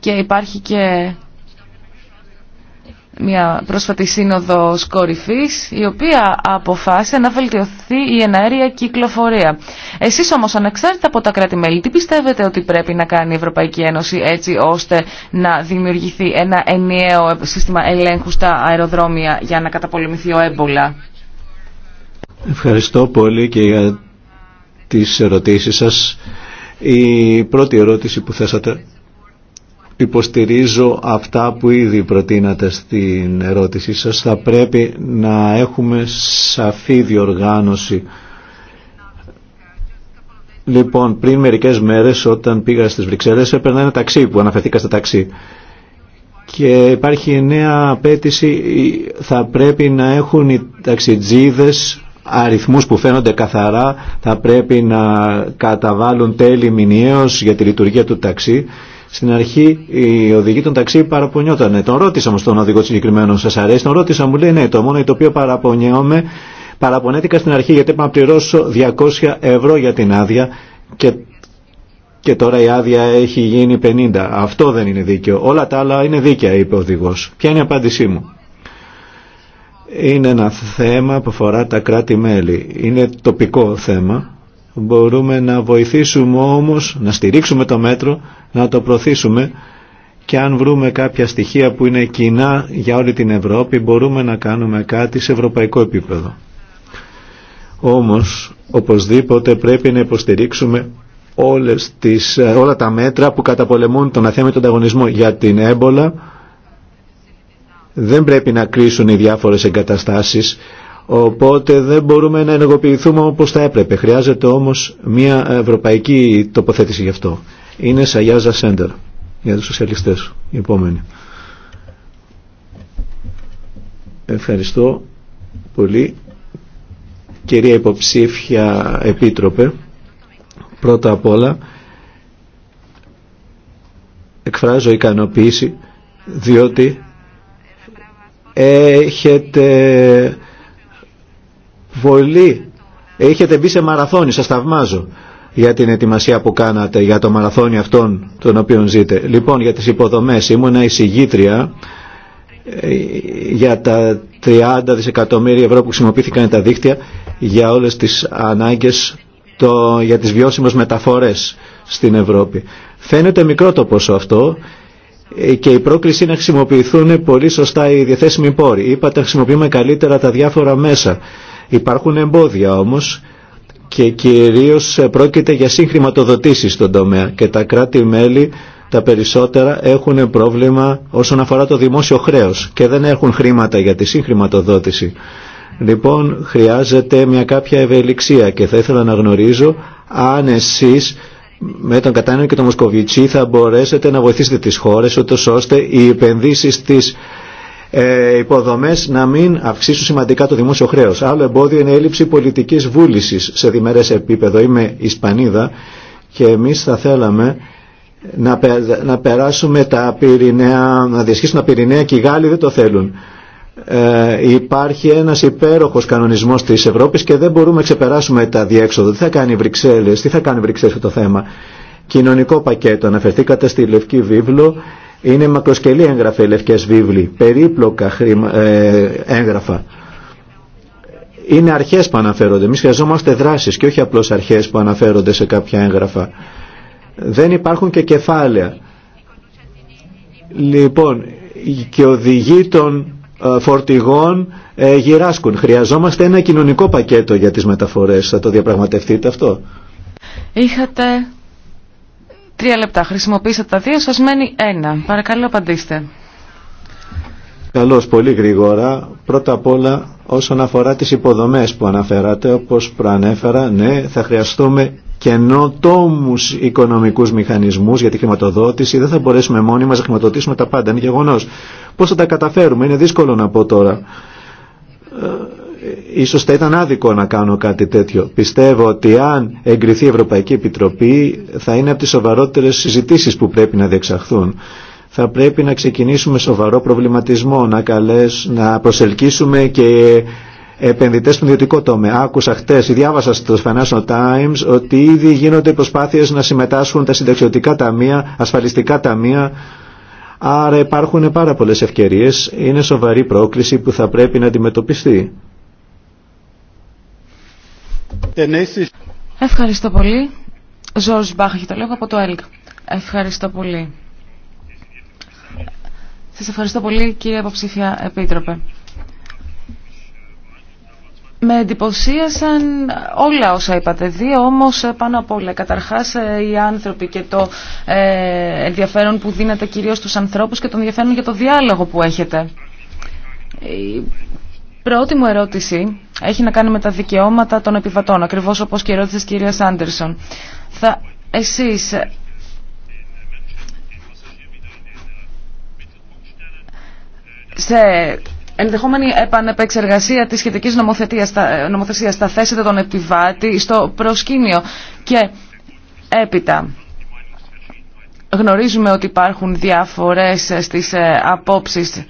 Και υπάρχει και μια πρόσφατη σύνοδος κορυφής η οποία αποφάσισε να βελτιωθεί η εναέρια κυκλοφορία. Εσείς όμως ανεξάρτητα από τα κράτη-μέλη τι πιστεύετε ότι πρέπει να κάνει η Ευρωπαϊκή Ένωση έτσι ώστε να δημιουργηθεί ένα ενιαίο σύστημα ελέγχου στα αεροδρόμια για να καταπολεμηθεί ο έμπολα. Ευχαριστώ πολύ και για τις ερωτήσεις σας. Η πρώτη ερώτηση που θέσατε υποστηρίζω αυτά που ήδη προτείνατε στην ερώτησή σας. Θα πρέπει να έχουμε σαφή διοργάνωση. Λοιπόν, πριν μερικές μέρες όταν πήγα στις Βρυξέλλες έπαιρνα ένα ταξί που αναφερθήκα στα ταξί. Και υπάρχει νέα απέτηση, θα πρέπει να έχουν οι ταξιτζίδες αριθμούς που φαίνονται καθαρά θα πρέπει να καταβάλουν τέλη μηνιαίως για τη λειτουργία του ταξί. Στην αρχή η οδηγή των ταξί παραπονιόταν Τον ρώτησα όμως τον οδηγό συγκεκριμένο συγκεκριμένου σας αρέσει. Τον ρώτησα μου λέει ναι το μόνο το οποίο παραπονιόμαι παραπονέτηκα στην αρχή γιατί είπα να πληρώσω 200 ευρώ για την άδεια και, και τώρα η άδεια έχει γίνει 50. Αυτό δεν είναι δίκαιο. Όλα τα άλλα είναι δίκαια είπε ο οδηγός. Ποια είναι η απάντησή μου είναι ένα θέμα που αφορά τα κράτη-μέλη. Είναι τοπικό θέμα. Μπορούμε να βοηθήσουμε όμως, να στηρίξουμε το μέτρο, να το προωθήσουμε και αν βρούμε κάποια στοιχεία που είναι κοινά για όλη την Ευρώπη μπορούμε να κάνουμε κάτι σε ευρωπαϊκό επίπεδο. Όμως, οπωσδήποτε πρέπει να υποστηρίξουμε όλες τις, ε, όλα τα μέτρα που καταπολεμούν τον τον ανταγωνισμό για την έμπολα, δεν πρέπει να κρίσουν οι διάφορες εγκαταστάσεις οπότε δεν μπορούμε να ενεργοποιηθούμε όπως θα έπρεπε. Χρειάζεται όμως μια ευρωπαϊκή τοποθέτηση γι' αυτό. Είναι Σαγιάζα Σέντερ για τους σοσιαλιστές. Η επόμενη. Ευχαριστώ πολύ. Κυρία Υποψήφια Επίτροπε, πρώτα απ' όλα εκφράζω ικανοποίηση διότι έχετε βολή, έχετε μπει σε μαραθώνι, σας θαυμάζω για την ετοιμασία που κάνατε για το μαραθώνι αυτόν τον οποίο ζείτε. Λοιπόν, για τις υποδομές ήμουνα εισηγήτρια ε, για τα 30 δισεκατομμύρια ευρώ που χρησιμοποιήθηκαν τα δίκτυα για όλες τις ανάγκες το, για τις βιώσιμες μεταφορές στην Ευρώπη. Φαίνεται μικρό το ποσό αυτό ε, και η πρόκληση είναι να χρησιμοποιηθούν πολύ σωστά οι διαθέσιμοι πόροι. Είπατε να χρησιμοποιούμε καλύτερα τα διάφορα μέσα. Υπάρχουν εμπόδια όμως και κυρίως ε, πρόκειται για συγχρηματοδοτήσεις στον τομέα και τα κράτη-μέλη τα περισσότερα έχουν πρόβλημα όσον αφορά το δημόσιο χρέος και δεν έχουν χρήματα για τη συγχρηματοδότηση. Λοιπόν, χρειάζεται μια κάποια ευελιξία και θα ήθελα να γνωρίζω αν εσείς με τον Κατάνιο και τον Μοσκοβιτσί θα μπορέσετε να βοηθήσετε τις χώρες ούτως ώστε οι επενδύσεις της ε, υποδομές να μην αυξήσουν σημαντικά το δημόσιο χρέος. Άλλο εμπόδιο είναι η έλλειψη πολιτικής βούλησης σε διμερές επίπεδο. Είμαι Ισπανίδα και εμείς θα θέλαμε να, περάσουμε τα πυρηναία, να διασχίσουμε τα πυρηναία και οι Γάλλοι δεν το θέλουν ε, υπάρχει ένας υπέροχος κανονισμός της Ευρώπης και δεν μπορούμε να ξεπεράσουμε τα διέξοδο. Τι θα κάνει Βρυξέλλες, τι θα κάνει Βρυξέλλες το θέμα. Κοινωνικό πακέτο, αναφερθήκατε στη Λευκή Βίβλο, είναι μακροσκελή έγγραφα οι Λευκές Βίβλοι, περίπλοκα χρήμα, ε, έγγραφα. Είναι αρχές που αναφέρονται, εμείς χρειαζόμαστε δράσεις και όχι απλώς αρχές που αναφέρονται σε κάποια έγγραφα. Δεν υπάρχουν και κεφάλαια. Λοιπόν, και οδηγεί τον ε, φορτηγών ε, γυράσκουν. Χρειαζόμαστε ένα κοινωνικό πακέτο για τις μεταφορές. Θα το διαπραγματευτείτε αυτό. Είχατε τρία λεπτά. Χρησιμοποίησατε τα δύο. Σας μένει ένα. Παρακαλώ απαντήστε. Καλώς, πολύ γρήγορα. Πρώτα απ' όλα όσον αφορά τις υποδομές που αναφέρατε, όπως προανέφερα, ναι, θα χρειαστούμε και τόμους οικονομικού μηχανισμού για τη χρηματοδότηση. Δεν θα μπορέσουμε μόνοι μα να χρηματοδοτήσουμε τα πάντα. Είναι γεγονό. Πώ θα τα καταφέρουμε, είναι δύσκολο να πω τώρα. Ε, ίσως θα ήταν άδικο να κάνω κάτι τέτοιο. Πιστεύω ότι αν εγκριθεί η Ευρωπαϊκή Επιτροπή θα είναι από τις σοβαρότερες συζητήσεις που πρέπει να διεξαχθούν. Θα πρέπει να ξεκινήσουμε σοβαρό προβληματισμό, να, να προσελκύσουμε και επενδυτές στον ιδιωτικό τομέα. Άκουσα χτες, διάβασα στο Financial Times ότι ήδη γίνονται προσπάθειες να συμμετάσχουν τα συνταξιωτικά ταμεία, ασφαλιστικά ταμεία, άρα υπάρχουν πάρα πολλές ευκαιρίες. Είναι σοβαρή πρόκληση που θα πρέπει να αντιμετωπιστεί. Ευχαριστώ πολύ. Ζόρζ Μπάχ, το λέω από το ΕΛΚ. Ευχαριστώ πολύ. Σας ευχαριστώ πολύ κύριε υποψήφια Επίτροπε με εντυπωσίασαν όλα όσα είπατε. Δύο όμως ε, πάνω απ' όλα. Καταρχάς ε, οι άνθρωποι και το ε, ενδιαφέρον που δίνετε κυρίως στους ανθρώπους και το ενδιαφέρον για το διάλογο που έχετε. Η πρώτη μου ερώτηση έχει να κάνει με τα δικαιώματα των επιβατών, ακριβώς όπως και η ερώτηση της κυρίας Άντερσον. Θα, εσείς σε ενδεχόμενη επανεπεξεργασία της σχετικής ε, νομοθεσίας θα θέσετε τον επιβάτη στο προσκήνιο και έπειτα. Γνωρίζουμε ότι υπάρχουν διαφορές στις ε, απόψεις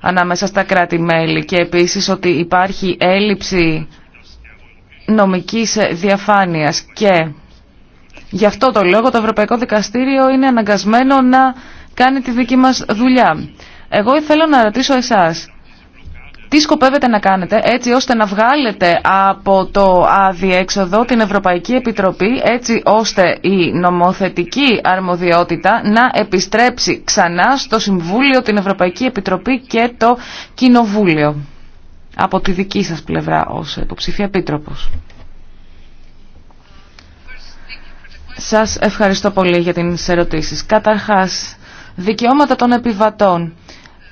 ανάμεσα στα κράτη-μέλη και επίσης ότι υπάρχει έλλειψη νομικής διαφάνειας και γι' αυτό το λόγο το Ευρωπαϊκό Δικαστήριο είναι αναγκασμένο να κάνει τη δική μας δουλειά. Εγώ ήθελα να ρωτήσω εσάς, τι σκοπεύετε να κάνετε έτσι ώστε να βγάλετε από το αδιέξοδο την Ευρωπαϊκή Επιτροπή έτσι ώστε η νομοθετική αρμοδιότητα να επιστρέψει ξανά στο Συμβούλιο, την Ευρωπαϊκή Επιτροπή και το Κοινοβούλιο από τη δική σας πλευρά ως υποψηφία επίτροπος. Σας ευχαριστώ πολύ για τις ερωτήσεις. Καταρχάς, δικαιώματα των επιβατών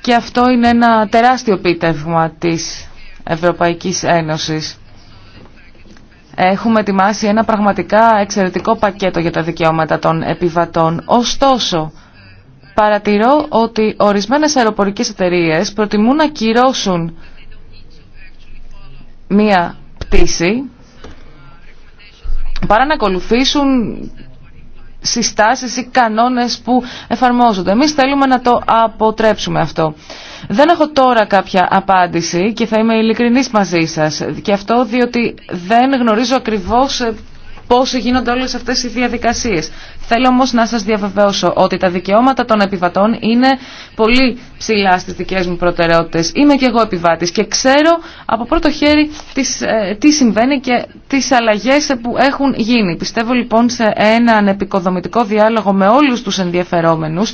και αυτό είναι ένα τεράστιο πίτευμα της Ευρωπαϊκής Ένωσης. Έχουμε ετοιμάσει ένα πραγματικά εξαιρετικό πακέτο για τα δικαιώματα των επιβατών. Ωστόσο, παρατηρώ ότι ορισμένες αεροπορικές εταιρείες προτιμούν να κυρώσουν μία πτήση παρά να ακολουθήσουν συστάσεις ή κανόνες που εφαρμόζονται. Εμείς θέλουμε να το αποτρέψουμε αυτό. Δεν έχω τώρα κάποια απάντηση και θα είμαι ειλικρινής μαζί σας. Και αυτό διότι δεν γνωρίζω ακριβώς πώς γίνονται όλες αυτές οι διαδικασίες. Θέλω όμως να σας διαβεβαιώσω ότι τα δικαιώματα των επιβατών είναι πολύ ψηλά στις δικές μου προτεραιότητες. Είμαι και εγώ επιβάτης και ξέρω από πρώτο χέρι ε, τι συμβαίνει και τις αλλαγές που έχουν γίνει. Πιστεύω λοιπόν σε έναν επικοδομητικό διάλογο με όλους τους ενδιαφερόμενους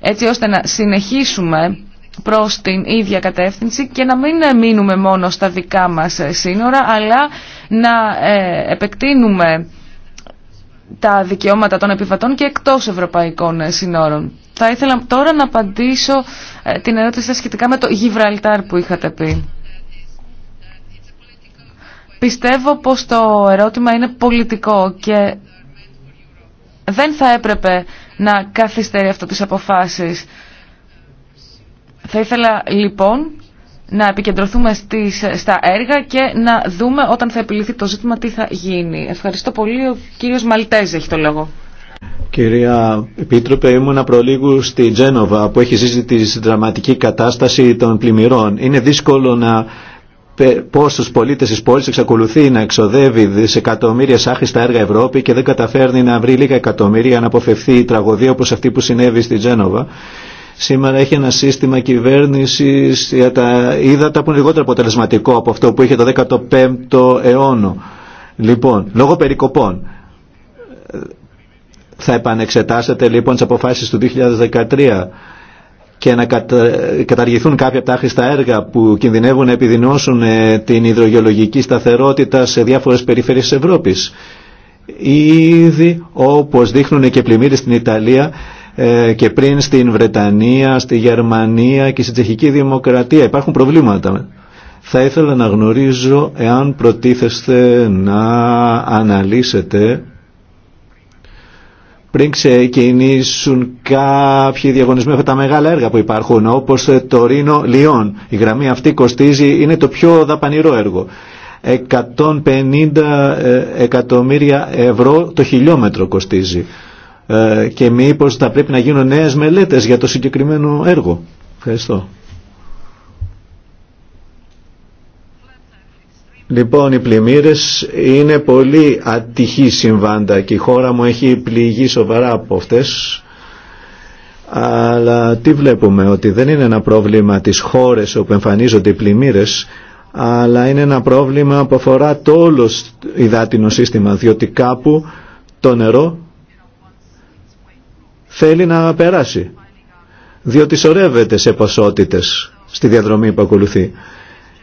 έτσι ώστε να συνεχίσουμε προς την ίδια κατεύθυνση και να μην μείνουμε μόνο στα δικά μας σύνορα αλλά να ε, επεκτείνουμε τα δικαιώματα των επιβατών και εκτός ευρωπαϊκών σύνορων. Θα ήθελα τώρα να απαντήσω ε, την ερώτηση σας σχετικά με το Γιβραλτάρ που είχατε πει. Πιστεύω πως το ερώτημα είναι πολιτικό και δεν θα έπρεπε να καθυστερεί αυτό τις αποφάσεις θα ήθελα λοιπόν να επικεντρωθούμε στις, στα έργα και να δούμε όταν θα επιληθεί το ζήτημα τι θα γίνει. Ευχαριστώ πολύ. Ο κύριος Μαλτέζ έχει το λόγο. Κυρία Επίτροπε, ήμουνα προλίγου στη Τζένοβα που έχει ζήσει τη δραματική κατάσταση των πλημμυρών. Είναι δύσκολο να πώ στου πολίτε τη πόλη εξακολουθεί να εξοδεύει δισεκατομμύρια στα έργα Ευρώπη και δεν καταφέρνει να βρει λίγα εκατομμύρια να αποφευθεί η τραγωδία όπω αυτή που συνέβη στη Τζένοβα. Σήμερα έχει ένα σύστημα κυβέρνηση για τα ύδατα που είναι λιγότερο αποτελεσματικό από αυτό που είχε το 15ο αιώνο. Λοιπόν, λόγω περικοπών. Θα επανεξετάσετε λοιπόν τι αποφάσει του 2013 και να καταργηθούν κάποια από τα άχρηστα έργα που κινδυνεύουν να επιδεινώσουν ε, την υδρογεολογική σταθερότητα σε διάφορες περιφέρειες της Ευρώπης. Ήδη, όπως δείχνουν και πλημμύρες στην Ιταλία, ε, και πριν στην Βρετανία, στη Γερμανία και στη Τσεχική Δημοκρατία. Υπάρχουν προβλήματα. Θα ήθελα να γνωρίζω εάν προτίθεστε να αναλύσετε πριν ξεκινήσουν κάποιοι διαγωνισμοί από τα μεγάλα έργα που υπάρχουν όπως το Ρήνο Λιόν. Η γραμμή αυτή κοστίζει, είναι το πιο δαπανηρό έργο. 150 ε, εκατομμύρια ευρώ το χιλιόμετρο κοστίζει ε, και μήπως θα πρέπει να γίνουν νέες μελέτες για το συγκεκριμένο έργο. Ευχαριστώ. Λοιπόν, οι πλημμύρες είναι πολύ ατυχή συμβάντα και η χώρα μου έχει πληγεί σοβαρά από αυτές. Αλλά τι βλέπουμε, ότι δεν είναι ένα πρόβλημα της χώρες όπου εμφανίζονται οι πλημμύρες, αλλά είναι ένα πρόβλημα που αφορά το όλο υδάτινο σύστημα, διότι κάπου το νερό θέλει να περάσει. Διότι σωρεύεται σε ποσότητες στη διαδρομή που ακολουθεί.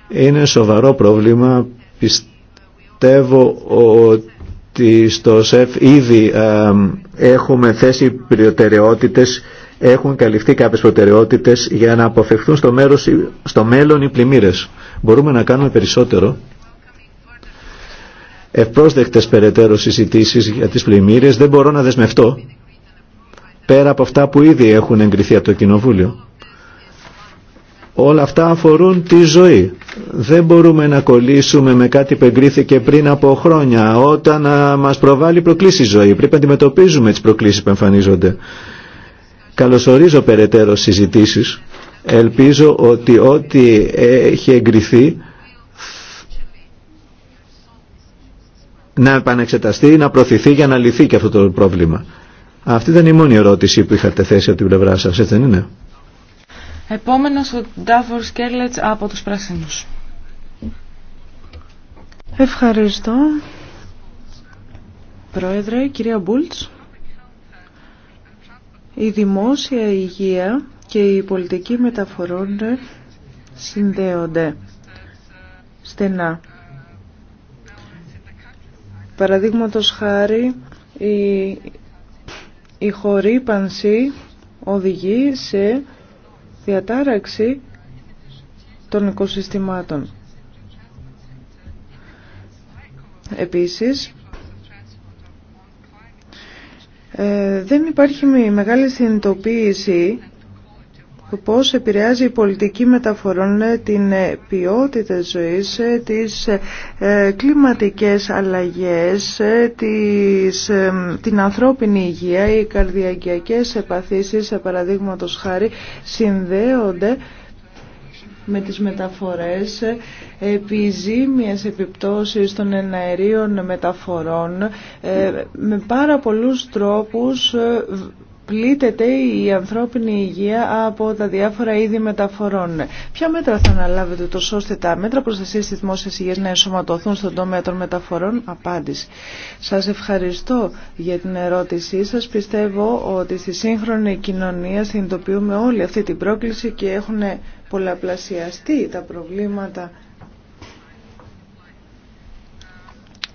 Είναι σοβαρό πρόβλημα. Πιστεύω ότι στο ΣΕΦ ήδη ε, έχουμε θέσει προτεραιότητες, έχουν καλυφθεί κάποιες προτεραιότητες για να αποφευχθούν στο, μέρος, στο μέλλον οι πλημμύρες. Μπορούμε να κάνουμε περισσότερο ευπρόσδεκτες περαιτέρω συζητήσει για τις πλημμύρες δεν μπορώ να δεσμευτώ πέρα από αυτά που ήδη έχουν εγκριθεί από το Κοινοβούλιο. Όλα αυτά αφορούν τη ζωή. Δεν μπορούμε να κολλήσουμε με κάτι που εγκρίθηκε πριν από χρόνια, όταν μας προβάλλει προκλήσει ζωή. Πρέπει να αντιμετωπίζουμε τις προκλήσεις που εμφανίζονται. Καλωσορίζω περαιτέρω συζητήσεις. Ελπίζω ότι ό,τι έχει εγκριθεί να επανεξεταστεί, να προωθηθεί για να λυθεί και αυτό το πρόβλημα. Αυτή ήταν η μόνη ερώτηση που είχατε θέσει από την πλευρά σας, έτσι δεν είναι. Επόμενος ο Ντάφορ από τους Πράσινους. Ευχαριστώ. Πρόεδρε, κυρία Μπούλτς, η δημόσια υγεία και η πολιτική μεταφορών συνδέονται στενά. Παραδείγματος χάρη, η η χορύπανση οδηγεί σε διατάραξη των οικοσυστημάτων. Επίσης, ε, δεν υπάρχει μεγάλη συνειδητοποίηση πώς επηρεάζει η πολιτική μεταφορών ε, την ε, ποιότητα ζωής, ε, τις κλιματικές αλλαγές, τις, την ανθρώπινη υγεία, οι καρδιακιακές σε παραδείγματος χάρη, συνδέονται με τις μεταφορές, επιζήμιες επιπτώσεις των εναερίων μεταφορών, με πάρα πολλούς τρόπους πλήττεται η ανθρώπινη υγεία από τα διάφορα είδη μεταφορών. Ποια μέτρα θα αναλάβετε το ώστε τα μέτρα προστασία τη δημόσια υγεία να ενσωματωθούν στον τομέα των μεταφορών. Απάντηση. Σα ευχαριστώ για την ερώτησή σα. Πιστεύω ότι στη σύγχρονη κοινωνία συνειδητοποιούμε όλη αυτή την πρόκληση και έχουν πολλαπλασιαστεί τα προβλήματα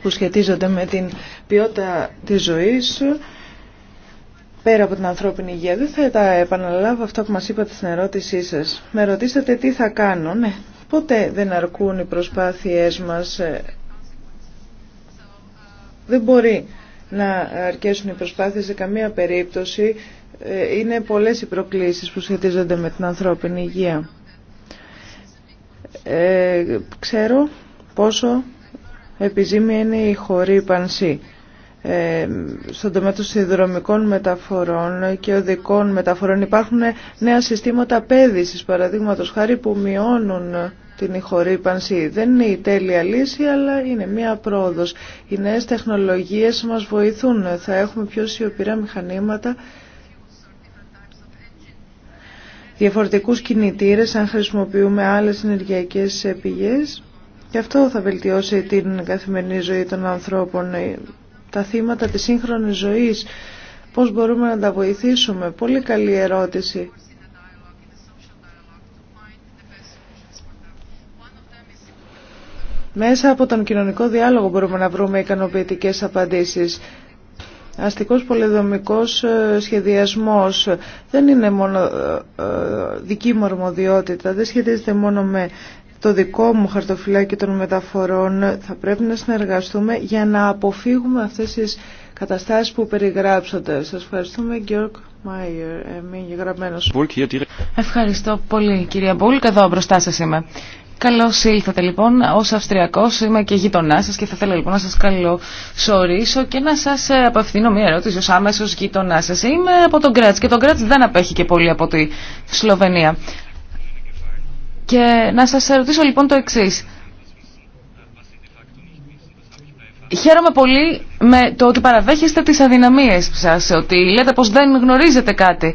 που σχετίζονται με την ποιότητα της ζωής πέρα από την ανθρώπινη υγεία. Δεν θα τα επαναλάβω αυτά που μας είπατε στην ερώτησή σας. Με ρωτήσατε τι θα κάνω. Ναι, ποτέ δεν αρκούν οι προσπάθειές μας. Ε, δεν μπορεί να αρκέσουν οι προσπάθειες σε καμία περίπτωση. Ε, είναι πολλές οι προκλήσεις που σχετίζονται με την ανθρώπινη υγεία. Ε, ξέρω πόσο επιζήμια είναι η πανσή. Ε, στον τομέα των συνδρομικών μεταφορών και οδικών μεταφορών υπάρχουν νέα συστήματα πέδησης παραδείγματο χάρη που μειώνουν την ηχορύπανση. Δεν είναι η τέλεια λύση αλλά είναι μία πρόοδος. Οι νέε τεχνολογίες μας βοηθούν. Θα έχουμε πιο σιωπηρά μηχανήματα διαφορετικούς κινητήρες αν χρησιμοποιούμε άλλες ενεργειακές πηγές και αυτό θα βελτιώσει την καθημερινή ζωή των ανθρώπων τα θύματα της σύγχρονης ζωής. Πώς μπορούμε να τα βοηθήσουμε. Πολύ καλή ερώτηση. Μέσα από τον κοινωνικό διάλογο μπορούμε να βρούμε ικανοποιητικές απαντήσεις. Αστικός πολυδομικός ε, σχεδιασμός δεν είναι μόνο ε, ε, δική μου αρμοδιότητα, δεν σχετίζεται μόνο με το δικό μου χαρτοφυλάκι των μεταφορών θα πρέπει να συνεργαστούμε για να αποφύγουμε αυτές τις καταστάσεις που περιγράψατε. Σας ευχαριστούμε Γιώργ ε, Μάιερ, γραμμένος. Ευχαριστώ πολύ κυρία Μπούλκ, εδώ μπροστά σας είμαι. Καλώ ήλθατε λοιπόν. Ω Αυστριακό είμαι και γείτονά σα και θα ήθελα λοιπόν να σα καλωσορίσω και να σα ε, απευθύνω μια ερώτηση ω άμεσο γείτονά σα. Είμαι από τον Κράτ και τον Κράτ δεν απέχει και πολύ από τη Σλοβενία. Και να σας ερωτήσω λοιπόν το εξής. Χαίρομαι πολύ με το ότι παραδέχεστε τις αδυναμίες σας, ότι λέτε πως δεν γνωρίζετε κάτι.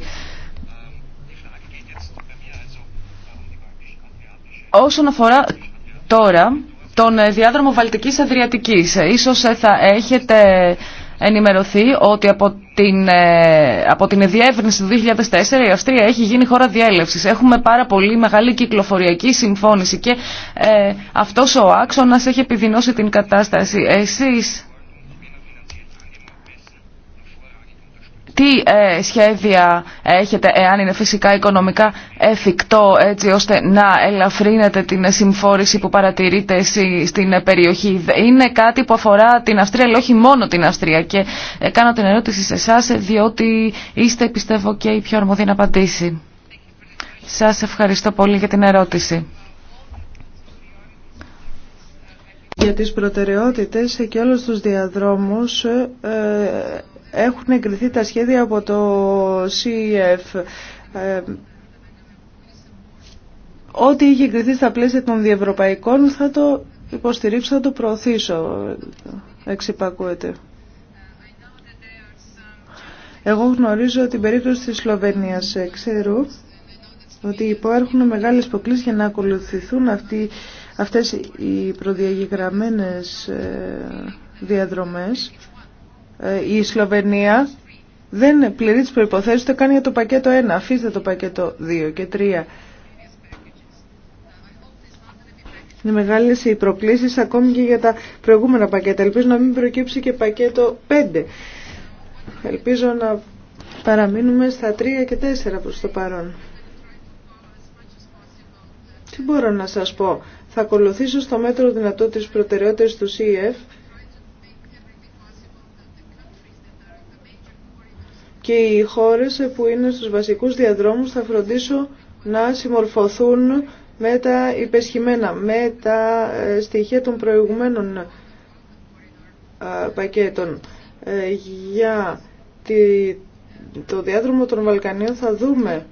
Όσον αφορά τώρα τον ε, διάδρομο Βαλτικής Αδριατικής, ε, ίσως ε, θα έχετε ενημερωθεί ότι από την, ε, από την διεύρυνση του 2004 η Αυστρία έχει γίνει χώρα διέλευσης. Έχουμε πάρα πολύ μεγάλη κυκλοφοριακή συμφώνηση και ε, αυτός ο άξονας έχει επιδεινώσει την κατάσταση. Εσείς τι ε, σχέδια έχετε, εάν είναι φυσικά οικονομικά εφικτό, έτσι ώστε να ελαφρύνετε την συμφόρηση που παρατηρείτε στην περιοχή. Είναι κάτι που αφορά την Αυστρία, αλλά όχι μόνο την Αυστρία. Και ε, κάνω την ερώτηση σε εσά, διότι είστε, πιστεύω, και η πιο αρμοδία να απαντήσει. Σας ευχαριστώ πολύ για την ερώτηση. για τις προτεραιότητες και όλους τους διαδρόμους ε, έχουν εγκριθεί τα σχέδια από το CEF. Ε, ό,τι είχε εγκριθεί στα πλαίσια των διευρωπαϊκών θα το υποστηρίξω, θα το προωθήσω. Εξυπακούεται. Εγώ γνωρίζω την περίπτωση της Σλοβενίας. Ξέρω ότι υπάρχουν μεγάλες ποκλήσεις για να ακολουθηθούν αυτοί, αυτές οι προδιαγεγραμμένες ε, διαδρομές. Ε, η Σλοβενία δεν πληρεί τις προϋποθέσεις το κάνει για το πακέτο 1. Αφήστε το πακέτο 2 και 3. Είναι μεγάλες οι προκλήσεις ακόμη και για τα προηγούμενα πακέτα. Ελπίζω να μην προκύψει και πακέτο 5. Ελπίζω να παραμείνουμε στα 3 και 4 προς το παρόν. Τι μπορώ να σας πω. Θα ακολουθήσω στο μέτρο δυνατό τις προτεραιότητες του CEF και οι χώρες που είναι στους βασικούς διαδρόμους θα φροντίσω να συμμορφωθούν με τα υπεσχημένα, με τα ε, στοιχεία των προηγουμένων ε, πακέτων. Ε, για το διάδρομο των Βαλκανίων θα δούμε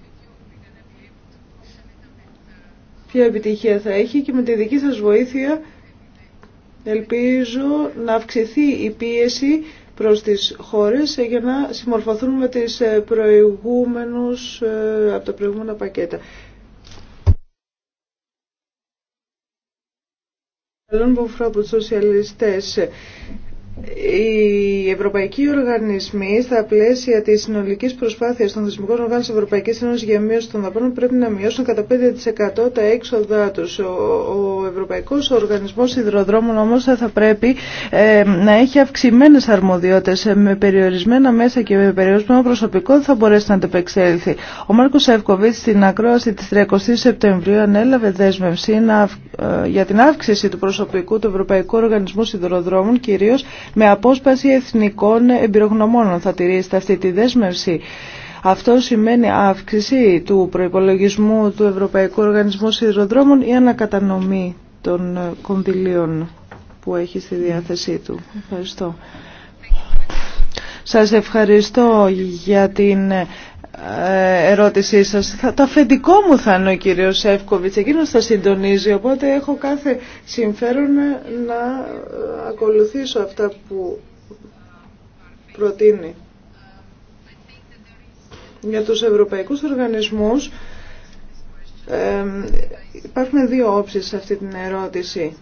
ποια επιτυχία θα έχει και με τη δική σας βοήθεια ελπίζω να αυξηθεί η πίεση προς τις χώρες ε, για να συμμορφωθούν με τις ε, προηγούμενους, ε, από τα προηγούμενα πακέτα. που αφορά από τους σοσιαλιστές οι ευρωπαϊκοί οργανισμοί στα πλαίσια της συνολικής προσπάθειας των θεσμικών οργάνων της Ευρωπαϊκής Ένωσης για μείωση των δαπάνων πρέπει να μειώσουν κατά 5% τα έξοδά τους. Ο, ο Ευρωπαϊκός Οργανισμός Ιδροδρόμων όμως θα πρέπει ε, να έχει αυξημένες αρμοδιότητες ε, με περιορισμένα μέσα και με περιορισμένο προσωπικό θα μπορέσει να αντεπεξέλθει. Ο Μάρκος Εύκοβιτς στην ακρόαση της 30 Σεπτεμβρίου ανέλαβε δέσμευση ε, για την αύξηση του προσωπικού του Ευρωπαϊκού Οργανισμού Ιδροδρόμων κυρίως με απόσπαση εθνικών εμπειρογνωμόνων. Θα τηρήσετε αυτή τη δέσμευση. Αυτό σημαίνει αύξηση του προϋπολογισμού του Ευρωπαϊκού Οργανισμού Σιδηροδρόμων ή ανακατανομή των κονδυλίων που έχει στη διάθεσή του. Ευχαριστώ. Σας ευχαριστώ για την ε, ερώτησή σας. Το αφεντικό μου θα είναι ο κύριος Σεύκοβιτς, εκείνος θα συντονίζει, οπότε έχω κάθε συμφέρον να ε, ακολουθήσω αυτά που προτείνει. Για τους ευρωπαϊκούς οργανισμούς ε, υπάρχουν δύο όψεις σε αυτή την ερώτηση.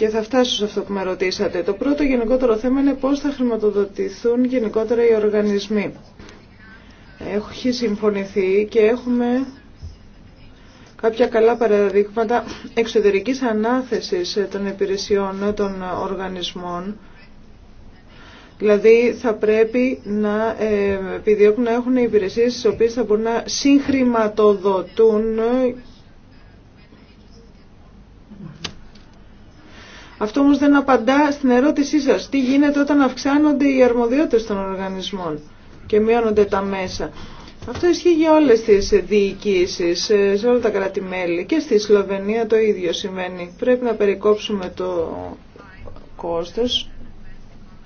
και θα φτάσω σε αυτό που με ρωτήσατε. Το πρώτο γενικότερο θέμα είναι πώς θα χρηματοδοτηθούν γενικότερα οι οργανισμοί. Έχει συμφωνηθεί και έχουμε κάποια καλά παραδείγματα εξωτερικής ανάθεσης των υπηρεσιών των οργανισμών. Δηλαδή θα πρέπει να ε, επιδιώκουν να έχουν υπηρεσίες στις οποίες θα μπορούν να συγχρηματοδοτούν Αυτό όμως δεν απαντά στην ερώτησή σας. Τι γίνεται όταν αυξάνονται οι αρμοδιότητες των οργανισμών και μειώνονται τα μέσα. Αυτό ισχύει για όλες τις διοικήσεις, ε, σε όλα τα κράτη-μέλη. Και στη Σλοβενία το ίδιο σημαίνει. Πρέπει να περικόψουμε το κόστος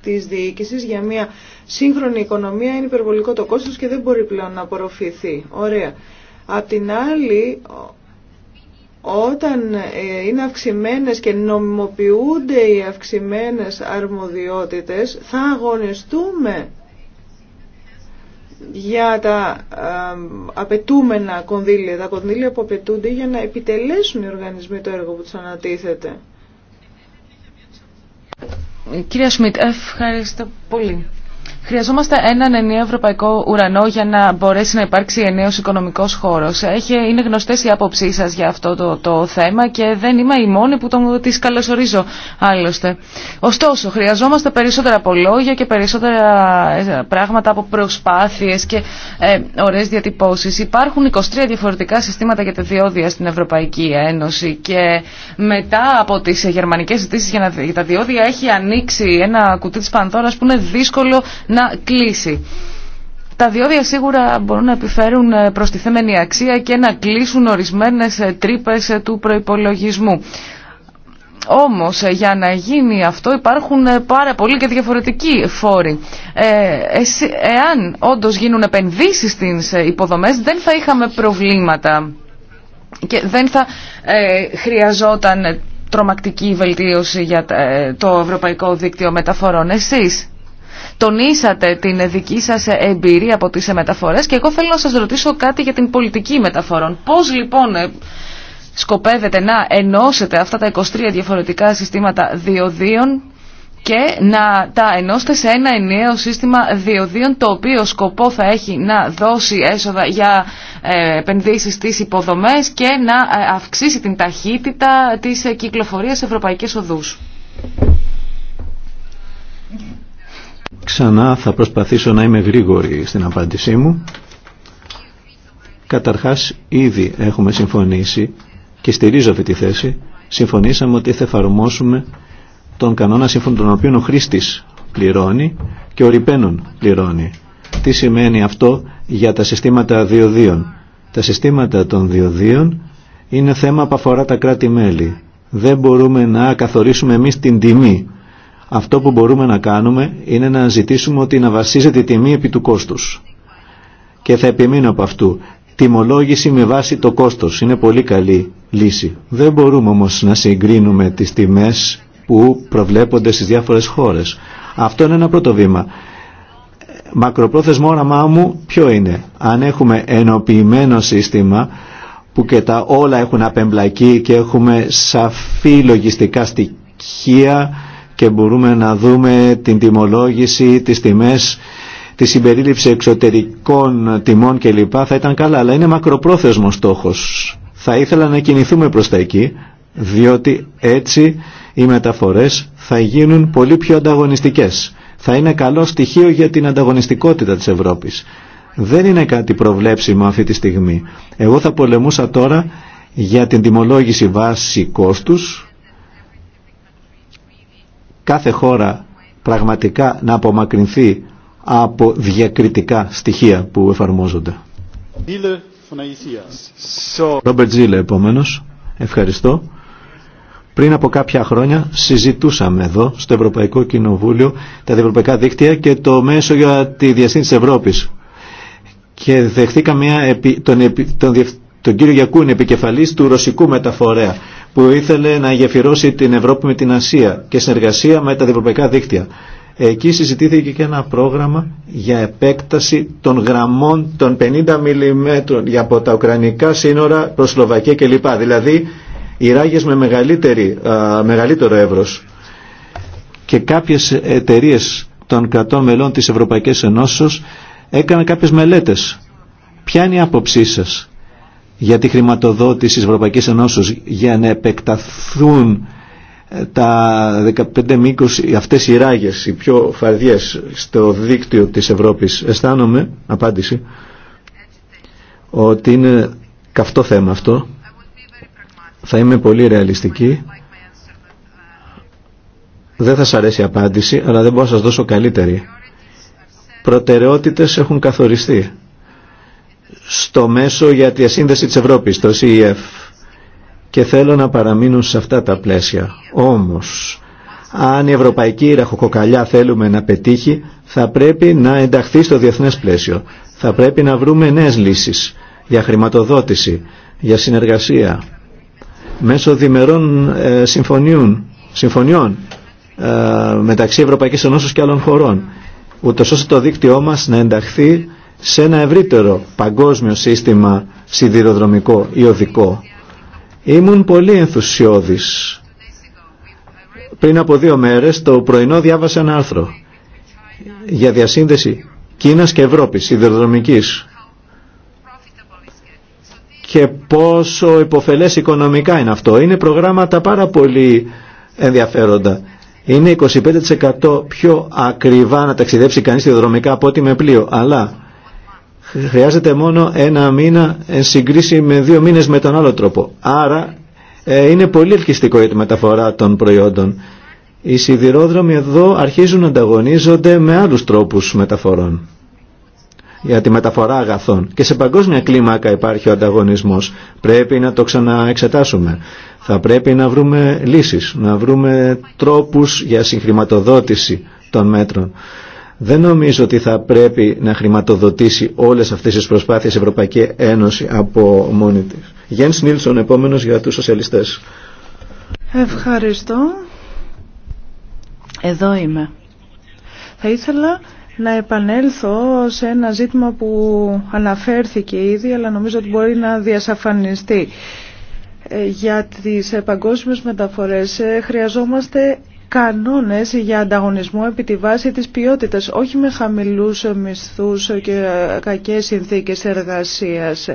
της διοίκησης για μια σύγχρονη οικονομία. Είναι υπερβολικό το κόστος και δεν μπορεί πλέον να απορροφηθεί. Ωραία. Απ' την άλλη, όταν ε, είναι αυξημένες και νομιμοποιούνται οι αυξημένες αρμοδιότητες, θα αγωνιστούμε για τα απαιτούμενα κονδύλια, τα κονδύλια που απαιτούνται για να επιτελέσουν οι οργανισμοί το έργο που τους ανατίθεται. Κυρία Σμιτ, ευχαριστώ πολύ. Χρειαζόμαστε έναν ενιαίο ευρωπαϊκό ουρανό για να μπορέσει να υπάρξει ενιαίο οικονομικός χώρος. είναι γνωστέ οι άποψή σα για αυτό το, το θέμα και δεν είμαι η μόνη που το, τις καλωσορίζω άλλωστε. Ωστόσο, χρειαζόμαστε περισσότερα από λόγια και περισσότερα ε, πράγματα από προσπάθειε και ε, ωραίες διατυπώσεις. Υπάρχουν 23 διαφορετικά συστήματα για τα διόδια στην Ευρωπαϊκή Ένωση και μετά από τι γερμανικέ ζητήσει για, τα διόδια έχει ανοίξει ένα κουτί τη πανδώρας που είναι δύσκολο να κλείσει. Τα διόδια σίγουρα μπορούν να επιφέρουν ε, προστιθέμενη αξία και να κλείσουν ορισμένες ε, τρύπες ε, του προϋπολογισμού. Όμως για να γίνει αυτό υπάρχουν πάρα πολλοί και διαφορετικοί φόροι. Ε, εάν όντως γίνουν επενδύσεις στις υποδομές δεν θα είχαμε προβλήματα και δεν θα χρειαζόταν τρομακτική βελτίωση για το Ευρωπαϊκό Δίκτυο Μεταφορών. Εσείς τονίσατε την δική σας εμπειρία από τις μεταφορές και εγώ θέλω να σας ρωτήσω κάτι για την πολιτική μεταφορών. Πώς λοιπόν ε, σκοπεύετε να ενώσετε αυτά τα 23 διαφορετικά συστήματα διοδίων και να τα ενώσετε σε ένα ενιαίο σύστημα διοδίων το οποίο σκοπό θα έχει να δώσει έσοδα για ε, επενδύσεις στις υποδομές και να ε, αυξήσει την ταχύτητα της κυκλοφορίας σε Οδού. οδούς. Ξανά θα προσπαθήσω να είμαι γρήγορη στην απάντησή μου. Καταρχάς ήδη έχουμε συμφωνήσει και στηρίζω αυτή τη θέση. Συμφωνήσαμε ότι θα εφαρμόσουμε τον κανόνα σύμφωνα τον οποίο ο χρήστης πληρώνει και ο ρηπαίνων πληρώνει. Τι σημαίνει αυτό για τα συστήματα διοδίων. Τα συστήματα των διοδίων είναι θέμα που αφορά τα κράτη-μέλη. Δεν μπορούμε να καθορίσουμε εμείς την τιμή αυτό που μπορούμε να κάνουμε είναι να ζητήσουμε ότι να βασίζεται η τιμή επί του κόστους. Και θα επιμείνω από αυτού. Τιμολόγηση με βάση το κόστος είναι πολύ καλή λύση. Δεν μπορούμε όμως να συγκρίνουμε τις τιμές που προβλέπονται στις διάφορες χώρες. Αυτό είναι ένα πρώτο βήμα. Μακροπρόθεσμο όραμά μου ποιο είναι. Αν έχουμε ενοποιημένο σύστημα που και τα όλα έχουν απεμπλακεί και έχουμε σαφή λογιστικά στοιχεία και μπορούμε να δούμε την τιμολόγηση, τις τιμές, τη συμπερίληψη εξωτερικών τιμών κλπ. θα ήταν καλά, αλλά είναι μακροπρόθεσμος στόχος. Θα ήθελα να κινηθούμε προς τα εκεί, διότι έτσι οι μεταφορές θα γίνουν πολύ πιο ανταγωνιστικές. Θα είναι καλό στοιχείο για την ανταγωνιστικότητα της Ευρώπης. Δεν είναι κάτι προβλέψιμο αυτή τη στιγμή. Εγώ θα πολεμούσα τώρα για την τιμολόγηση βάση κόστους κάθε χώρα πραγματικά να απομακρυνθεί από διακριτικά στοιχεία που εφαρμόζονται. Ρόμπερτ Ζήλε επόμενο. ευχαριστώ. Πριν από κάποια χρόνια συζητούσαμε εδώ στο Ευρωπαϊκό Κοινοβούλιο τα ευρωπαϊκά δίκτυα και το μέσο για τη διασύνη της Ευρώπης και δεχθήκαμε τον, τον, τον κύριο είναι επικεφαλής του ρωσικού μεταφορέα, που ήθελε να γεφυρώσει την Ευρώπη με την Ασία και συνεργασία με τα διευρωπαϊκά δίκτυα. Εκεί συζητήθηκε και ένα πρόγραμμα για επέκταση των γραμμών των 50 μιλιμέτρων από τα Ουκρανικά σύνορα προς Σλοβακία κλπ. Δηλαδή οι ράγες με μεγαλύτερο εύρος. Και κάποιες εταιρείε των κρατών μελών της Ευρωπαϊκής Ενώσεως έκαναν κάποιες μελέτες. Ποια είναι η άποψή σας για τη χρηματοδότηση της Ευρωπαϊκής Ενώσεως για να επεκταθούν ε, τα 15 μήκους αυτές οι ράγες, οι πιο φαρδιές στο δίκτυο της Ευρώπης αισθάνομαι, απάντηση ότι είναι καυτό θέμα αυτό θα είμαι πολύ ρεαλιστική δεν θα σας αρέσει η απάντηση αλλά δεν μπορώ να σας δώσω καλύτερη προτεραιότητες έχουν καθοριστεί στο μέσο για τη σύνδεση της Ευρώπης, το CEF. Και θέλω να παραμείνω σε αυτά τα πλαίσια. Όμως, αν η ευρωπαϊκή ραχοκοκαλιά θέλουμε να πετύχει, θα πρέπει να ενταχθεί στο διεθνές πλαίσιο. Θα πρέπει να βρούμε νέες λύσεις για χρηματοδότηση, για συνεργασία, μέσω διμερών ε, συμφωνιών, συμφωνιών ε, μεταξύ Ευρωπαϊκής Ενώσεως και άλλων χωρών, ούτως ώστε το δίκτυό μας να ενταχθεί σε ένα ευρύτερο παγκόσμιο σύστημα σιδηροδρομικό ή οδικό. Ήμουν πολύ ενθουσιώδης. Πριν από δύο μέρες το πρωινό διάβασα ένα άρθρο για διασύνδεση Κίνας και Ευρώπης σιδηροδρομικής και πόσο υποφελές οικονομικά είναι αυτό. Είναι προγράμματα πάρα πολύ ενδιαφέροντα. Είναι 25% πιο ακριβά να ταξιδέψει κανείς σιδηροδρομικά από ό,τι με πλοίο. Αλλά χρειάζεται μόνο ένα μήνα εν συγκρίση με δύο μήνες με τον άλλο τρόπο. Άρα ε, είναι πολύ ελκυστικό η μεταφορά των προϊόντων. Οι σιδηρόδρομοι εδώ αρχίζουν να ανταγωνίζονται με άλλους τρόπους μεταφορών για τη μεταφορά αγαθών. Και σε παγκόσμια κλίμακα υπάρχει ο ανταγωνισμός. Πρέπει να το ξαναεξετάσουμε. Θα πρέπει να βρούμε λύσεις, να βρούμε τρόπους για συγχρηματοδότηση των μέτρων. Δεν νομίζω ότι θα πρέπει να χρηματοδοτήσει όλες αυτές τις προσπάθειες η Ευρωπαϊκή Ένωση από μόνη της. Γιάννης Νίλσον, επόμενος για τους σοσιαλιστές. Ευχαριστώ. Εδώ είμαι. Θα ήθελα να επανέλθω σε ένα ζήτημα που αναφέρθηκε ήδη, αλλά νομίζω ότι μπορεί να διασαφανιστεί. Ε, για τις παγκόσμιες μεταφορές ε, χρειαζόμαστε κανόνες για ανταγωνισμό επί τη βάση της ποιότητας, όχι με χαμηλούς μισθούς και κακές συνθήκες εργασίας.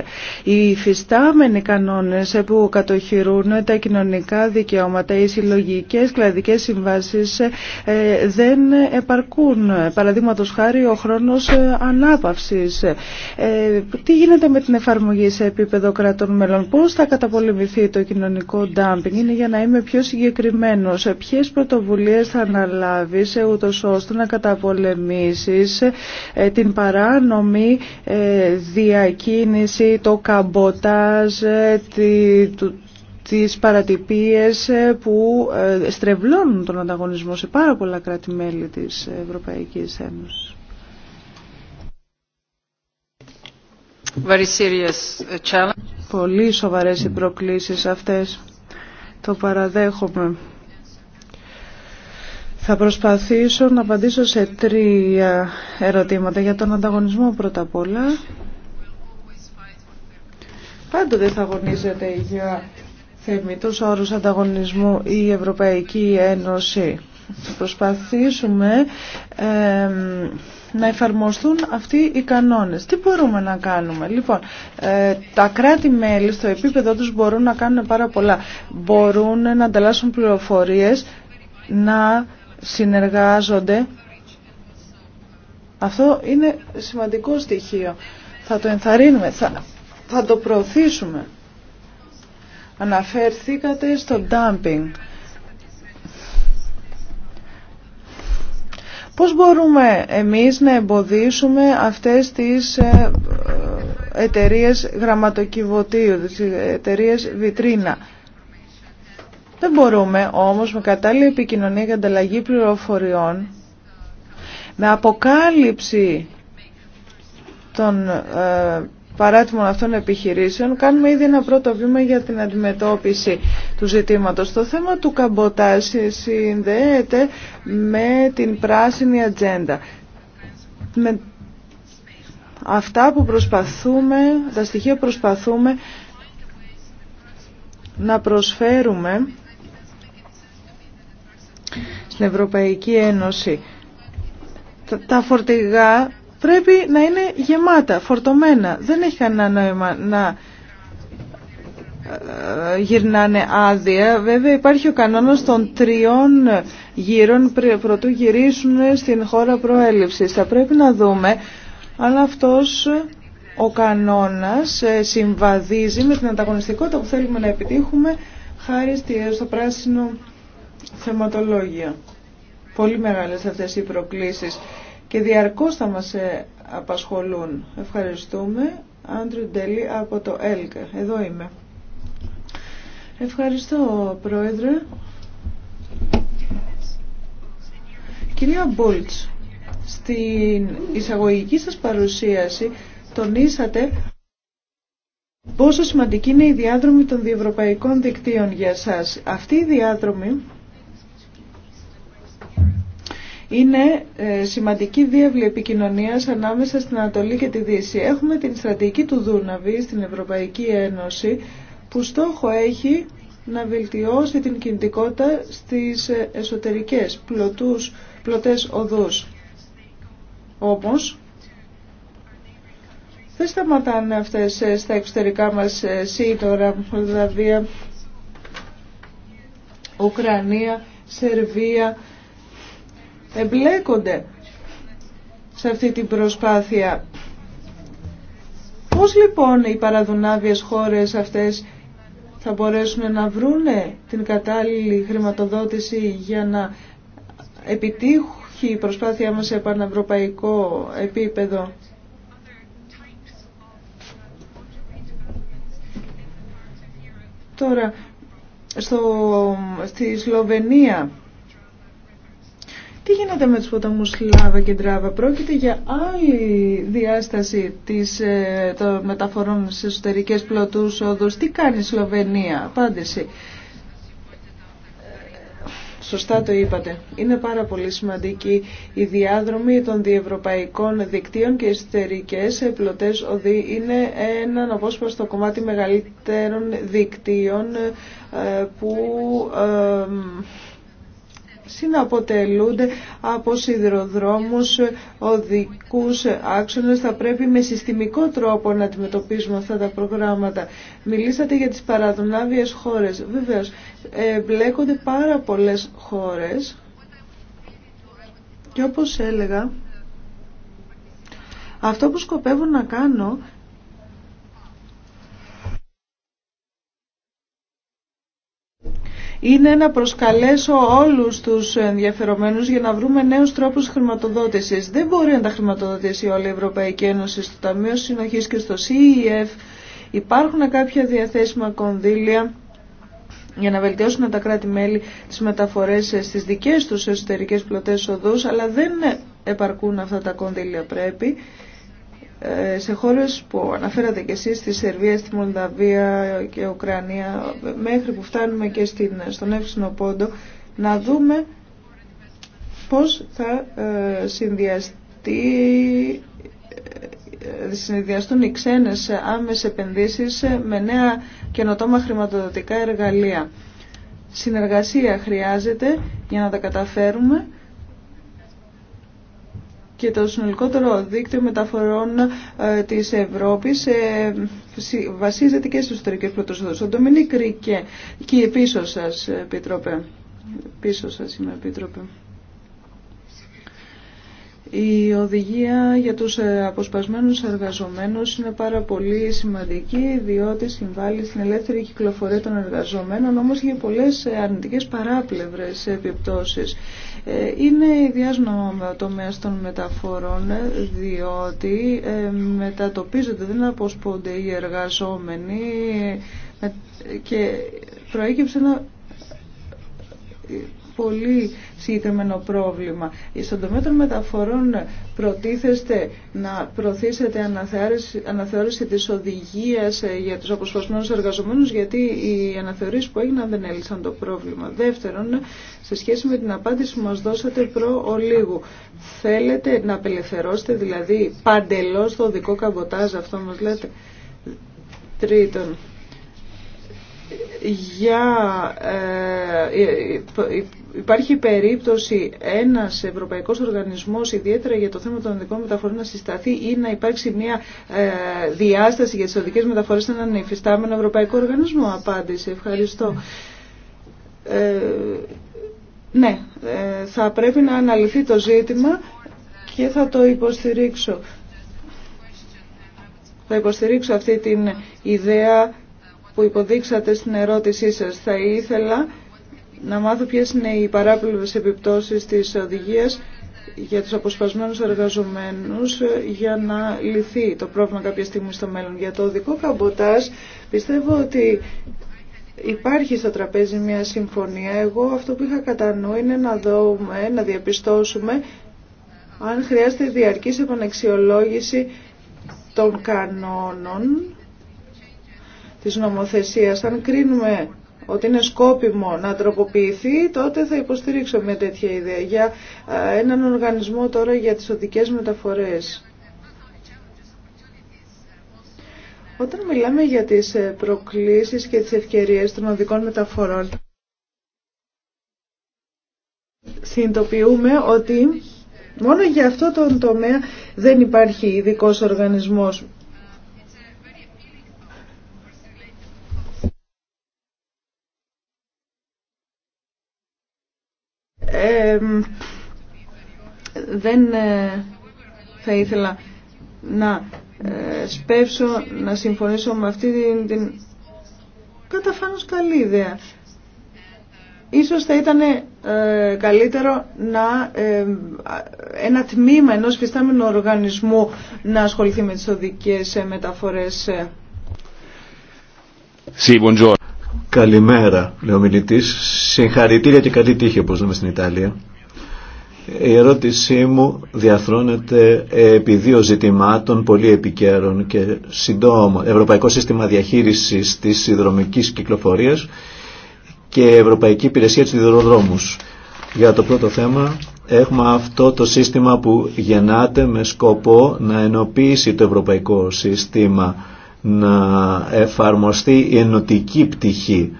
Οι φυστάμενοι κανόνες που κατοχυρούν τα κοινωνικά δικαιώματα, οι συλλογικέ κλαδικές συμβάσεις ε, δεν επαρκούν. Παραδείγματο χάρη ο χρόνος ε, ανάπαυσης. Ε, τι γίνεται με την εφαρμογή σε επίπεδο κρατών μελών, πώς θα καταπολεμηθεί το κοινωνικό ντάμπινγκ, είναι για να είμαι πιο συγκεκριμένος. Ποιες πρωτοβουλίες θα αναλάβεις ε, ούτως ώστε να καταπολεμήσεις ε, την παράνομη ε, διακίνηση, το καμποτάζ, τις παρατυπίες που στρεβλώνουν τον ανταγωνισμό σε πάρα πολλά κράτη-μέλη της Ευρωπαϊκής Ένωσης. Uh, Πολύ σοβαρές οι προκλήσεις αυτές. Το παραδέχομαι. Θα προσπαθήσω να απαντήσω σε τρία ερωτήματα για τον ανταγωνισμό πρώτα απ' όλα. Πάντοτε θα αγωνίζεται για θεμητούς όρους ανταγωνισμού η Ευρωπαϊκή Ένωση. Θα προσπαθήσουμε να εφαρμοστούν αυτοί οι κανόνες. Τι μπορούμε να κάνουμε. Λοιπόν, ε, τα κράτη-μέλη στο επίπεδο τους μπορούν να κάνουν πάρα πολλά. Μπορούν να ανταλλάσσουν πληροφορίες, να συνεργάζονται. Αυτό είναι σημαντικό στοιχείο. Θα το ενθαρρύνουμε, θα, θα το προωθήσουμε. Αναφέρθηκατε στο dumping. Πώς μπορούμε εμείς να εμποδίσουμε αυτές τις ε, ε, εταιρείες γραμματοκιβωτίου, τις εταιρείες βιτρίνα. Δεν μπορούμε όμως με κατάλληλη επικοινωνία και ανταλλαγή πληροφοριών, με αποκάλυψη των ε, αυτών επιχειρήσεων, κάνουμε ήδη ένα πρώτο βήμα για την αντιμετώπιση του ζητήματος. Το θέμα του καμποτάζ συνδέεται με την πράσινη ατζέντα. Με αυτά που προσπαθούμε, τα στοιχεία προσπαθούμε να προσφέρουμε στην Ευρωπαϊκή Ένωση. Τα φορτηγά πρέπει να είναι γεμάτα, φορτωμένα. Δεν έχει κανένα νόημα να ε, γυρνάνε άδεια. Βέβαια υπάρχει ο κανόνας των τριών γύρων πρωτού γυρίσουν στην χώρα προέλευσης. Θα πρέπει να δούμε αν αυτός ο κανόνας ε, συμβαδίζει με την ανταγωνιστικότητα που θέλουμε να επιτύχουμε χάρη στο πράσινο θεματολόγια. Πολύ μεγάλες αυτές οι προκλήσεις και διαρκώς θα μας ε, απασχολούν. Ευχαριστούμε. Άντρου Ντέλη από το ΕΛΚΑ. Εδώ είμαι. Ευχαριστώ, Πρόεδρε. Κυρία Μπούλτς, στην εισαγωγική σας παρουσίαση τονίσατε πόσο σημαντική είναι η διάδρομη των διευρωπαϊκών δικτύων για σας. Αυτή η διάδρομη είναι ε, σημαντική διεύλη επικοινωνία ανάμεσα στην Ανατολή και τη Δύση. Έχουμε την στρατηγική του Δούναβη στην Ευρωπαϊκή Ένωση που στόχο έχει να βελτιώσει την κινητικότητα στις ε, εσωτερικές πλωτούς, πλωτές οδούς. Όμως, δεν σταματάνε αυτές ε, στα εξωτερικά μας σύντορα, Μολδαβία, Ουκρανία, Σερβία, εμπλέκονται σε αυτή την προσπάθεια. Πώς λοιπόν οι παραδουνάβιες χώρες αυτές θα μπορέσουν να βρούνε την κατάλληλη χρηματοδότηση για να επιτύχει η προσπάθειά μας σε πανευρωπαϊκό επίπεδο. Τώρα, στο, στη Σλοβενία τι γίνεται με τους ποταμούς Λάβα και Ντράβα. Πρόκειται για άλλη διάσταση της, ε, των μεταφορών σε εσωτερικές πλωτούς όδους. Τι κάνει η Σλοβενία. Απάντηση. Σωστά το είπατε. Είναι πάρα πολύ σημαντική η διάδρομη των διευρωπαϊκών δικτύων και εσωτερικές ε, πλωτές οδοί είναι ένα απόσπαστο κομμάτι μεγαλύτερων δικτύων ε, που συναποτελούνται από σιδηροδρόμους, οδικούς άξονες. Θα πρέπει με συστημικό τρόπο να αντιμετωπίσουμε αυτά τα προγράμματα. Μιλήσατε για τις παραδονάβιες χώρες. Βεβαίως, μπλέκονται πάρα πολλές χώρες και όπως έλεγα, αυτό που σκοπεύω να κάνω είναι να προσκαλέσω όλους τους ενδιαφερομένους για να βρούμε νέους τρόπους χρηματοδότησης. Δεν μπορεί να τα χρηματοδοτήσει όλη η Ευρωπαϊκή Ένωση στο Ταμείο Συνοχής και στο CEF. Υπάρχουν κάποια διαθέσιμα κονδύλια για να βελτιώσουν τα κράτη-μέλη τις μεταφορές στις δικές τους εσωτερικές πλωτές οδούς, αλλά δεν επαρκούν αυτά τα κονδύλια πρέπει σε χώρες που αναφέρατε και εσείς, στη Σερβία, στη Μολδαβία και Ουκρανία, μέχρι που φτάνουμε και στην, στον Εύξηνο Πόντο, να δούμε πώς θα ε, συνδυαστεί ε, συνδυαστούν οι ξένες άμεσες επενδύσεις με νέα καινοτόμα χρηματοδοτικά εργαλεία. Συνεργασία χρειάζεται για να τα καταφέρουμε και το συνολικότερο δίκτυο μεταφορών ε, της Ευρώπης ε, βασίζεται και στις εσωτερικέ πρωτοσοδότητες. Ο Ντομινίκ Ρίκε, και πίσω σας, ε, Επιτρόπε. Πίσω σα είμαι, Επιτρόπε. Η οδηγία για τους ε, αποσπασμένους εργαζομένους είναι πάρα πολύ σημαντική διότι συμβάλλει στην ελεύθερη κυκλοφορία των εργαζομένων όμως για πολλές ε, αρνητικές παράπλευρες επιπτώσεις. Ε, είναι ιδιάζονο με τομέα των μεταφορών διότι μετατοπίζονται, δεν αποσπονται οι εργαζόμενοι και προέκυψε ένα πολύ συγκεκριμένο πρόβλημα. Στον τομέα των μεταφορών προτίθεστε να προωθήσετε αναθεώρηση, αναθεώρηση της οδηγίας ε, για τους αποσπασμένους εργαζομένους γιατί οι αναθεωρήσεις που έγιναν δεν έλυσαν το πρόβλημα. Δεύτερον, σε σχέση με την απάντηση που μας δώσατε προ ολίγου, θέλετε να απελευθερώσετε δηλαδή παντελώς το δικό καμποτάζ αυτό μας λέτε. Τρίτον, για ε, ε, υπάρχει περίπτωση ένας ευρωπαϊκός οργανισμός ιδιαίτερα για το θέμα των οδικών μεταφορών να συσταθεί ή να υπάρξει μια ε, διάσταση για τις οδικές μεταφορές σε έναν υφιστάμενο ευρωπαϊκό οργανισμό. Απάντηση. Ευχαριστώ. Ε, ναι, ε, θα πρέπει να αναλυθεί το ζήτημα και θα το υποστηρίξω. Θα υποστηρίξω αυτή την ιδέα που υποδείξατε στην ερώτησή σας. Θα ήθελα να μάθω ποιε είναι οι παράπλευρε επιπτώσεις τη οδηγία για τους αποσπασμένους εργαζόμενου ε, για να λυθεί το πρόβλημα κάποια στιγμή στο μέλλον. Για το οδικό καμποτάζ πιστεύω ότι υπάρχει στο τραπέζι μια συμφωνία. Εγώ αυτό που είχα κατά νου είναι να δούμε, να διαπιστώσουμε αν χρειάζεται διαρκής επανεξιολόγηση των κανόνων της νομοθεσίας. Αν κρίνουμε ότι είναι σκόπιμο να τροποποιηθεί, τότε θα υποστηρίξω μια τέτοια ιδέα για έναν οργανισμό τώρα για τις οδικές μεταφορές. Όταν μιλάμε για τις ε, προκλήσεις και τις ευκαιρίες των οδικών μεταφορών, συνειδητοποιούμε ότι μόνο για αυτό τον τομέα δεν υπάρχει ειδικό οργανισμός. δεν ε, θα ήθελα να ε, σπεύσω να συμφωνήσω με αυτή την, την καταφάνως καλή ιδέα. Ίσως θα ήταν ε, καλύτερο να ένα τμήμα ενός φυστάμενου οργανισμού να ασχοληθεί με τις οδικές μεταφορές. Sí, Καλημέρα, λέει ο μιλητή. Συγχαρητήρια και καλή τύχη, όπω λέμε στην Ιταλία. Η ερώτησή μου διαθρώνεται επί δύο ζητημάτων πολύ επικαίρων και συντόμων. Ευρωπαϊκό Σύστημα Διαχείρισης της συνδρομική Κυκλοφορίας και Ευρωπαϊκή Υπηρεσία της Ιδροδρόμου. Για το πρώτο θέμα έχουμε αυτό το σύστημα που γεννάται με σκοπό να ενοποιήσει το ευρωπαϊκό σύστημα να εφαρμοστεί η ενωτική πτυχή.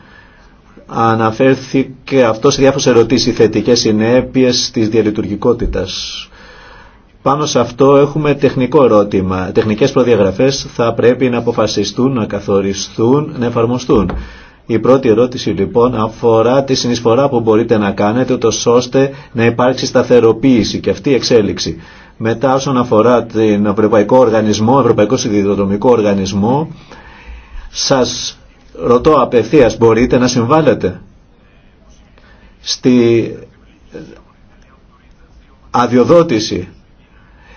Αναφέρθηκε αυτό σε διάφορες ερωτήσεις, θετικές συνέπειες της διαλειτουργικότητας. Πάνω σε αυτό έχουμε τεχνικό ερώτημα. Τεχνικές προδιαγραφές θα πρέπει να αποφασιστούν, να καθοριστούν, να εφαρμοστούν. Η πρώτη ερώτηση λοιπόν αφορά τη συνεισφορά που μπορείτε να κάνετε ούτως ώστε να υπάρξει σταθεροποίηση και αυτή η εξέλιξη. Μετά όσον αφορά την Ευρωπαϊκό Οργανισμό, Ευρωπαϊκό Συνδυοδομικό Οργανισμό, σας ρωτώ απευθείας, μπορείτε να συμβάλλετε στη αδειοδότηση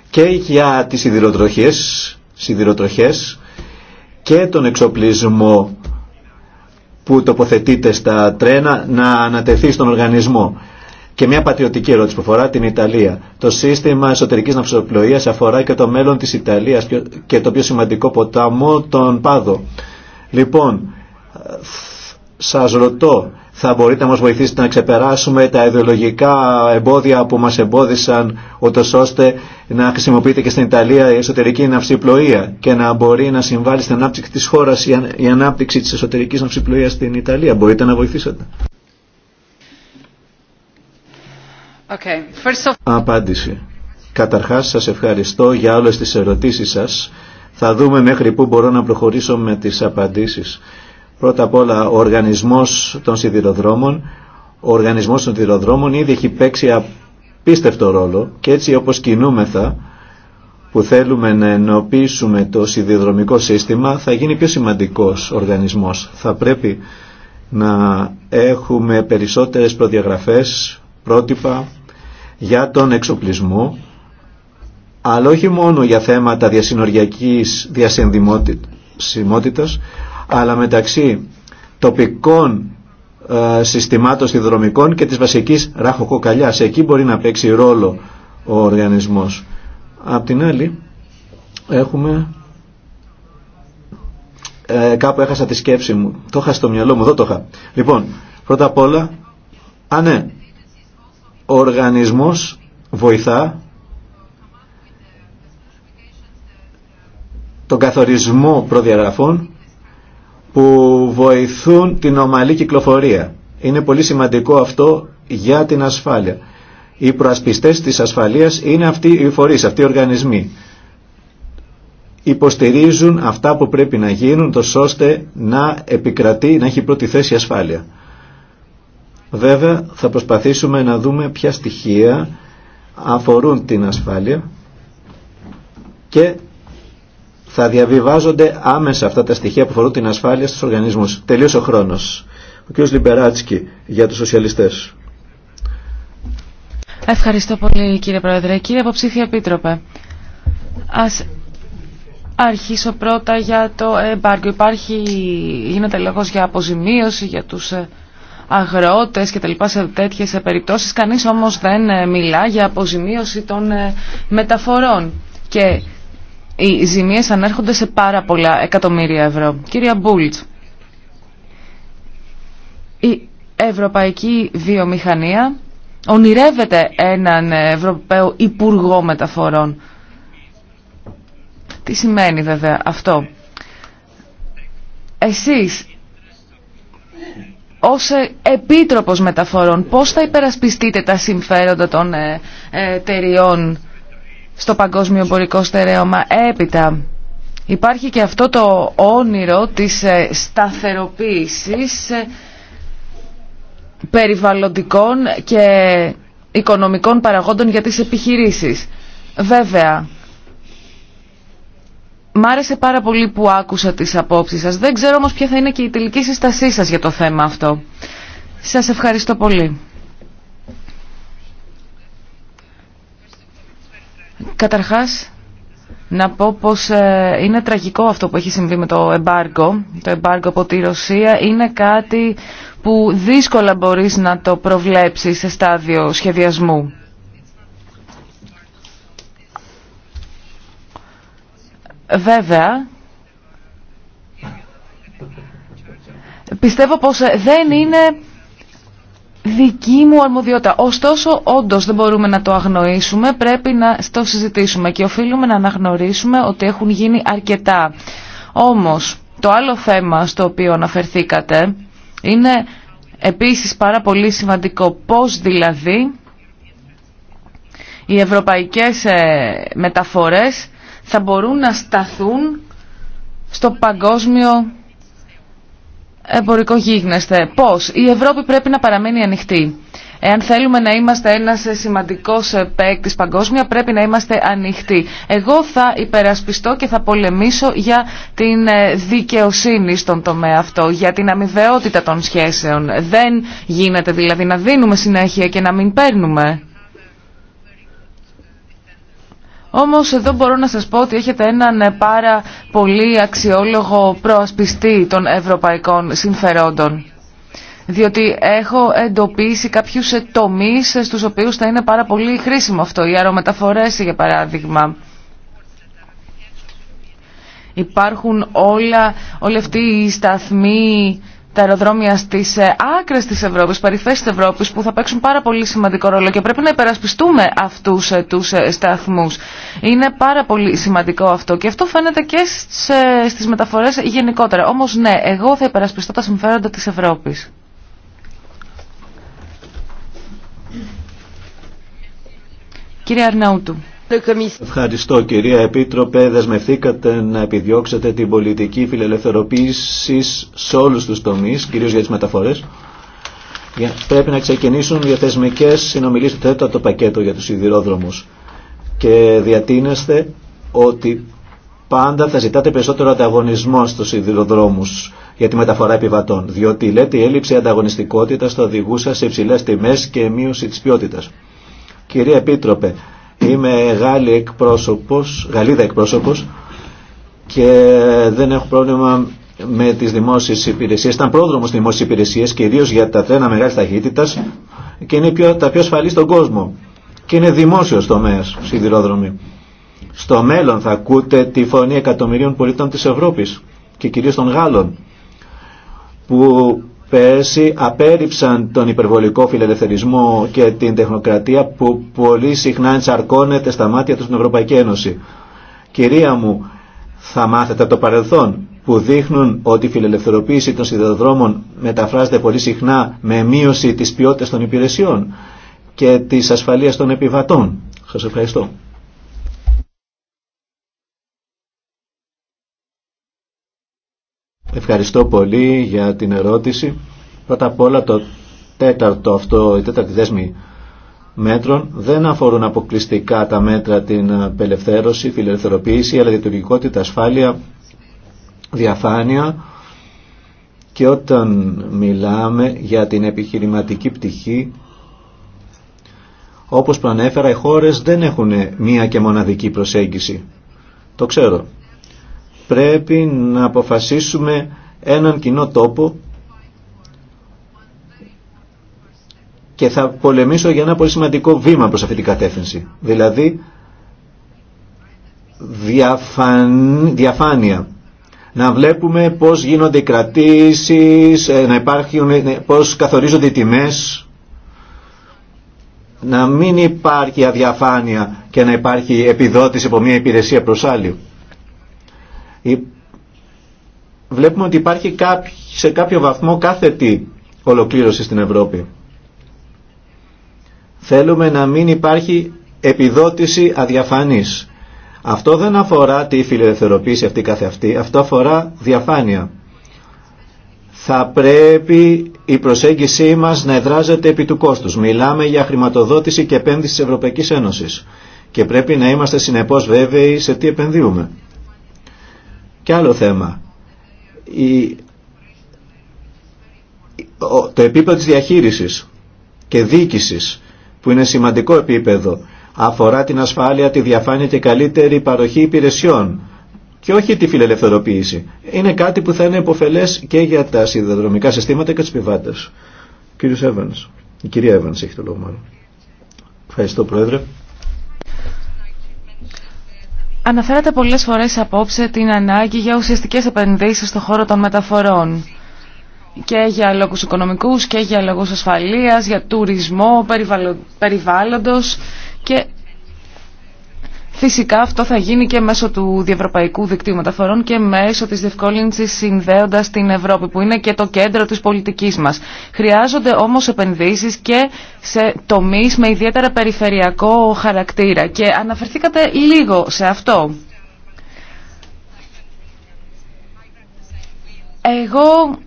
και για τις σιδηροτροχές, σιδηροτροχές και τον εξοπλισμό που τοποθετείτε στα τρένα να ανατεθεί στον οργανισμό. Και μια πατριωτική ερώτηση που αφορά την Ιταλία. Το σύστημα εσωτερική ναυσοπλοεία αφορά και το μέλλον τη Ιταλία και το πιο σημαντικό ποτάμο, τον Πάδο. Λοιπόν, σα ρωτώ, θα μπορείτε να μα βοηθήσετε να ξεπεράσουμε τα ιδεολογικά εμπόδια που μα εμπόδισαν ούτω ώστε να χρησιμοποιείται και στην Ιταλία η εσωτερική ναυσιπλοεία και να μπορεί να συμβάλλει στην ανάπτυξη τη χώρα η ανάπτυξη τη εσωτερική ναυσιπλοείας στην Ιταλία. Μπορείτε να βοηθήσετε. Okay. Απάντηση. Καταρχάς σας ευχαριστώ για όλες τις ερωτήσεις σας. Θα δούμε μέχρι πού μπορώ να προχωρήσω με τις απαντήσεις. Πρώτα απ' όλα ο οργανισμός των σιδηροδρόμων. Ο οργανισμός των σιδηροδρόμων ήδη έχει παίξει απίστευτο ρόλο και έτσι όπως κινούμεθα που θέλουμε να ενοποιήσουμε το σιδηροδρομικό σύστημα θα γίνει πιο σημαντικός οργανισμός. Θα πρέπει να έχουμε περισσότερες προδιαγραφές πρότυπα για τον εξοπλισμό, αλλά όχι μόνο για θέματα διασυνοριακής διασυνδημότητας, αλλά μεταξύ τοπικών ε, συστημάτων σιδηροδρομικών και της βασικής ράχοκοκαλιάς. Εκεί μπορεί να παίξει ρόλο ο οργανισμός. Απ' την άλλη έχουμε... Ε, κάπου έχασα τη σκέψη μου. Το είχα στο μυαλό μου, εδώ το είχα. Λοιπόν, πρώτα απ' όλα... Α, ναι, ο οργανισμός βοηθά τον καθορισμό προδιαγραφών που βοηθούν την ομαλή κυκλοφορία. Είναι πολύ σημαντικό αυτό για την ασφάλεια. Οι προασπιστές της ασφαλείας είναι αυτοί οι φορείς, αυτοί οι οργανισμοί. Υποστηρίζουν αυτά που πρέπει να γίνουν, ώστε να επικρατεί, να έχει πρώτη θέση ασφάλεια. Βέβαια θα προσπαθήσουμε να δούμε ποια στοιχεία αφορούν την ασφάλεια και θα διαβιβάζονται άμεσα αυτά τα στοιχεία που αφορούν την ασφάλεια στους οργανισμούς. Τελείωσε ο χρόνος. Ο κ. Λιμπεράτσκι για τους σοσιαλιστές. Ευχαριστώ πολύ κύριε Πρόεδρε. Κύριε Αποψήφια Επίτροπε, ας αρχίσω πρώτα για το εμπάργκο. Υπάρχει, γίνεται λόγος για αποζημίωση για τους ε, Αγρότε και τα λοιπά σε τέτοιες περιπτώσεις. Κανείς όμως δεν ε, μιλά για αποζημίωση των ε, μεταφορών. Και οι ζημίες ανέρχονται σε πάρα πολλά εκατομμύρια ευρώ. Κυρία Μπούλτ, η ευρωπαϊκή βιομηχανία ονειρεύεται έναν Ευρωπαίο Υπουργό Μεταφορών. Τι σημαίνει βέβαια αυτό. Εσείς ως ε, επίτροπος μεταφορών πώς θα υπερασπιστείτε τα συμφέροντα των ε, ε, εταιριών στο παγκόσμιο εμπορικό στερέωμα έπειτα. Υπάρχει και αυτό το όνειρο της σταθεροποίησης περιβαλλοντικών και οικονομικών παραγόντων για τις επιχειρήσεις. Βέβαια, Μ' άρεσε πάρα πολύ που άκουσα τις απόψεις σας. Δεν ξέρω όμως ποια θα είναι και η τελική συστασή σας για το θέμα αυτό. Σας ευχαριστώ πολύ. Καταρχάς, να πω πως ε, είναι τραγικό αυτό που έχει συμβεί με το εμπάργκο. Το εμπάργκο από τη Ρωσία είναι κάτι που δύσκολα μπορείς να το προβλέψεις σε στάδιο σχεδιασμού. Βέβαια, πιστεύω πως δεν είναι δική μου αρμοδιότητα. Ωστόσο, όντω δεν μπορούμε να το αγνοήσουμε, πρέπει να το συζητήσουμε και οφείλουμε να αναγνωρίσουμε ότι έχουν γίνει αρκετά. Όμως, το άλλο θέμα στο οποίο αναφερθήκατε είναι επίσης πάρα πολύ σημαντικό πώς δηλαδή οι ευρωπαϊκές ε, μεταφορές θα μπορούν να σταθούν στο παγκόσμιο εμπορικό γίγνεσθε. Πώς. Η Ευρώπη πρέπει να παραμένει ανοιχτή. Εάν θέλουμε να είμαστε ένας σημαντικός παίκτη παγκόσμια, πρέπει να είμαστε ανοιχτοί. Εγώ θα υπερασπιστώ και θα πολεμήσω για την ε, δικαιοσύνη στον τομέα αυτό, για την αμοιβαιότητα των σχέσεων. Δεν γίνεται δηλαδή να δίνουμε συνέχεια και να μην παίρνουμε. Όμως εδώ μπορώ να σας πω ότι έχετε έναν ε, πάρα πολύ αξιόλογο προασπιστή των ευρωπαϊκών συμφερόντων. Διότι έχω εντοπίσει κάποιους ε, τομείς ε, στους οποίους θα είναι πάρα πολύ χρήσιμο αυτό. Οι αερομεταφορές για παράδειγμα. Υπάρχουν όλα, όλοι αυτοί οι σταθμοί τα αεροδρόμια στι ε, άκρε τη Ευρώπη, παρυφέ τη Ευρώπη, που θα παίξουν πάρα πολύ σημαντικό ρόλο και πρέπει να υπερασπιστούμε αυτού ε, του ε, σταθμού. Είναι πάρα πολύ σημαντικό αυτό και αυτό φαίνεται και στι μεταφορέ γενικότερα. Όμω, ναι, εγώ θα υπερασπιστώ τα συμφέροντα τη Ευρώπη. Κύριε Αρναούτου. Ευχαριστώ κυρία Επίτροπε. Δεσμευθήκατε να επιδιώξετε την πολιτική φιλελευθερωποίηση σε όλου του τομεί, κυρίω για τι μεταφορέ. Πρέπει να ξεκινήσουν διαθεσμικέ συνομιλίε του τέταρτο πακέτο για του σιδηρόδρομου. Και διατείνεστε ότι πάντα θα ζητάτε περισσότερο ανταγωνισμό στους σιδηροδρόμου για τη μεταφορά επιβατών, διότι λέτε η έλλειψη ανταγωνιστικότητα θα οδηγούσε σε υψηλέ τιμέ και μείωση τη ποιότητα. Κυρία Επίτροπε, Είμαι Γάλλη εκπρόσωπος, Γαλλίδα εκπρόσωπος και δεν έχω πρόβλημα με τις δημόσιες υπηρεσίες. Ήταν πρόδρομος στις δημόσιες υπηρεσίες και για τα τρένα μεγάλης ταχύτητας και είναι πιο, τα πιο ασφαλή στον κόσμο. Και είναι δημόσιος τομέας σιδηρόδρομη. Στο μέλλον θα ακούτε τη φωνή εκατομμυρίων πολιτών της Ευρώπης και κυρίως των Γάλλων που πέρσι απέρριψαν τον υπερβολικό φιλελευθερισμό και την τεχνοκρατία που πολύ συχνά ενσαρκώνεται στα μάτια του στην Ευρωπαϊκή Ένωση. Κυρία μου, θα μάθετε το παρελθόν που δείχνουν ότι η φιλελευθερωποίηση των σιδηροδρόμων μεταφράζεται πολύ συχνά με μείωση της ποιότητας των υπηρεσιών και της ασφαλείας των επιβατών. Σας ευχαριστώ. Ευχαριστώ πολύ για την ερώτηση. Πρώτα απ' όλα το τέταρτο αυτό, η τέταρτη δέσμη μέτρων δεν αφορούν αποκλειστικά τα μέτρα την απελευθέρωση, φιλελευθερωποίηση, αλλά λειτουργικότητα, ασφάλεια, διαφάνεια και όταν μιλάμε για την επιχειρηματική πτυχή όπως προανέφερα οι χώρες δεν έχουν μία και μοναδική προσέγγιση. Το ξέρω πρέπει να αποφασίσουμε έναν κοινό τόπο και θα πολεμήσω για ένα πολύ σημαντικό βήμα προς αυτή την κατεύθυνση. Δηλαδή, διαφαν... διαφάνεια. Να βλέπουμε πώς γίνονται οι κρατήσεις, ε, να υπάρχουν, ε, ναι, πώς καθορίζονται οι τιμές. Να μην υπάρχει αδιαφάνεια και να υπάρχει επιδότηση από μια υπηρεσία προς άλλη. Βλέπουμε ότι υπάρχει σε κάποιο βαθμό κάθετη ολοκλήρωση στην Ευρώπη. Θέλουμε να μην υπάρχει επιδότηση αδιαφανής. Αυτό δεν αφορά τη φιλελευθεροποίηση αυτή καθε αυτή, αυτό αφορά διαφάνεια. Θα πρέπει η προσέγγιση μας να εδράζεται επί του κόστους. Μιλάμε για χρηματοδότηση και επένδυση της Ευρωπαϊκής Ένωσης και πρέπει να είμαστε συνεπώς βέβαιοι σε τι επενδύουμε. Και άλλο θέμα. Η, το επίπεδο της διαχείρισης και διοίκησης που είναι σημαντικό επίπεδο αφορά την ασφάλεια, τη διαφάνεια και καλύτερη παροχή υπηρεσιών και όχι τη φιλελευθεροποίηση. Είναι κάτι που θα είναι υποφελές και για τα σιδηροδρομικά συστήματα και τους πιβάτες. Κύριος Evans, η κυρία Evans έχει το λόγο μάλλον. Ευχαριστώ Πρόεδρε. Αναφέρατε πολλές φορές απόψε την ανάγκη για ουσιαστικές επενδύσεις στον χώρο των μεταφορών και για λόγους οικονομικούς και για λόγους ασφαλείας, για τουρισμό, περιβαλλοντος και Φυσικά αυτό θα γίνει και μέσω του Διευρωπαϊκού Δικτύου Μεταφορών και μέσω της διευκόλυνσης συνδέοντας την Ευρώπη που είναι και το κέντρο της πολιτικής μας. Χρειάζονται όμως επενδύσεις και σε τομείς με ιδιαίτερα περιφερειακό χαρακτήρα και αναφερθήκατε λίγο σε αυτό. Εγώ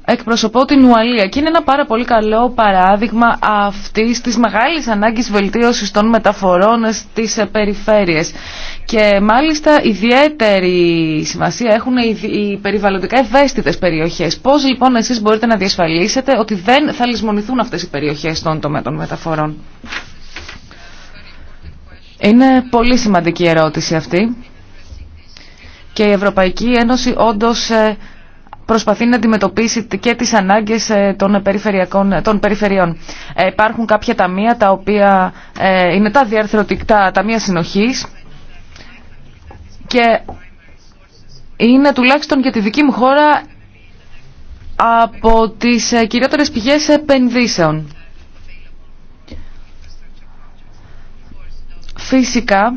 εκπροσωπώ την Ουαλία και είναι ένα πάρα πολύ καλό παράδειγμα αυτής της μεγάλης ανάγκης βελτίωσης των μεταφορών στις περιφέρειες. Και μάλιστα ιδιαίτερη σημασία έχουν οι περιβαλλοντικά ευαίσθητες περιοχές. Πώς λοιπόν εσείς μπορείτε να διασφαλίσετε ότι δεν θα λησμονηθούν αυτές οι περιοχές των, των μεταφορών. Είναι πολύ σημαντική ερώτηση αυτή. Και η Ευρωπαϊκή Ένωση όντως ε, προσπαθεί να αντιμετωπίσει και τις ανάγκες ε, των, περιφερειακών, των περιφερειών. Ε, υπάρχουν κάποια ταμεία τα οποία ε, είναι τα διαρθρωτικά ταμεία συνοχής και είναι τουλάχιστον για τη δική μου χώρα από τις κυριότερες πηγές επενδύσεων. Φυσικά,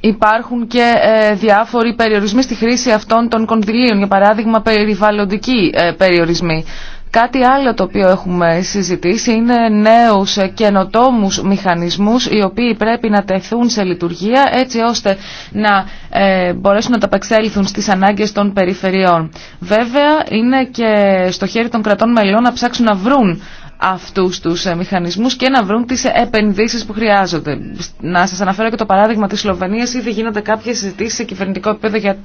Υπάρχουν και ε, διάφοροι περιορισμοί στη χρήση αυτών των κονδυλίων, για παράδειγμα περιβαλλοντικοί ε, περιορισμοί. Κάτι άλλο το οποίο έχουμε συζητήσει είναι νέους ε, καινοτόμους μηχανισμούς οι οποίοι πρέπει να τεθούν σε λειτουργία έτσι ώστε να μπορέσουν να ταπεξέλθουν στις ανάγκες των περιφερειών. Βέβαια είναι και στο χέρι των κρατών μελών να ψάξουν να βρουν αυτούς τους ε, μηχανισμούς και να βρουν τις επενδύσεις που χρειάζονται. Να σας αναφέρω και το παράδειγμα της Σλοβενίας. Ήδη γίνονται κάποιες συζητήσεις σε κυβερνητικό επίπεδο για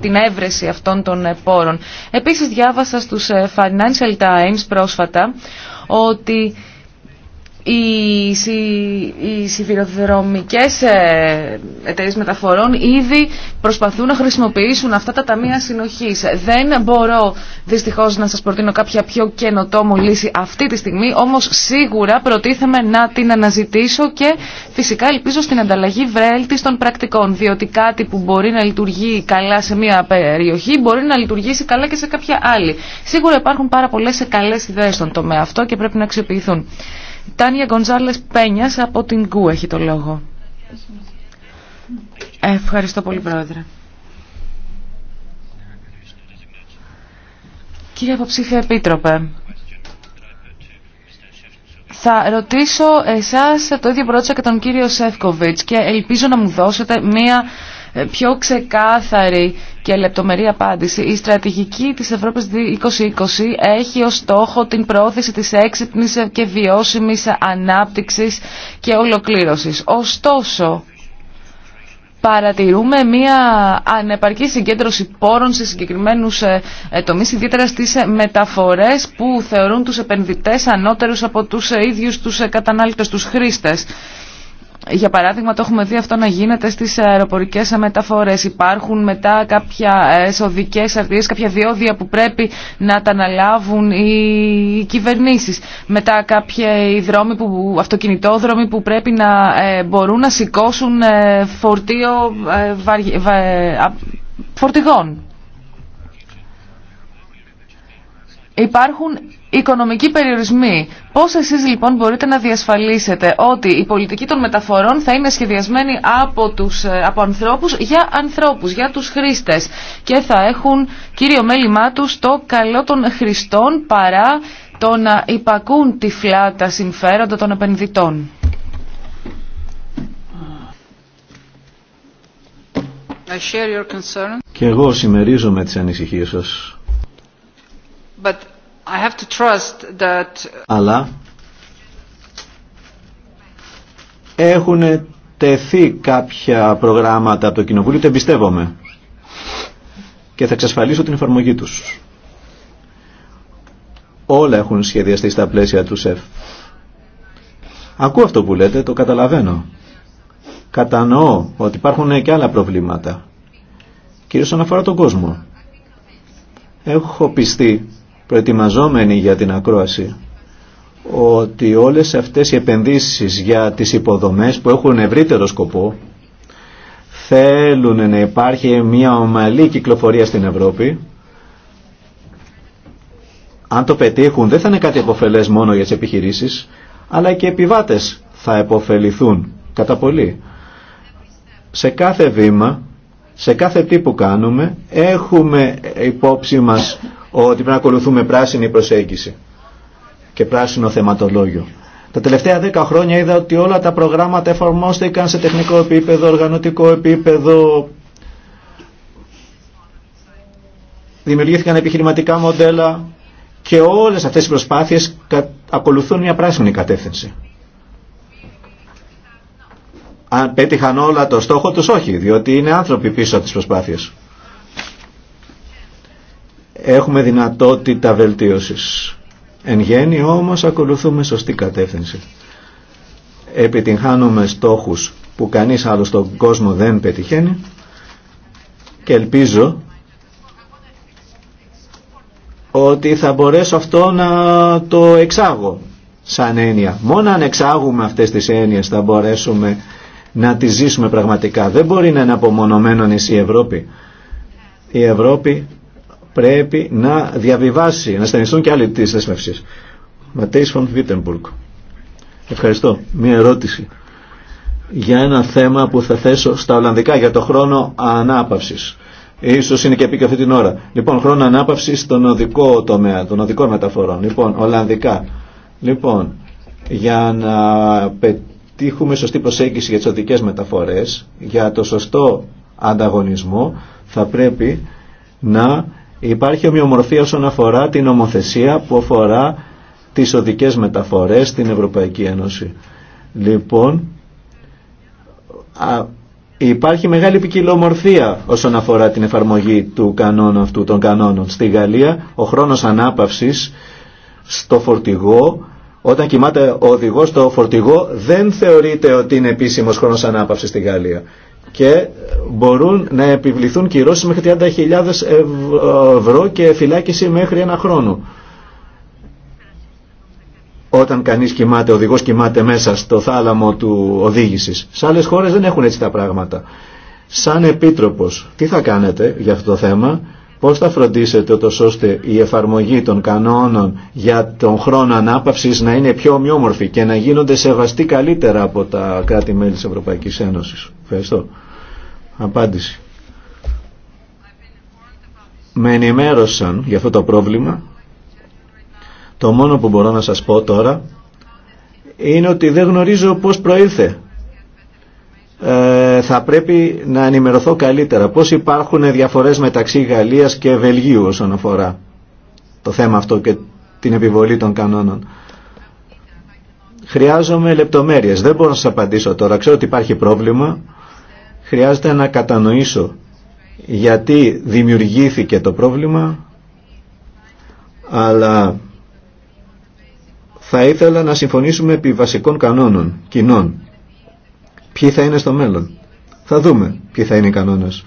την έβρεση αυτών των ε, πόρων. Επίσης διάβασα στους ε, Financial Times πρόσφατα ότι οι, συ, οι ε, εταιρείε μεταφορών ήδη προσπαθούν να χρησιμοποιήσουν αυτά τα ταμεία συνοχής. Δεν μπορώ δυστυχώς να σας προτείνω κάποια πιο καινοτόμο λύση αυτή τη στιγμή, όμως σίγουρα προτίθεμαι να την αναζητήσω και φυσικά ελπίζω στην ανταλλαγή των πρακτικών, διότι κάτι που μπορεί να λειτουργεί καλά σε μια περιοχή μπορεί να λειτουργήσει καλά και σε κάποια άλλη. Σίγουρα υπάρχουν πάρα πολλές καλές ιδέες στον τομέα αυτό και πρέπει να αξιοποιηθούν. Τάνια Γκονζάλες Πένιας από την ΚΟΥ έχει το λόγο. Ευχαριστώ πολύ πρόεδρε. Κύριε Αποψήφια Επίτροπε, θα ρωτήσω εσάς το ίδιο πρότσα και τον κύριο Σεύκοβιτς και ελπίζω να μου δώσετε μία ε, πιο ξεκάθαρη και λεπτομερή απάντηση. Η στρατηγική της Ευρώπης 2020 έχει ως στόχο την πρόθεση της έξυπνης και βιώσιμης ανάπτυξης και ολοκλήρωσης. Ωστόσο, παρατηρούμε μία ανεπαρκή συγκέντρωση πόρων σε συγκεκριμένους ε, ε, τομείς, ιδιαίτερα στις μεταφορές που θεωρούν τους επενδυτές ανώτερους από τους ίδιους τους κατανάλυτες, τους χρήστες για παράδειγμα το έχουμε δει αυτό να γίνεται στις αεροπορικές μεταφορές. Υπάρχουν μετά κάποια ε, εσωδικές αρτίες, κάποια διόδια που πρέπει να τα αναλάβουν οι κυβερνήσεις. Μετά κάποιοι δρόμοι που, αυτοκινητόδρομοι που πρέπει να ε, μπορούν να σηκώσουν ε, φορτίο φορτηγών. Υπάρχουν Οικονομικοί περιορισμοί. Πώς εσείς λοιπόν μπορείτε να διασφαλίσετε ότι η πολιτική των μεταφορών θα είναι σχεδιασμένη από, τους, ε, από ανθρώπους για ανθρώπους, για τους χρήστες και θα έχουν κύριο μέλημά τους το καλό των χρηστών παρά το να υπακούν τυφλά τα συμφέροντα των επενδυτών. Και εγώ συμμερίζομαι τις ανησυχίες σας. Uh, Αλλά έχουν τεθεί κάποια προγράμματα από το Κοινοβούλιο, το εμπιστεύομαι και θα εξασφαλίσω την εφαρμογή τους. Όλα έχουν σχεδιαστεί στα πλαίσια του ΣΕΦ. Ακούω αυτό που λέτε, το καταλαβαίνω. Κατανοώ ότι υπάρχουν και άλλα προβλήματα. Κυρίως όσον αφορά τον κόσμο. Έχω πιστεί προετοιμαζόμενοι για την ακρόαση ότι όλες αυτές οι επενδύσεις για τις υποδομές που έχουν ευρύτερο σκοπό θέλουν να υπάρχει μια ομαλή κυκλοφορία στην Ευρώπη αν το πετύχουν δεν θα είναι κάτι επωφελές μόνο για τις επιχειρήσεις αλλά και οι επιβάτες θα επωφεληθούν κατά πολύ. Σε κάθε βήμα, σε κάθε τι που κάνουμε έχουμε υπόψη μας ότι πρέπει να ακολουθούμε πράσινη προσέγγιση και πράσινο θεματολόγιο. Τα τελευταία δέκα χρόνια είδα ότι όλα τα προγράμματα εφαρμόστηκαν σε τεχνικό επίπεδο, οργανωτικό επίπεδο, δημιουργήθηκαν επιχειρηματικά μοντέλα και όλες αυτές οι προσπάθειες ακολουθούν μια πράσινη κατεύθυνση. Αν πέτυχαν όλα το στόχο τους, όχι, διότι είναι άνθρωποι πίσω από τις προσπάθειες έχουμε δυνατότητα βελτίωσης. Εν γέννη όμως ακολουθούμε σωστή κατεύθυνση. Επιτυγχάνουμε στόχους που κανείς άλλο στον κόσμο δεν πετυχαίνει και ελπίζω ότι θα μπορέσω αυτό να το εξάγω σαν έννοια. Μόνο αν εξάγουμε αυτές τις έννοιες θα μπορέσουμε να τις ζήσουμε πραγματικά. Δεν μπορεί να είναι απομονωμένο νησί η Ευρώπη. Η Ευρώπη πρέπει να διαβιβάσει, να στενιστούν και άλλοι τις δέσμευσης. Ματέις Φον Βίτεμπουργκ. Ευχαριστώ. Μία ερώτηση για ένα θέμα που θα θέσω στα Ολλανδικά για το χρόνο ανάπαυσης. Ίσως είναι και επί και αυτή την ώρα. Λοιπόν, χρόνο ανάπαυσης στον οδικό τομέα, των οδικών μεταφορών. Λοιπόν, Ολλανδικά. Λοιπόν, για να πετύχουμε σωστή προσέγγιση για τις οδικές μεταφορές, για το σωστό ανταγωνισμό, θα πρέπει να Υπάρχει ομοιομορφία όσον αφορά την ομοθεσία που αφορά τις οδικές μεταφορές στην Ευρωπαϊκή Ένωση. Λοιπόν, υπάρχει μεγάλη ποικιλομορφία όσον αφορά την εφαρμογή του κανόνου αυτού, των κανόνων. Στη Γαλλία ο χρόνος ανάπαυσης στο φορτηγό, όταν κοιμάται ο οδηγός στο φορτηγό δεν θεωρείται ότι είναι επίσημος χρόνος ανάπαυσης στη Γαλλία και μπορούν να επιβληθούν κυρώσεις μέχρι 30.000 ευρώ και φυλάκιση μέχρι ένα χρόνο. Όταν κανείς κοιμάται, οδηγός κοιμάται μέσα στο θάλαμο του οδήγησης. Σε άλλες χώρες δεν έχουν έτσι τα πράγματα. Σαν επίτροπος, τι θα κάνετε για αυτό το θέμα Πώς θα φροντίσετε τόσο ώστε η εφαρμογή των κανόνων για τον χρόνο ανάπαυσης να είναι πιο ομοιόμορφη και να γίνονται σεβαστοί καλύτερα από τα κράτη-μέλη της Ευρωπαϊκής Ένωσης. Ευχαριστώ. Απάντηση. Με ενημέρωσαν για αυτό το πρόβλημα. Το μόνο που μπορώ να σας πω τώρα είναι ότι δεν γνωρίζω πώς προήλθε ε, θα πρέπει να ενημερωθώ καλύτερα. Πώς υπάρχουν διαφορές μεταξύ Γαλλίας και Βελγίου όσον αφορά το θέμα αυτό και την επιβολή των κανόνων. Χρειάζομαι λεπτομέρειες. Δεν μπορώ να σας απαντήσω τώρα. Ξέρω ότι υπάρχει πρόβλημα. Χρειάζεται να κατανοήσω γιατί δημιουργήθηκε το πρόβλημα αλλά θα ήθελα να συμφωνήσουμε επί βασικών κανόνων κοινών ποιοι θα είναι στο μέλλον. Θα δούμε ποιοι θα είναι οι κανόνες.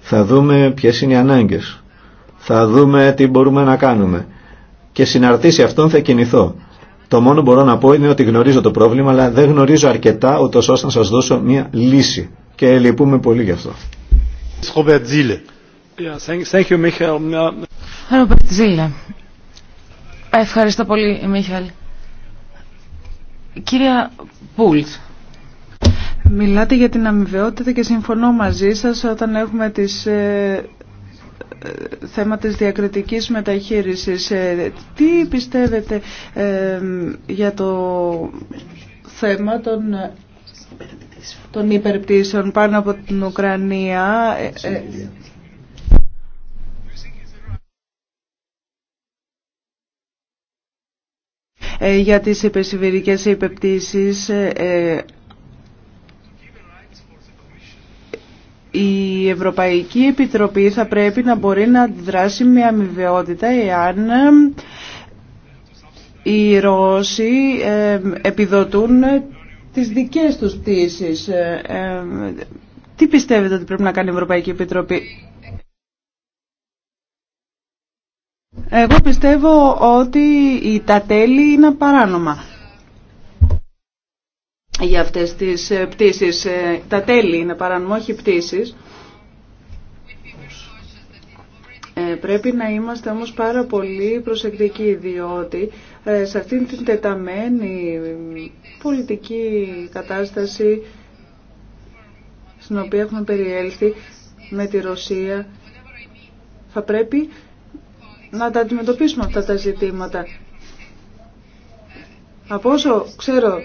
Θα δούμε ποιες είναι οι ανάγκες. Θα δούμε τι μπορούμε να κάνουμε. Και συναρτήσει αυτόν θα κινηθώ. Το μόνο που μπορώ να πω είναι ότι γνωρίζω το πρόβλημα, αλλά δεν γνωρίζω αρκετά ούτως ώστε να σας δώσω μια λύση. Και λυπούμε πολύ γι' αυτό. Ζήλε. Ευχαριστώ πολύ, Μίχαλ. Κύρια Πούλτ, Μιλάτε για την αμοιβαιότητα και συμφωνώ μαζί σας όταν έχουμε τις ε, ε, θέμα της διακριτικής μεταχείρισης. Ε, τι πιστεύετε για το θέμα των, των υπερπτήσεων πάνω από την Ουκρανία... για τις υπεσιβηρικές υπεπτήσεις η Ευρωπαϊκή Επιτροπή θα πρέπει να μπορεί να αντιδράσει με αμοιβαιότητα εάν οι Ρώσοι επιδοτούν τις δικές τους πτήσεις. Τι πιστεύετε ότι πρέπει να κάνει η Ευρωπαϊκή Επιτροπή. Εγώ πιστεύω ότι τα τέλη είναι παράνομα για αυτές τις ε, πτήσεις. Ε, τα τέλη είναι παράνομο, όχι ε, Πρέπει να είμαστε όμως πάρα πολύ προσεκτικοί διότι σε αυτήν την τεταμένη πολιτική κατάσταση στην οποία έχουμε περιέλθει με τη Ρωσία θα πρέπει να τα αντιμετωπίσουμε αυτά τα ζητήματα. Από όσο ξέρω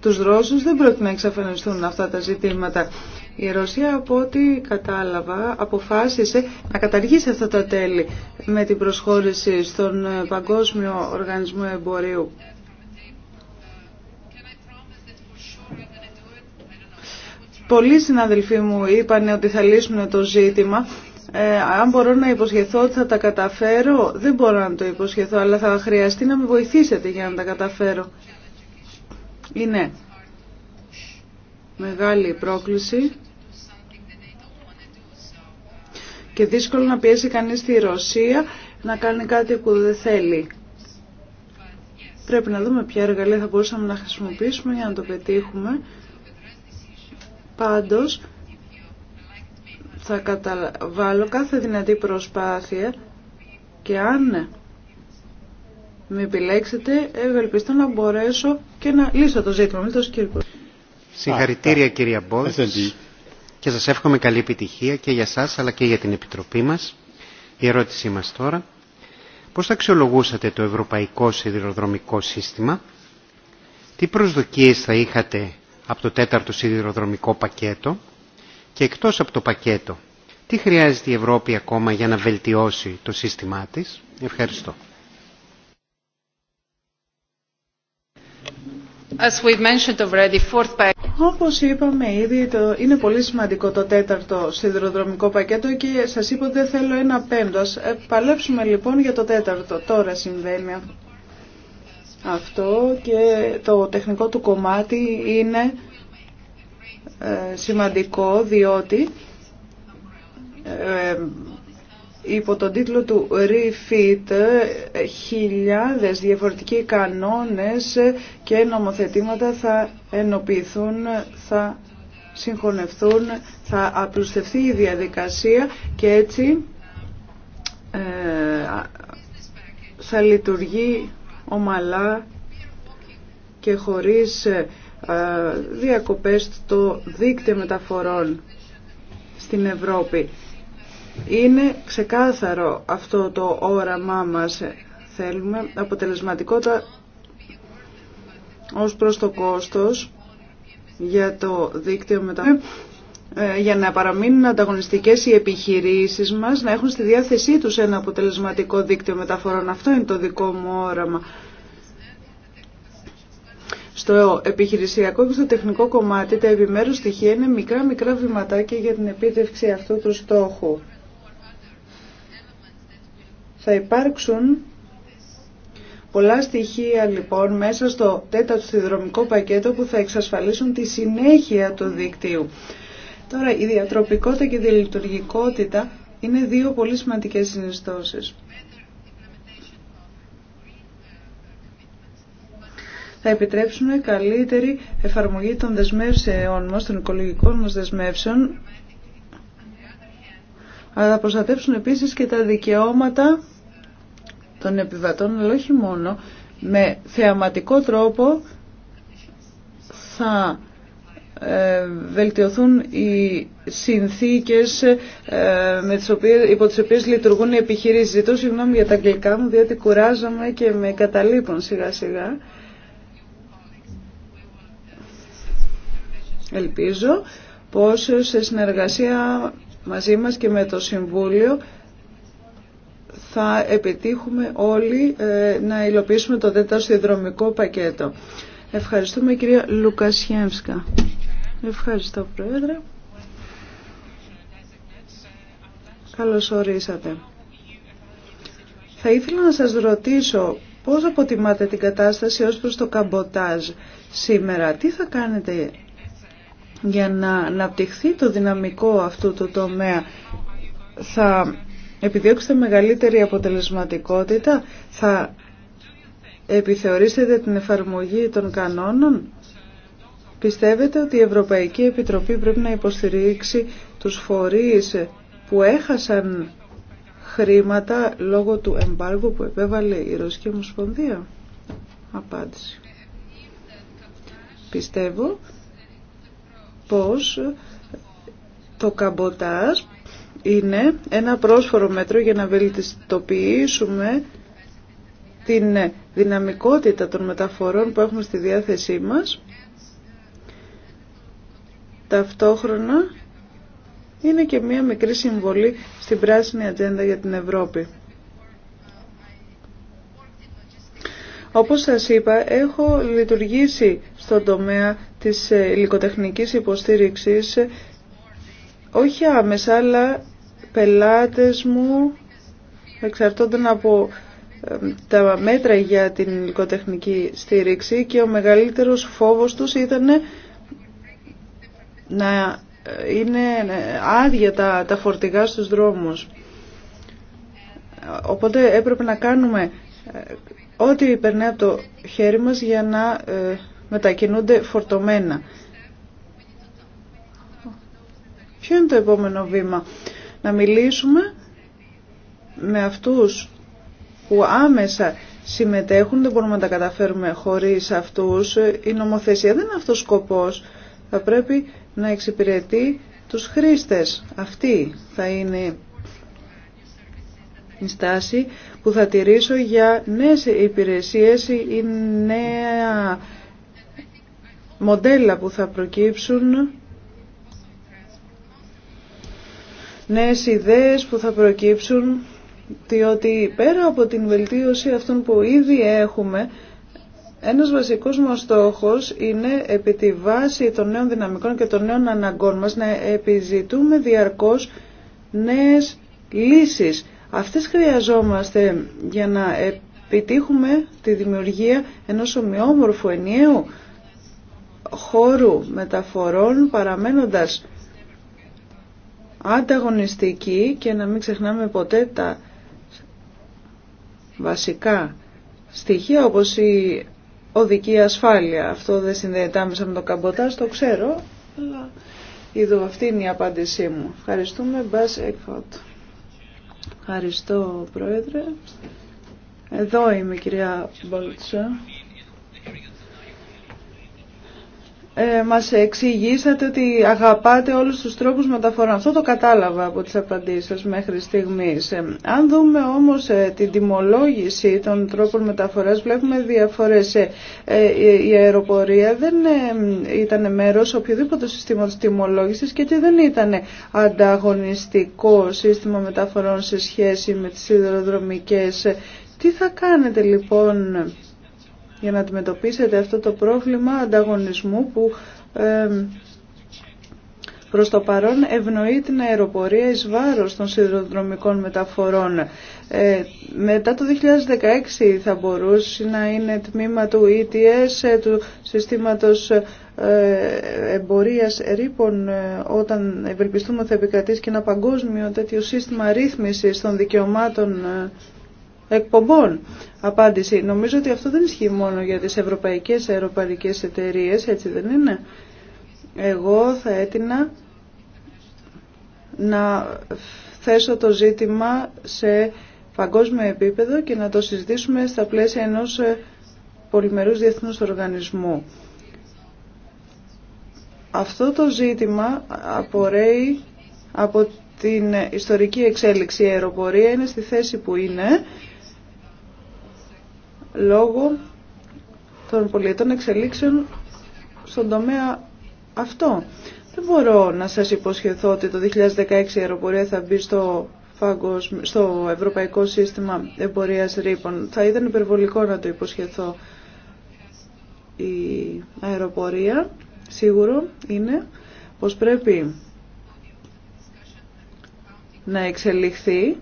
τους Ρώσους δεν πρόκειται να εξαφανιστούν αυτά τα ζητήματα. Η Ρωσία από ό,τι κατάλαβα αποφάσισε να καταργήσει αυτά τα τέλη με την προσχώρηση στον ε, Παγκόσμιο Οργανισμό Εμπορίου. Πολλοί συναδελφοί μου είπαν ότι θα λύσουν το ζήτημα. Ε, αν μπορώ να υποσχεθώ ότι θα τα καταφέρω, δεν μπορώ να το υποσχεθώ, αλλά θα χρειαστεί να με βοηθήσετε για να τα καταφέρω. Είναι μεγάλη πρόκληση και δύσκολο να πιέσει κανείς τη Ρωσία να κάνει κάτι που δεν θέλει. Πρέπει να δούμε ποια εργαλεία θα μπορούσαμε να χρησιμοποιήσουμε για να το πετύχουμε. Πάντως, θα καταβάλω κάθε δυνατή προσπάθεια και αν με επιλέξετε, ευελπιστώ να μπορέσω και να λύσω το ζήτημα. με το σκύρκω. Συγχαρητήρια κυρία Μπόλτς και σας εύχομαι καλή επιτυχία και για σας αλλά και για την Επιτροπή μας. Η ερώτησή μας τώρα, πώς θα αξιολογούσατε το Ευρωπαϊκό Σιδηροδρομικό Σύστημα, τι προσδοκίες θα είχατε από το τέταρτο σιδηροδρομικό πακέτο και εκτός από το πακέτο, τι χρειάζεται η Ευρώπη ακόμα για να βελτιώσει το σύστημά της. Ευχαριστώ. As Όπως είπαμε ήδη, το, είναι πολύ σημαντικό το τέταρτο σιδηροδρομικό πακέτο και σας είπα ότι δεν θέλω ένα πέμπτο. Ε, παλέψουμε λοιπόν για το τέταρτο. Τώρα συμβαίνει αυτό και το τεχνικό του κομμάτι είναι ε, σημαντικό διότι ε, υπό τον τίτλο του Refit χιλιάδες διαφορετικοί κανόνες και νομοθετήματα θα ενοποιηθούν, θα συγχωνευτούν, θα απλουστευτεί η διαδικασία και έτσι ε, θα λειτουργεί ομαλά και χωρίς ε, διακοπές το δίκτυο μεταφορών στην Ευρώπη. Είναι ξεκάθαρο αυτό το όραμά μας. Θέλουμε αποτελεσματικότητα ως προς το κόστος για το δίκτυο μετά ε, για να παραμείνουν ανταγωνιστικές οι επιχειρήσεις μας, να έχουν στη διάθεσή τους ένα αποτελεσματικό δίκτυο μεταφορών. Αυτό είναι το δικό μου όραμα. Στο επιχειρησιακό και στο τεχνικό κομμάτι τα επιμέρους στοιχεία είναι μικρά-μικρά βηματάκια για την επίτευξη αυτού του στόχου. Θα υπάρξουν πολλά στοιχεία λοιπόν μέσα στο τέταρτο συνδρομικό πακέτο που θα εξασφαλίσουν τη συνέχεια του δικτύου. Τώρα η διατροπικότητα και η διαλειτουργικότητα είναι δύο πολύ σημαντικές συνιστώσεις. θα επιτρέψουν καλύτερη εφαρμογή των δεσμεύσεών μας, των οικολογικών μας δεσμεύσεων, αλλά θα προστατεύσουν επίσης και τα δικαιώματα των επιβατών, αλλά όχι μόνο, με θεαματικό τρόπο θα ε, βελτιωθούν οι συνθήκες ε, με τις οποίες, υπό τις οποίες λειτουργούν οι επιχειρήσεις. Ζητώ συγγνώμη για τα αγγλικά μου, διότι κουράζομαι και με καταλείπουν σιγά σιγά. Ελπίζω πως σε συνεργασία μαζί μας και με το Συμβούλιο θα επιτύχουμε όλοι ε, να υλοποιήσουμε το τέταρτο συνδρομικό πακέτο. Ευχαριστούμε κυρία Λουκασιέμσκα. Ευχαριστώ Πρόεδρε. Καλώς ορίσατε. Θα ήθελα να σας ρωτήσω πώς αποτιμάτε την κατάσταση ως προς το καμποτάζ σήμερα. Τι θα κάνετε για να αναπτυχθεί το δυναμικό αυτού του τομέα. Θα επιδιώξετε μεγαλύτερη αποτελεσματικότητα, θα επιθεωρήσετε την εφαρμογή των κανόνων. Πιστεύετε ότι η Ευρωπαϊκή Επιτροπή πρέπει να υποστηρίξει τους φορείς που έχασαν χρήματα λόγω του εμπάργου που επέβαλε η Ρωσική Ομοσπονδία. Απάντηση. Πιστεύω πως το καμποτάζ είναι ένα πρόσφορο μέτρο για να βελτιστοποιήσουμε την δυναμικότητα των μεταφορών που έχουμε στη διάθεσή μας. Ταυτόχρονα είναι και μία μικρή συμβολή στην πράσινη ατζέντα για την Ευρώπη. Όπως σας είπα, έχω λειτουργήσει στον τομέα της υλικοτεχνικής υποστήριξης όχι άμεσα, αλλά πελάτες μου εξαρτώνταν από τα μέτρα για την υλικοτεχνική στήριξη και ο μεγαλύτερος φόβος τους ήταν να ε, είναι ε, άδεια τα, τα φορτηγά στους δρόμους. Οπότε έπρεπε να κάνουμε ε, ό,τι περνάει από το χέρι μας για να μετακινούνται φορτωμένα. Ποιο είναι το επόμενο βήμα να μιλήσουμε με αυτούς που άμεσα συμμετέχουν, δεν μπορούμε να τα καταφέρουμε χωρίς αυτούς. Η νομοθεσία δεν είναι αυτός ο σκοπός. Θα πρέπει να εξυπηρετεί τους χρήστες. Αυτή θα είναι η στάση που θα τηρήσω για νέες υπηρεσίες ή νέα μοντέλα που θα προκύψουν νέες ιδέες που θα προκύψουν, διότι πέρα από την βελτίωση αυτών που ήδη έχουμε, ένας βασικός μας στόχος είναι επί τη βάση των νέων δυναμικών και των νέων αναγκών μας να επιζητούμε διαρκώς νέες λύσεις. Αυτές χρειαζόμαστε για να επιτύχουμε τη δημιουργία ενός ομοιόμορφου ενιαίου χώρου μεταφορών παραμένοντας ανταγωνιστική και να μην ξεχνάμε ποτέ τα βασικά στοιχεία όπως η οδική ασφάλεια. Αυτό δεν συνδέεται άμεσα με το καμποτάζ, το ξέρω, αλλά είδω αυτή είναι η απάντησή μου. Ευχαριστούμε, Μπάς Ευχαριστώ, Πρόεδρε. Εδώ είμαι, κυρία Μπολτσα. ε, μας εξηγήσατε ότι αγαπάτε όλους τους τρόπους μεταφορά. Αυτό το κατάλαβα από τις απαντήσεις σας μέχρι στιγμής. Ε, αν δούμε όμως ε, την τιμολόγηση των τρόπων μεταφοράς βλέπουμε διαφορές. Ε, η αεροπορία δεν ήταν μέρος οποιοδήποτε συστήματος τιμολόγησης και δεν ήταν ανταγωνιστικό σύστημα μεταφορών σε σχέση με τις σιδηροδρομικές. Τι θα κάνετε λοιπόν για να αντιμετωπίσετε αυτό το πρόβλημα ανταγωνισμού που προς το παρόν ευνοεί την αεροπορία εις βάρος των σιδηροδρομικών μεταφορών. Ε, μετά το 2016 θα μπορούσε να είναι τμήμα του ETS, ε, του συστήματος ε, εμπορίας ρήπων ε, όταν ευελπιστούμε θα επικρατήσει και ένα παγκόσμιο τέτοιο σύστημα ρύθμισης των δικαιωμάτων εκπομπών. Απάντηση. Νομίζω ότι αυτό δεν ισχύει μόνο για τις ευρωπαϊκές αεροπαρικές εταιρείες, έτσι δεν είναι. Εγώ θα έτεινα να θέσω το ζήτημα σε παγκόσμιο επίπεδο και να το συζητήσουμε στα πλαίσια ενός ε, πολυμερούς διεθνούς οργανισμού. Αυτό το ζήτημα απορρέει από την ιστορική εξέλιξη. Η αεροπορία είναι στη θέση που είναι λόγω των πολιτών εξελίξεων στον τομέα αυτό. Δεν μπορώ να σας υποσχεθώ ότι το 2016 η αεροπορία θα μπει στο, στο Ευρωπαϊκό Σύστημα Εμπορίας Ρήπων. Θα ήταν υπερβολικό να το υποσχεθώ. Η αεροπορία σίγουρο είναι πως πρέπει να εξελιχθεί,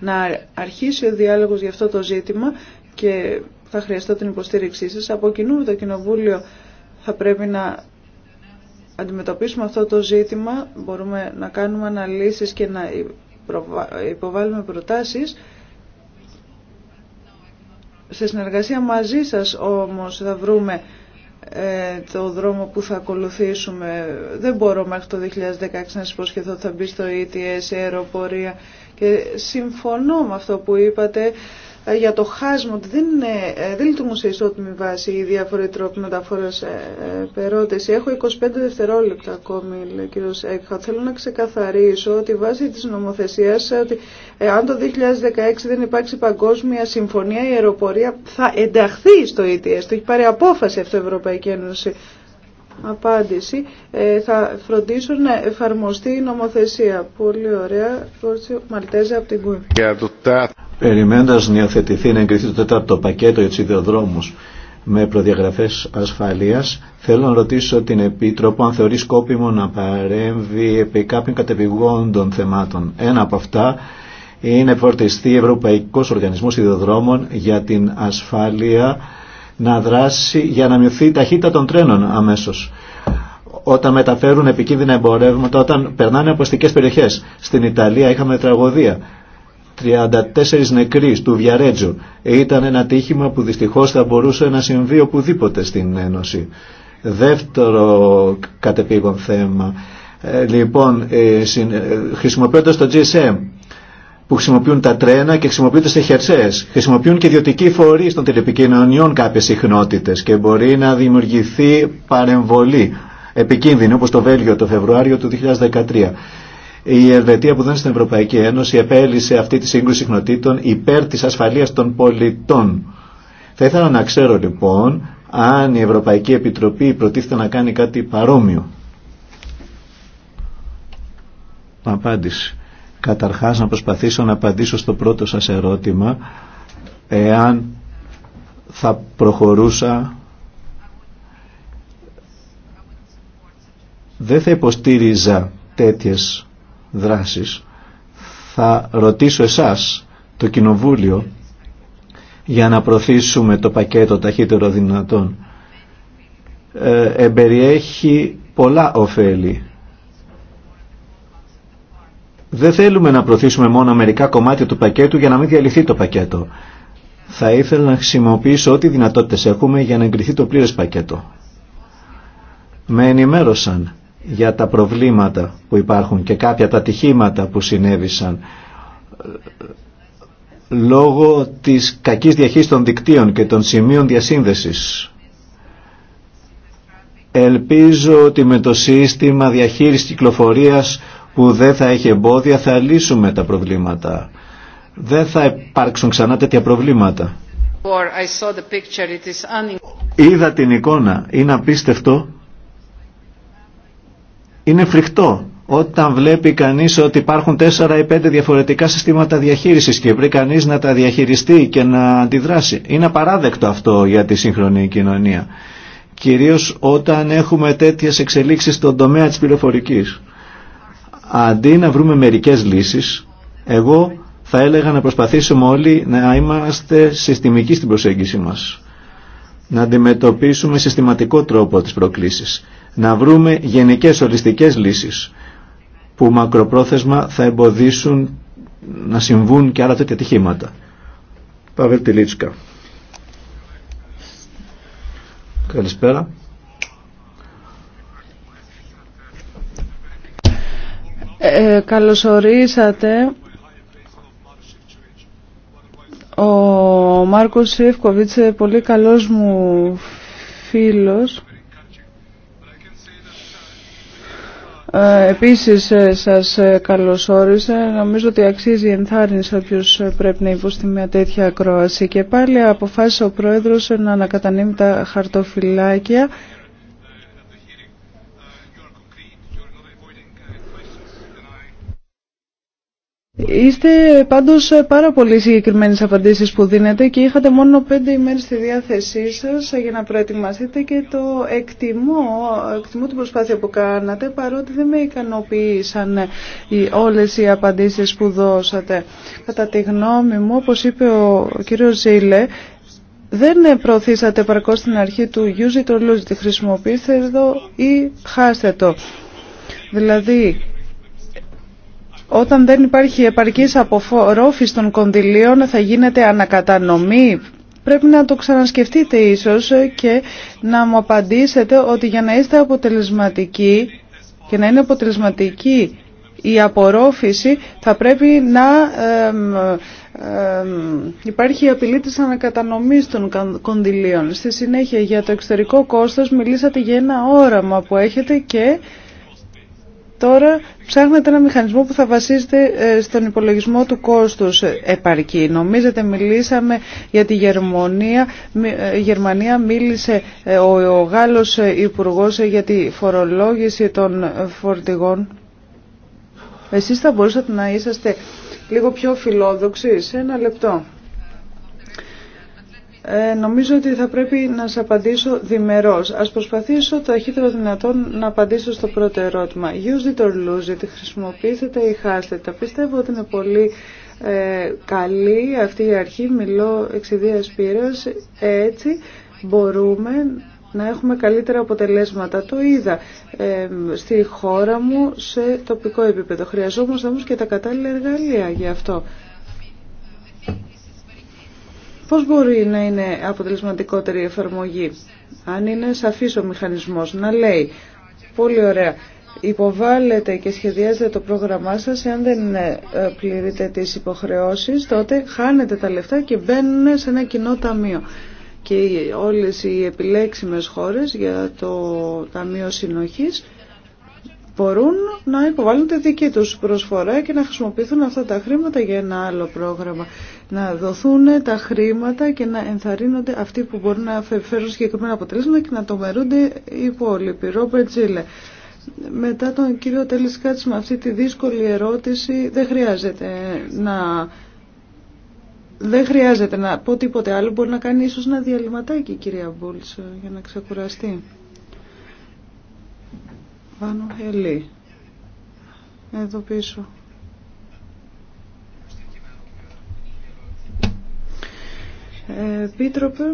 να αρχίσει ο διάλογος για αυτό το ζήτημα και θα χρειαστώ την υποστήριξή σας. Από κοινού το Κοινοβούλιο θα πρέπει να αντιμετωπίσουμε αυτό το ζήτημα, μπορούμε να κάνουμε αναλύσεις και να υποβάλουμε προτάσεις. Σε συνεργασία μαζί σας όμως θα βρούμε ε, το δρόμο που θα ακολουθήσουμε. Δεν μπορώ μέχρι το 2016 να σας προσχεθώ ότι θα μπει στο ETS, αεροπορία και συμφωνώ με αυτό που είπατε ε, για το χάσμα δεν, είναι, ε, δεν λειτουργούν σε ισότιμη βάση οι διάφοροι τρόποι μεταφορά ε, περώτηση. Έχω 25 δευτερόλεπτα ακόμη, λέει ο Θέλω να ξεκαθαρίσω ότι βάσει της νομοθεσίας, ότι αν το 2016 δεν υπάρξει παγκόσμια συμφωνία, η αεροπορία θα ενταχθεί στο ETS. Το έχει πάρει απόφαση αυτή η Ευρωπαϊκή Ένωση απάντηση. Ε, θα φροντίσω να εφαρμοστεί η νομοθεσία. Πολύ ωραία. Μαλτέζα από την Κούη. Περιμένοντα να υιοθετηθεί να εγκριθεί το τέταρτο πακέτο για του ιδεοδρόμου με προδιαγραφέ ασφάλεια, θέλω να ρωτήσω την Επίτροπο αν θεωρεί σκόπιμο να παρέμβει επί κάποιων κατεπηγόντων θεμάτων. Ένα από αυτά είναι φορτιστεί Ευρωπαϊκό Οργανισμό Ιδεοδρόμων για την ασφάλεια να δράσει για να μειωθεί η ταχύτητα των τρένων αμέσως όταν μεταφέρουν επικίνδυνα εμπορεύματα, όταν περνάνε από αστικέ περιοχές. Στην Ιταλία είχαμε τραγωδία. 34 νεκροί του Βιαρέτζο. Ήταν ένα τύχημα που δυστυχώς θα μπορούσε να συμβεί οπουδήποτε στην Ένωση. Δεύτερο κατεπήγον θέμα. Ε, λοιπόν, ε, ε το GSM που χρησιμοποιούν τα τρένα και χρησιμοποιούνται σε χερσαίες. Χρησιμοποιούν και ιδιωτικοί φορεί των τηλεπικοινωνιών κάποιε συχνότητε και μπορεί να δημιουργηθεί παρεμβολή επικίνδυνη όπω το Βέλγιο το Φεβρουάριο του 2013. Η Ελβετία που δεν είναι στην Ευρωπαϊκή Ένωση επέλυσε αυτή τη σύγκρουση συχνοτήτων υπέρ τη ασφαλείας των πολιτών. Θα ήθελα να ξέρω λοιπόν αν η Ευρωπαϊκή Επιτροπή προτίθεται να κάνει κάτι παρόμοιο. Απάντηση. Καταρχάς να προσπαθήσω να απαντήσω στο πρώτο σας ερώτημα εάν θα προχωρούσα δεν θα υποστήριζα τέτοιες δράσεις. Θα ρωτήσω εσάς, το Κοινοβούλιο, για να προωθήσουμε το πακέτο ταχύτερο δυνατόν. Ε, εμπεριέχει πολλά ωφέλη. Δεν θέλουμε να προωθήσουμε μόνο μερικά κομμάτια του πακέτου για να μην διαλυθεί το πακέτο. Θα ήθελα να χρησιμοποιήσω ό,τι δυνατότητες έχουμε για να εγκριθεί το πλήρες πακέτο. Με ενημέρωσαν για τα προβλήματα που υπάρχουν και κάποια τα ατυχήματα που συνέβησαν ε, λόγω της κακής διαχείρισης των δικτύων και των σημείων διασύνδεσης. Ελπίζω ότι με το σύστημα διαχείρισης κυκλοφορίας που δεν θα έχει εμπόδια, θα λύσουμε τα προβλήματα. Δεν θα υπάρξουν ξανά τέτοια προβλήματα. Είδα την εικόνα, είναι απίστευτο. Είναι φρικτό όταν βλέπει κανείς ότι υπάρχουν τέσσερα ή πέντε διαφορετικά συστήματα διαχείρισης και πρέπει κανείς να τα διαχειριστεί και να αντιδράσει. Είναι απαράδεκτο αυτό για τη σύγχρονη κοινωνία. Κυρίως όταν έχουμε τέτοιες εξελίξεις στον τομέα της πληροφορικής. Αντί να βρούμε μερικές λύσεις, εγώ θα έλεγα να προσπαθήσουμε όλοι να είμαστε συστημικοί στην προσέγγιση μας. Να αντιμετωπίσουμε συστηματικό τρόπο τις προκλήσεις. Να βρούμε γενικές οριστικές λύσεις που μακροπρόθεσμα θα εμποδίσουν να συμβούν και άλλα τέτοια τυχήματα. Παύλ Τιλίτσκα. Καλησπέρα. Ε, καλωσορίσατε. Ο Μάρκος Σιεύκοβιτς, ε, πολύ καλός μου φίλος. Ε, επίσης ε, σας ε, καλωσόρισα. Νομίζω ότι αξίζει ενθάρρυνση όποιος πρέπει να υποστεί μια τέτοια ακρόαση. Και πάλι αποφάσισε ο Πρόεδρος να ανακατανείμει τα χαρτοφυλάκια Είστε πάντως πάρα πολύ συγκεκριμένε απαντήσεις που δίνετε και είχατε μόνο πέντε ημέρες στη διάθεσή σας για να προετοιμαστείτε και το εκτιμώ, εκτιμώ την προσπάθεια που κάνατε παρότι δεν με ικανοποίησαν οι, όλες οι απαντήσεις που δώσατε. Κατά τη γνώμη μου, όπως είπε ο κύριος Ζήλε, δεν προωθήσατε παρκώς στην αρχή του use it or lose it, χρησιμοποιήστε εδώ ή χάστε το. Δηλαδή, όταν δεν υπάρχει επαρκής απορρόφηση των κονδυλίων θα γίνεται ανακατανομή. Πρέπει να το ξανασκεφτείτε ίσως και να μου απαντήσετε ότι για να είστε αποτελεσματικοί και να είναι αποτελεσματική η απορρόφηση θα πρέπει να υπάρχει η απειλή της ανακατανομής των κονδυλίων. Στη συνέχεια για το εξωτερικό κόστος μιλήσατε για ένα όραμα που έχετε και Τώρα ψάχνετε ένα μηχανισμό που θα βασίζεται ε, στον υπολογισμό του κόστους επαρκή. Νομίζετε μιλήσαμε για τη Γερμανία, ε, η Γερμανία μίλησε ε, ο Γάλλος Υπουργός για τη φορολόγηση των φορτηγών. Εσείς θα μπορούσατε να είσαστε λίγο πιο φιλόδοξοι σε ένα λεπτό. Ε, νομίζω ότι θα πρέπει να σας απαντήσω διμερώς. Ας προσπαθήσω το αχύτερο δυνατόν να απαντήσω στο πρώτο ερώτημα. Use it or lose it, χρησιμοποιήσετε ή χάσετε. Πιστεύω ότι είναι πολύ ε, καλή αυτή η αρχή, μιλώ εξ πείρας, έτσι μπορούμε να έχουμε καλύτερα αποτελέσματα. Το είδα ε, στη χώρα μου σε τοπικό επίπεδο. Χρειαζόμαστε όμως και τα κατάλληλα εργαλεία γι' αυτό. Πώς μπορεί να είναι αποτελεσματικότερη η εφαρμογή, αν είναι σαφής ο μηχανισμός, να λέει, πολύ ωραία, υποβάλλετε και σχεδιάζετε το πρόγραμμά σας, εάν δεν ε, πληρείτε τις υποχρεώσεις, τότε χάνετε τα λεφτά και μπαίνουν σε ένα κοινό ταμείο. Και όλες οι επιλέξιμες χώρες για το Ταμείο Συνοχής μπορούν να υποβάλουν τη δική τους προσφορά και να χρησιμοποιηθούν αυτά τα χρήματα για ένα άλλο πρόγραμμα. Να δοθούν τα χρήματα και να ενθαρρύνονται αυτοί που μπορούν να φέρουν συγκεκριμένα αποτελέσματα και να το μερούνται οι υπόλοιποι. Ρόμπερτ Τζίλε. Μετά τον κύριο Τέλης Κάτς με αυτή τη δύσκολη ερώτηση δεν χρειάζεται να... Δεν χρειάζεται να πω τίποτε άλλο. Μπορεί να κάνει ίσως ένα διαλυματάκι, η κυρία Μπούλς, για να ξεκουραστεί. Πάνω Εδώ πίσω. Επίτροπε,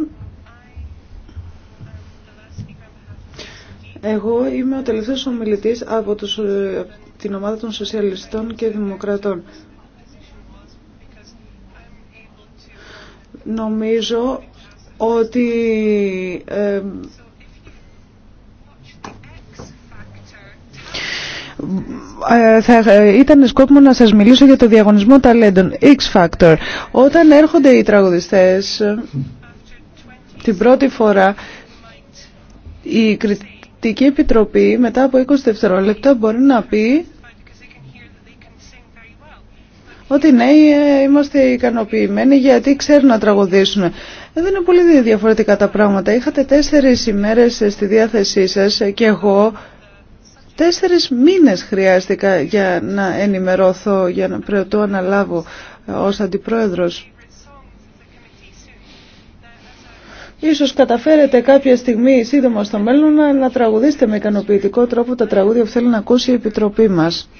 εγώ είμαι ο τελευταίος ομιλητής από, τους, ε, την ομάδα των Σοσιαλιστών και Δημοκρατών. Νομίζω ότι ε, Ε, θα ε, ήταν σκόπιμο να σας μιλήσω για το διαγωνισμό ταλέντων X-Factor. Όταν έρχονται οι τραγουδιστές την πρώτη φορά η κριτική επιτροπή μετά από 20 δευτερόλεπτα μπορεί να πει ότι ναι, ε, είμαστε ικανοποιημένοι γιατί ξέρουν να τραγουδήσουν. Δεν είναι πολύ διαφορετικά τα πράγματα. Είχατε τέσσερις ημέρες στη διάθεσή σας και εγώ Τέσσερις μήνες χρειάστηκα για να ενημερώθω, για να το αναλάβω ως αντιπρόεδρος. Ίσως καταφέρετε κάποια στιγμή σύντομα στο μέλλον να, να τραγουδήσετε με ικανοποιητικό τρόπο τα τραγούδια που θέλει να ακούσει η Επιτροπή μας.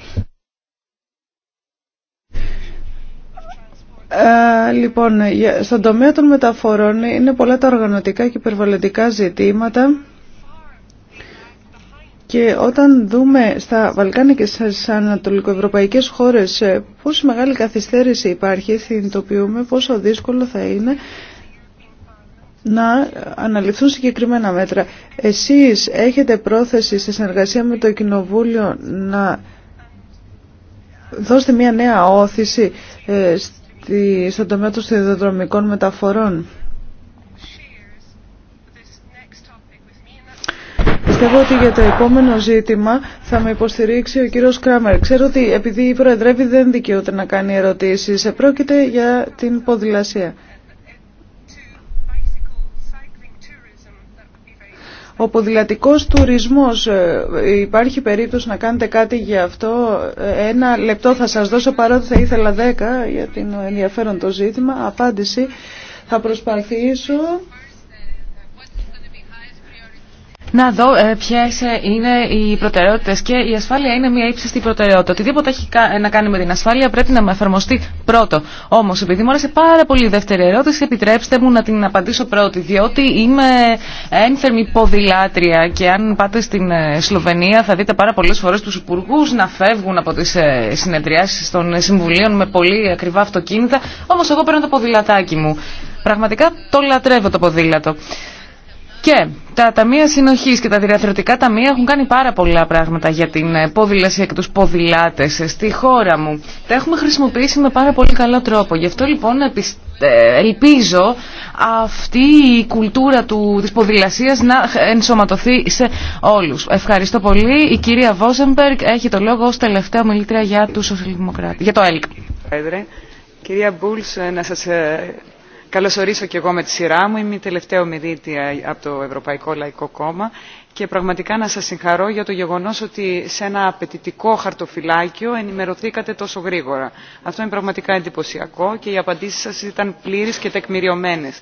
Ε, λοιπόν, στον τομέα των μεταφορών είναι πολλά τα οργανωτικά και υπερβαλλοντικά ζητήματα και όταν δούμε στα Βαλκάνια και στις ανατολικοευρωπαϊκές χώρες ε, πόση μεγάλη καθυστέρηση υπάρχει, συνειδητοποιούμε πόσο δύσκολο θα είναι να αναλυθούν συγκεκριμένα μέτρα. Εσείς έχετε πρόθεση σε συνεργασία με το Κοινοβούλιο να δώσετε μια νέα όθηση ε, στον τομέα των σιδηροδρομικών μεταφορών. Πιστεύω ότι για το επόμενο ζήτημα θα με υποστηρίξει ο κύριος Κράμερ. Ξέρω ότι επειδή η Προεδρεύη δεν δικαιούται να κάνει ερωτήσεις, πρόκειται για την ποδηλασία. Ο ποδηλατικός τουρισμός, ε, υπάρχει περίπτωση να κάνετε κάτι για αυτό. Ε, ένα λεπτό θα σας δώσω παρότι θα ήθελα δέκα για την ενδιαφέρον το ζήτημα. Απάντηση θα προσπαθήσω να δω ε, ποιε ε, είναι οι προτεραιότητε και η ασφάλεια είναι μια ύψιστη προτεραιότητα. Οτιδήποτε έχει ε, να κάνει με την ασφάλεια πρέπει να με εφαρμοστεί πρώτο. Όμω, επειδή μου άρεσε πάρα πολύ η δεύτερη ερώτηση, επιτρέψτε μου να την απαντήσω πρώτη, διότι είμαι ένθερμη ποδηλάτρια και αν πάτε στην ε, Σλοβενία θα δείτε πάρα πολλέ φορέ του υπουργού να φεύγουν από τι συνεδριάσει των συμβουλίων με πολύ ακριβά αυτοκίνητα. Όμω, εγώ παίρνω το ποδηλατάκι μου. Πραγματικά το λατρεύω το ποδήλατο. Και τα ταμεία συνοχή και τα διαθερωτικά ταμεία έχουν κάνει πάρα πολλά πράγματα για την ε, ποδηλασία και του ποδηλάτε ε, στη χώρα μου. Τα έχουμε χρησιμοποιήσει με πάρα πολύ καλό τρόπο. Γι' αυτό λοιπόν ε, ελπίζω αυτή η κουλτούρα τη ποδηλασία να ενσωματωθεί σε όλους. Ευχαριστώ πολύ. Η κυρία Βόζεμπεργκ έχει το λόγο ω τελευταία μιλήτρια για Για το ΕΛΚ. Κυρία να καλωσορίσω και εγώ με τη σειρά μου. Είμαι η τελευταία ομιλήτρια από το Ευρωπαϊκό Λαϊκό Κόμμα και πραγματικά να σα συγχαρώ για το γεγονό ότι σε ένα απαιτητικό χαρτοφυλάκιο ενημερωθήκατε τόσο γρήγορα. Αυτό είναι πραγματικά εντυπωσιακό και οι απαντήσει σα ήταν πλήρε και τεκμηριωμένε.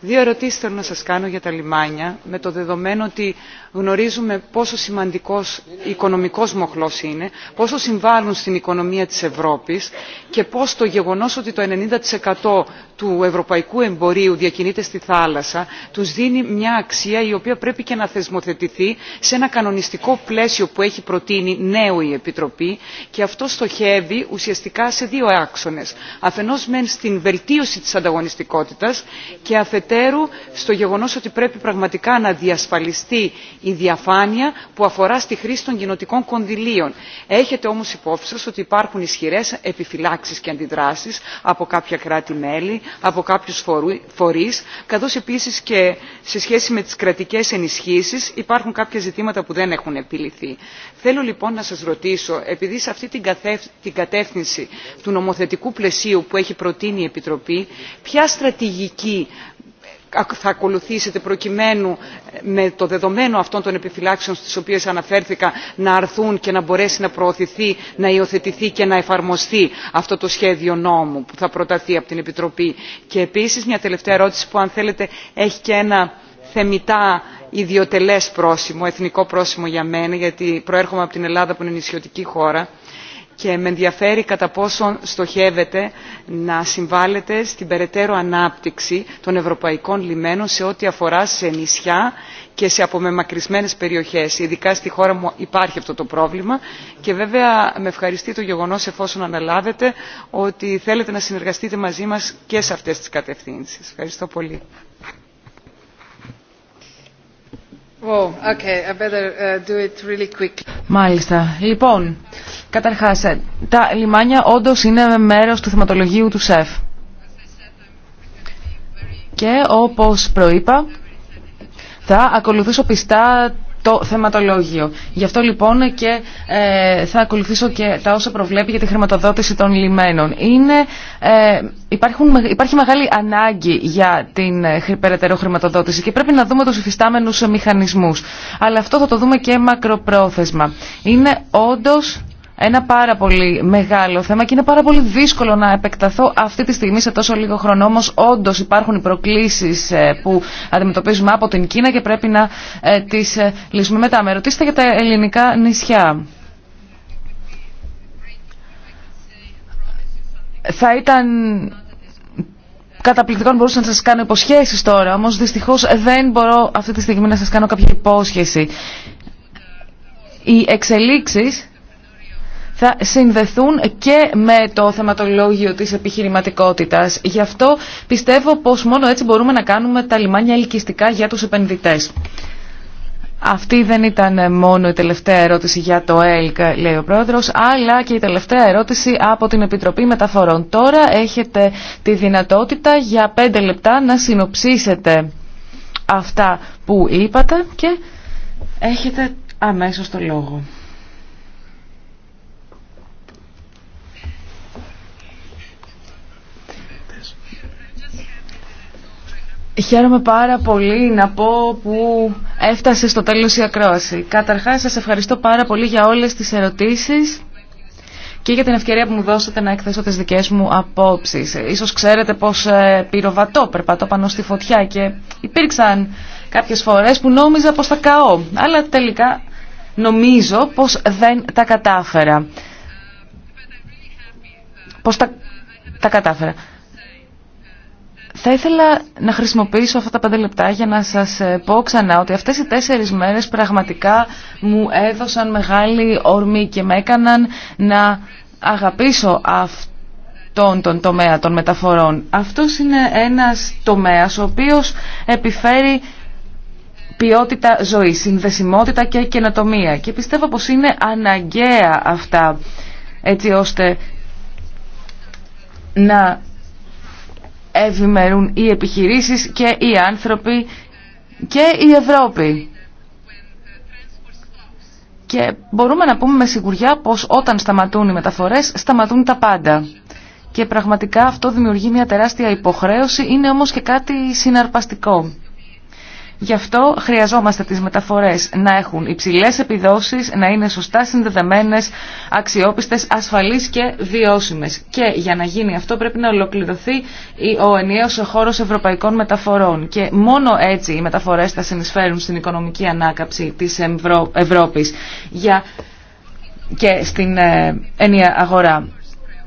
Δύο ερωτήσεις θέλω να σας κάνω για τα λιμάνια, με το δεδομένο ότι γνωρίζουμε πόσο σημαντικός οικονομικός μοχλός είναι, πόσο συμβάλλουν στην οικονομία της Ευρώπης και πώς το γεγονός ότι το 90% του ευρωπαϊκού εμπορίου διακινείται στη θάλασσα, τους δίνει μια αξία η οποία πρέπει και να θεσμοθετηθεί σε ένα κανονιστικό πλαίσιο που έχει προτείνει νέο η Επιτροπή και αυτό στοχεύει ουσιαστικά σε δύο άξονες. Αφενός μεν στην βελτίωση της ανταγωνιστικότητας και περαιτέρω στο γεγονός ότι πρέπει πραγματικά να διασφαλιστεί η διαφάνεια που αφορά στη χρήση των κοινοτικών κονδυλίων. Έχετε όμως υπόψη σας ότι υπάρχουν ισχυρές επιφυλάξεις και αντιδράσεις από κάποια κράτη-μέλη, από κάποιους φορείς, καθώς επίσης και σε σχέση με τις κρατικές ενισχύσεις υπάρχουν κάποια ζητήματα που δεν έχουν επιληθεί. Θέλω λοιπόν να σας ρωτήσω, επειδή σε αυτή την κατεύθυνση του νομοθετικού πλαισίου που έχει προτείνει η Επιτροπή, ποια στρατηγική θα ακολουθήσετε προκειμένου ε, με το δεδομένο αυτών των επιφυλάξεων στις οποίες αναφέρθηκα να αρθούν και να μπορέσει να προωθηθεί, να υιοθετηθεί και να εφαρμοστεί αυτό το σχέδιο νόμου που θα προταθεί από την Επιτροπή. Και επίσης μια τελευταία ερώτηση που αν θέλετε έχει και ένα θεμητά ιδιωτελές πρόσημο, εθνικό πρόσημο για μένα γιατί προέρχομαι από την Ελλάδα που είναι νησιωτική χώρα και με ενδιαφέρει κατά πόσον στοχεύετε να συμβάλλετε στην περαιτέρω ανάπτυξη των ευρωπαϊκών λιμένων σε ό,τι αφορά σε νησιά και σε απομεμακρυσμένες περιοχές. Ειδικά στη χώρα μου υπάρχει αυτό το πρόβλημα και βέβαια με ευχαριστεί το γεγονός εφόσον αναλάβετε ότι θέλετε να συνεργαστείτε μαζί μας και σε αυτές τις κατευθύνσεις. Ευχαριστώ πολύ. Oh, uh, Μάλιστα. Λοιπόν, καταρχάς, ε, τα λιμάνια όντως είναι μέρος του θεματολογίου του ΣΕΦ. Και όπως προείπα, θα ακολουθήσω πιστά το θεματολόγιο. Γι' αυτό λοιπόν και ε, θα ακολουθήσω και τα όσα προβλέπει για τη χρηματοδότηση των λιμένων. Είναι, ε, υπάρχουν, υπάρχει μεγάλη ανάγκη για την ε, περαιτέρω χρηματοδότηση και πρέπει να δούμε τους υφιστάμενους ε, μηχανισμούς. Αλλά αυτό θα το δούμε και μακροπρόθεσμα. Είναι όντως ένα πάρα πολύ μεγάλο θέμα και είναι πάρα πολύ δύσκολο να επεκταθώ αυτή τη στιγμή σε τόσο λίγο χρόνο. Όμω, όντω υπάρχουν οι προκλήσει ε, που αντιμετωπίζουμε από την Κίνα και πρέπει να ε, τι ε, λύσουμε. Μετά, με ρωτήσετε για τα ελληνικά νησιά. Θα ήταν καταπληκτικό να μπορούσα να σας κάνω υποσχέσεις τώρα, όμως δυστυχώς δεν μπορώ αυτή τη στιγμή να σας κάνω κάποια υπόσχεση. Οι εξελίξεις θα συνδεθούν και με το θεματολόγιο της επιχειρηματικότητας. Γι' αυτό πιστεύω πως μόνο έτσι μπορούμε να κάνουμε τα λιμάνια ελκυστικά για τους επενδυτές. Αυτή δεν ήταν μόνο η τελευταία ερώτηση για το ΕΛΚ, λέει ο πρόεδρος, αλλά και η τελευταία ερώτηση από την Επιτροπή Μεταφορών. Τώρα έχετε τη δυνατότητα για πέντε λεπτά να συνοψίσετε αυτά που είπατε και έχετε αμέσως το λόγο. Χαίρομαι πάρα πολύ να πω που έφτασε στο τέλος η ακρόαση. Καταρχάς σας ευχαριστώ πάρα πολύ για όλες τις ερωτήσεις και για την ευκαιρία που μου δώσατε να εκθέσω τις δικές μου απόψεις. Ίσως ξέρετε πως ε, πυροβατώ, περπατώ πάνω στη φωτιά και υπήρξαν κάποιες φορές που νόμιζα πως θα καώ. Αλλά τελικά νομίζω πως δεν τα κατάφερα. Πως τα, τα κατάφερα. Θα ήθελα να χρησιμοποιήσω αυτά τα πέντε λεπτά για να σας ε, πω ξανά ότι αυτές οι τέσσερις μέρες πραγματικά μου έδωσαν μεγάλη ορμή και με έκαναν να αγαπήσω αυτόν τον τομέα των μεταφορών. Αυτός είναι ένας τομέας ο οποίος επιφέρει ποιότητα ζωή, συνδεσιμότητα και καινοτομία και πιστεύω πως είναι αναγκαία αυτά έτσι ώστε να ευημερούν οι επιχειρήσεις και οι άνθρωποι και η Ευρώπη. Και μπορούμε να πούμε με σιγουριά πως όταν σταματούν οι μεταφορές, σταματούν τα πάντα. Και πραγματικά αυτό δημιουργεί μια τεράστια υποχρέωση, είναι όμως και κάτι συναρπαστικό. Γι' αυτό χρειαζόμαστε τις μεταφορές να έχουν υψηλές επιδόσεις, να είναι σωστά συνδεδεμένες, αξιόπιστες, ασφαλείς και βιώσιμες. Και για να γίνει αυτό πρέπει να ολοκληρωθεί ο ενιαίος χώρος ευρωπαϊκών μεταφορών. Και μόνο έτσι οι μεταφορές θα συνεισφέρουν στην οικονομική ανάκαψη της Ευρώ... Ευρώπης για... και στην ε, ενιαία αγορά.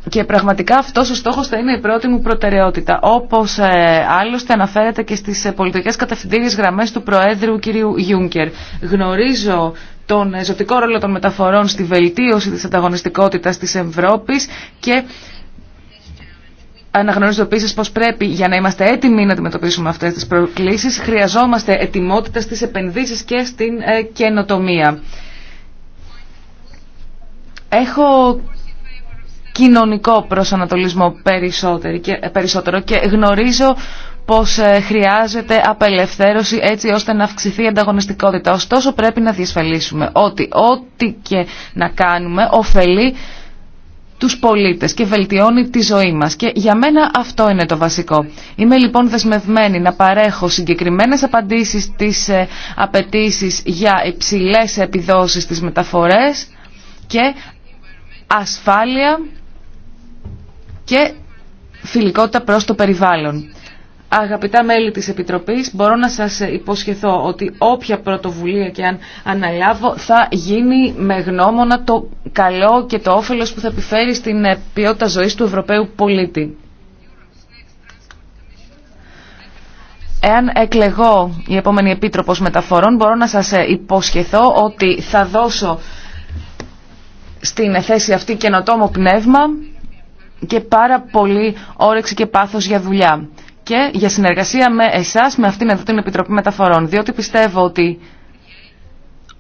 Και πραγματικά αυτός ο στόχος θα είναι η πρώτη μου προτεραιότητα. Όπως ε, άλλωστε αναφέρεται και στις ε, πολιτικές κατευθυντήριες γραμμές του Προέδρου κ. Γιούνκερ. Γνωρίζω τον ζωτικό ρόλο των μεταφορών στη βελτίωση της ανταγωνιστικότητας της Ευρώπης και αναγνωρίζω επίση πως πρέπει για να είμαστε έτοιμοι να αντιμετωπίσουμε αυτές τις προκλήσεις χρειαζόμαστε ετοιμότητα στις επενδύσεις και στην ε, καινοτομία. Έχω κοινωνικό προσανατολισμό περισσότερο και, γνωρίζω πως ε, χρειάζεται απελευθέρωση έτσι ώστε να αυξηθεί η ανταγωνιστικότητα. Ωστόσο πρέπει να διασφαλίσουμε ότι ό,τι και να κάνουμε ωφελεί τους πολίτες και βελτιώνει τη ζωή μας. Και για μένα αυτό είναι το βασικό. Είμαι λοιπόν δεσμευμένη να παρέχω συγκεκριμένες απαντήσεις στις ε, απαιτήσει για υψηλές επιδόσεις στις μεταφορές και ασφάλεια και φιλικότητα προς το περιβάλλον. Αγαπητά μέλη της Επιτροπής, μπορώ να σας υποσχεθώ ότι όποια πρωτοβουλία και αν αναλάβω θα γίνει με γνώμονα το καλό και το όφελος που θα επιφέρει στην ποιότητα ζωής του Ευρωπαίου πολίτη. Εάν εκλεγώ η επόμενη Επίτροπος Μεταφορών, μπορώ να σας υποσχεθώ ότι θα δώσω στην θέση αυτή καινοτόμο πνεύμα και πάρα πολύ όρεξη και πάθος για δουλειά και για συνεργασία με εσάς, με αυτήν εδώ την Επιτροπή Μεταφορών, διότι πιστεύω ότι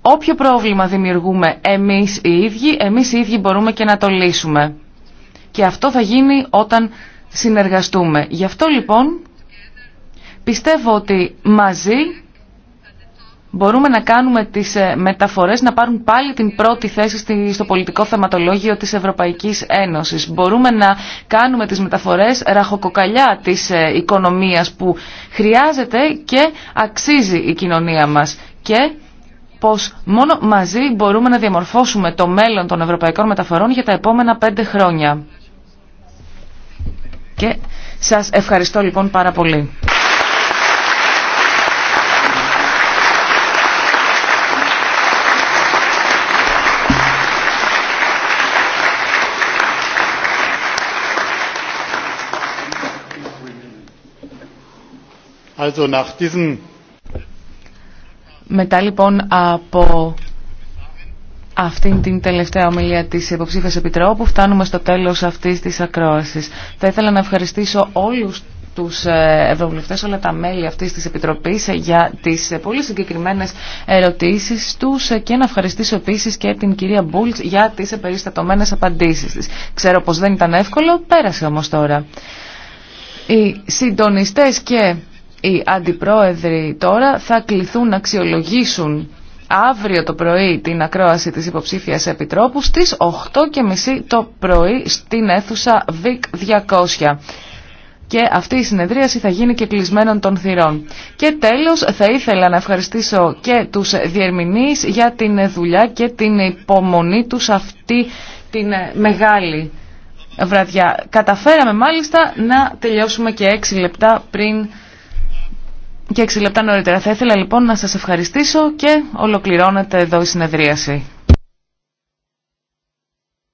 όποιο πρόβλημα δημιουργούμε εμείς οι ίδιοι, εμείς οι ίδιοι μπορούμε και να το λύσουμε. Και αυτό θα γίνει όταν συνεργαστούμε. Γι' αυτό λοιπόν πιστεύω ότι μαζί μπορούμε να κάνουμε τις ε, μεταφορές να πάρουν πάλι την πρώτη θέση στο πολιτικό θεματολόγιο της Ευρωπαϊκής Ένωσης. Μπορούμε να κάνουμε τις μεταφορές ραχοκοκαλιά της ε, οικονομίας που χρειάζεται και αξίζει η κοινωνία μας και πως μόνο μαζί μπορούμε να διαμορφώσουμε το μέλλον των ευρωπαϊκών μεταφορών για τα επόμενα πέντε χρόνια. Και σας ευχαριστώ λοιπόν πάρα πολύ. Also Μετά λοιπόν από αυτήν την τελευταία ομιλία της υποψήφιας επιτρόπου φτάνουμε στο τέλος αυτής της ακρόασης. Θα ήθελα να ευχαριστήσω όλους τους ε, ευρωβουλευτές, όλα τα μέλη αυτής της Επιτροπής ε, για τις ε, πολύ συγκεκριμένες ερωτήσεις τους και να ευχαριστήσω επίσης και την κυρία Μπούλτ για τις περιστατωμένες απαντήσεις της. Ξέρω πως δεν ήταν εύκολο, πέρασε όμως τώρα. Οι συντονιστές και οι αντιπρόεδροι τώρα θα κληθούν να αξιολογήσουν αύριο το πρωί την ακρόαση της υποψήφιας επιτρόπου στις 8.30 το πρωί στην αίθουσα ΒΙΚ 200. Και αυτή η συνεδρίαση θα γίνει και κλεισμένων των θυρών. Και τέλος θα ήθελα να ευχαριστήσω και τους διερμηνείς για την δουλειά και την υπομονή τους αυτή την μεγάλη βραδιά. Καταφέραμε μάλιστα να τελειώσουμε και 6 λεπτά πριν και 6 λεπτά νωρίτερα. Θα ήθελα λοιπόν να σας ευχαριστήσω και ολοκληρώνεται εδώ η συνεδρίαση.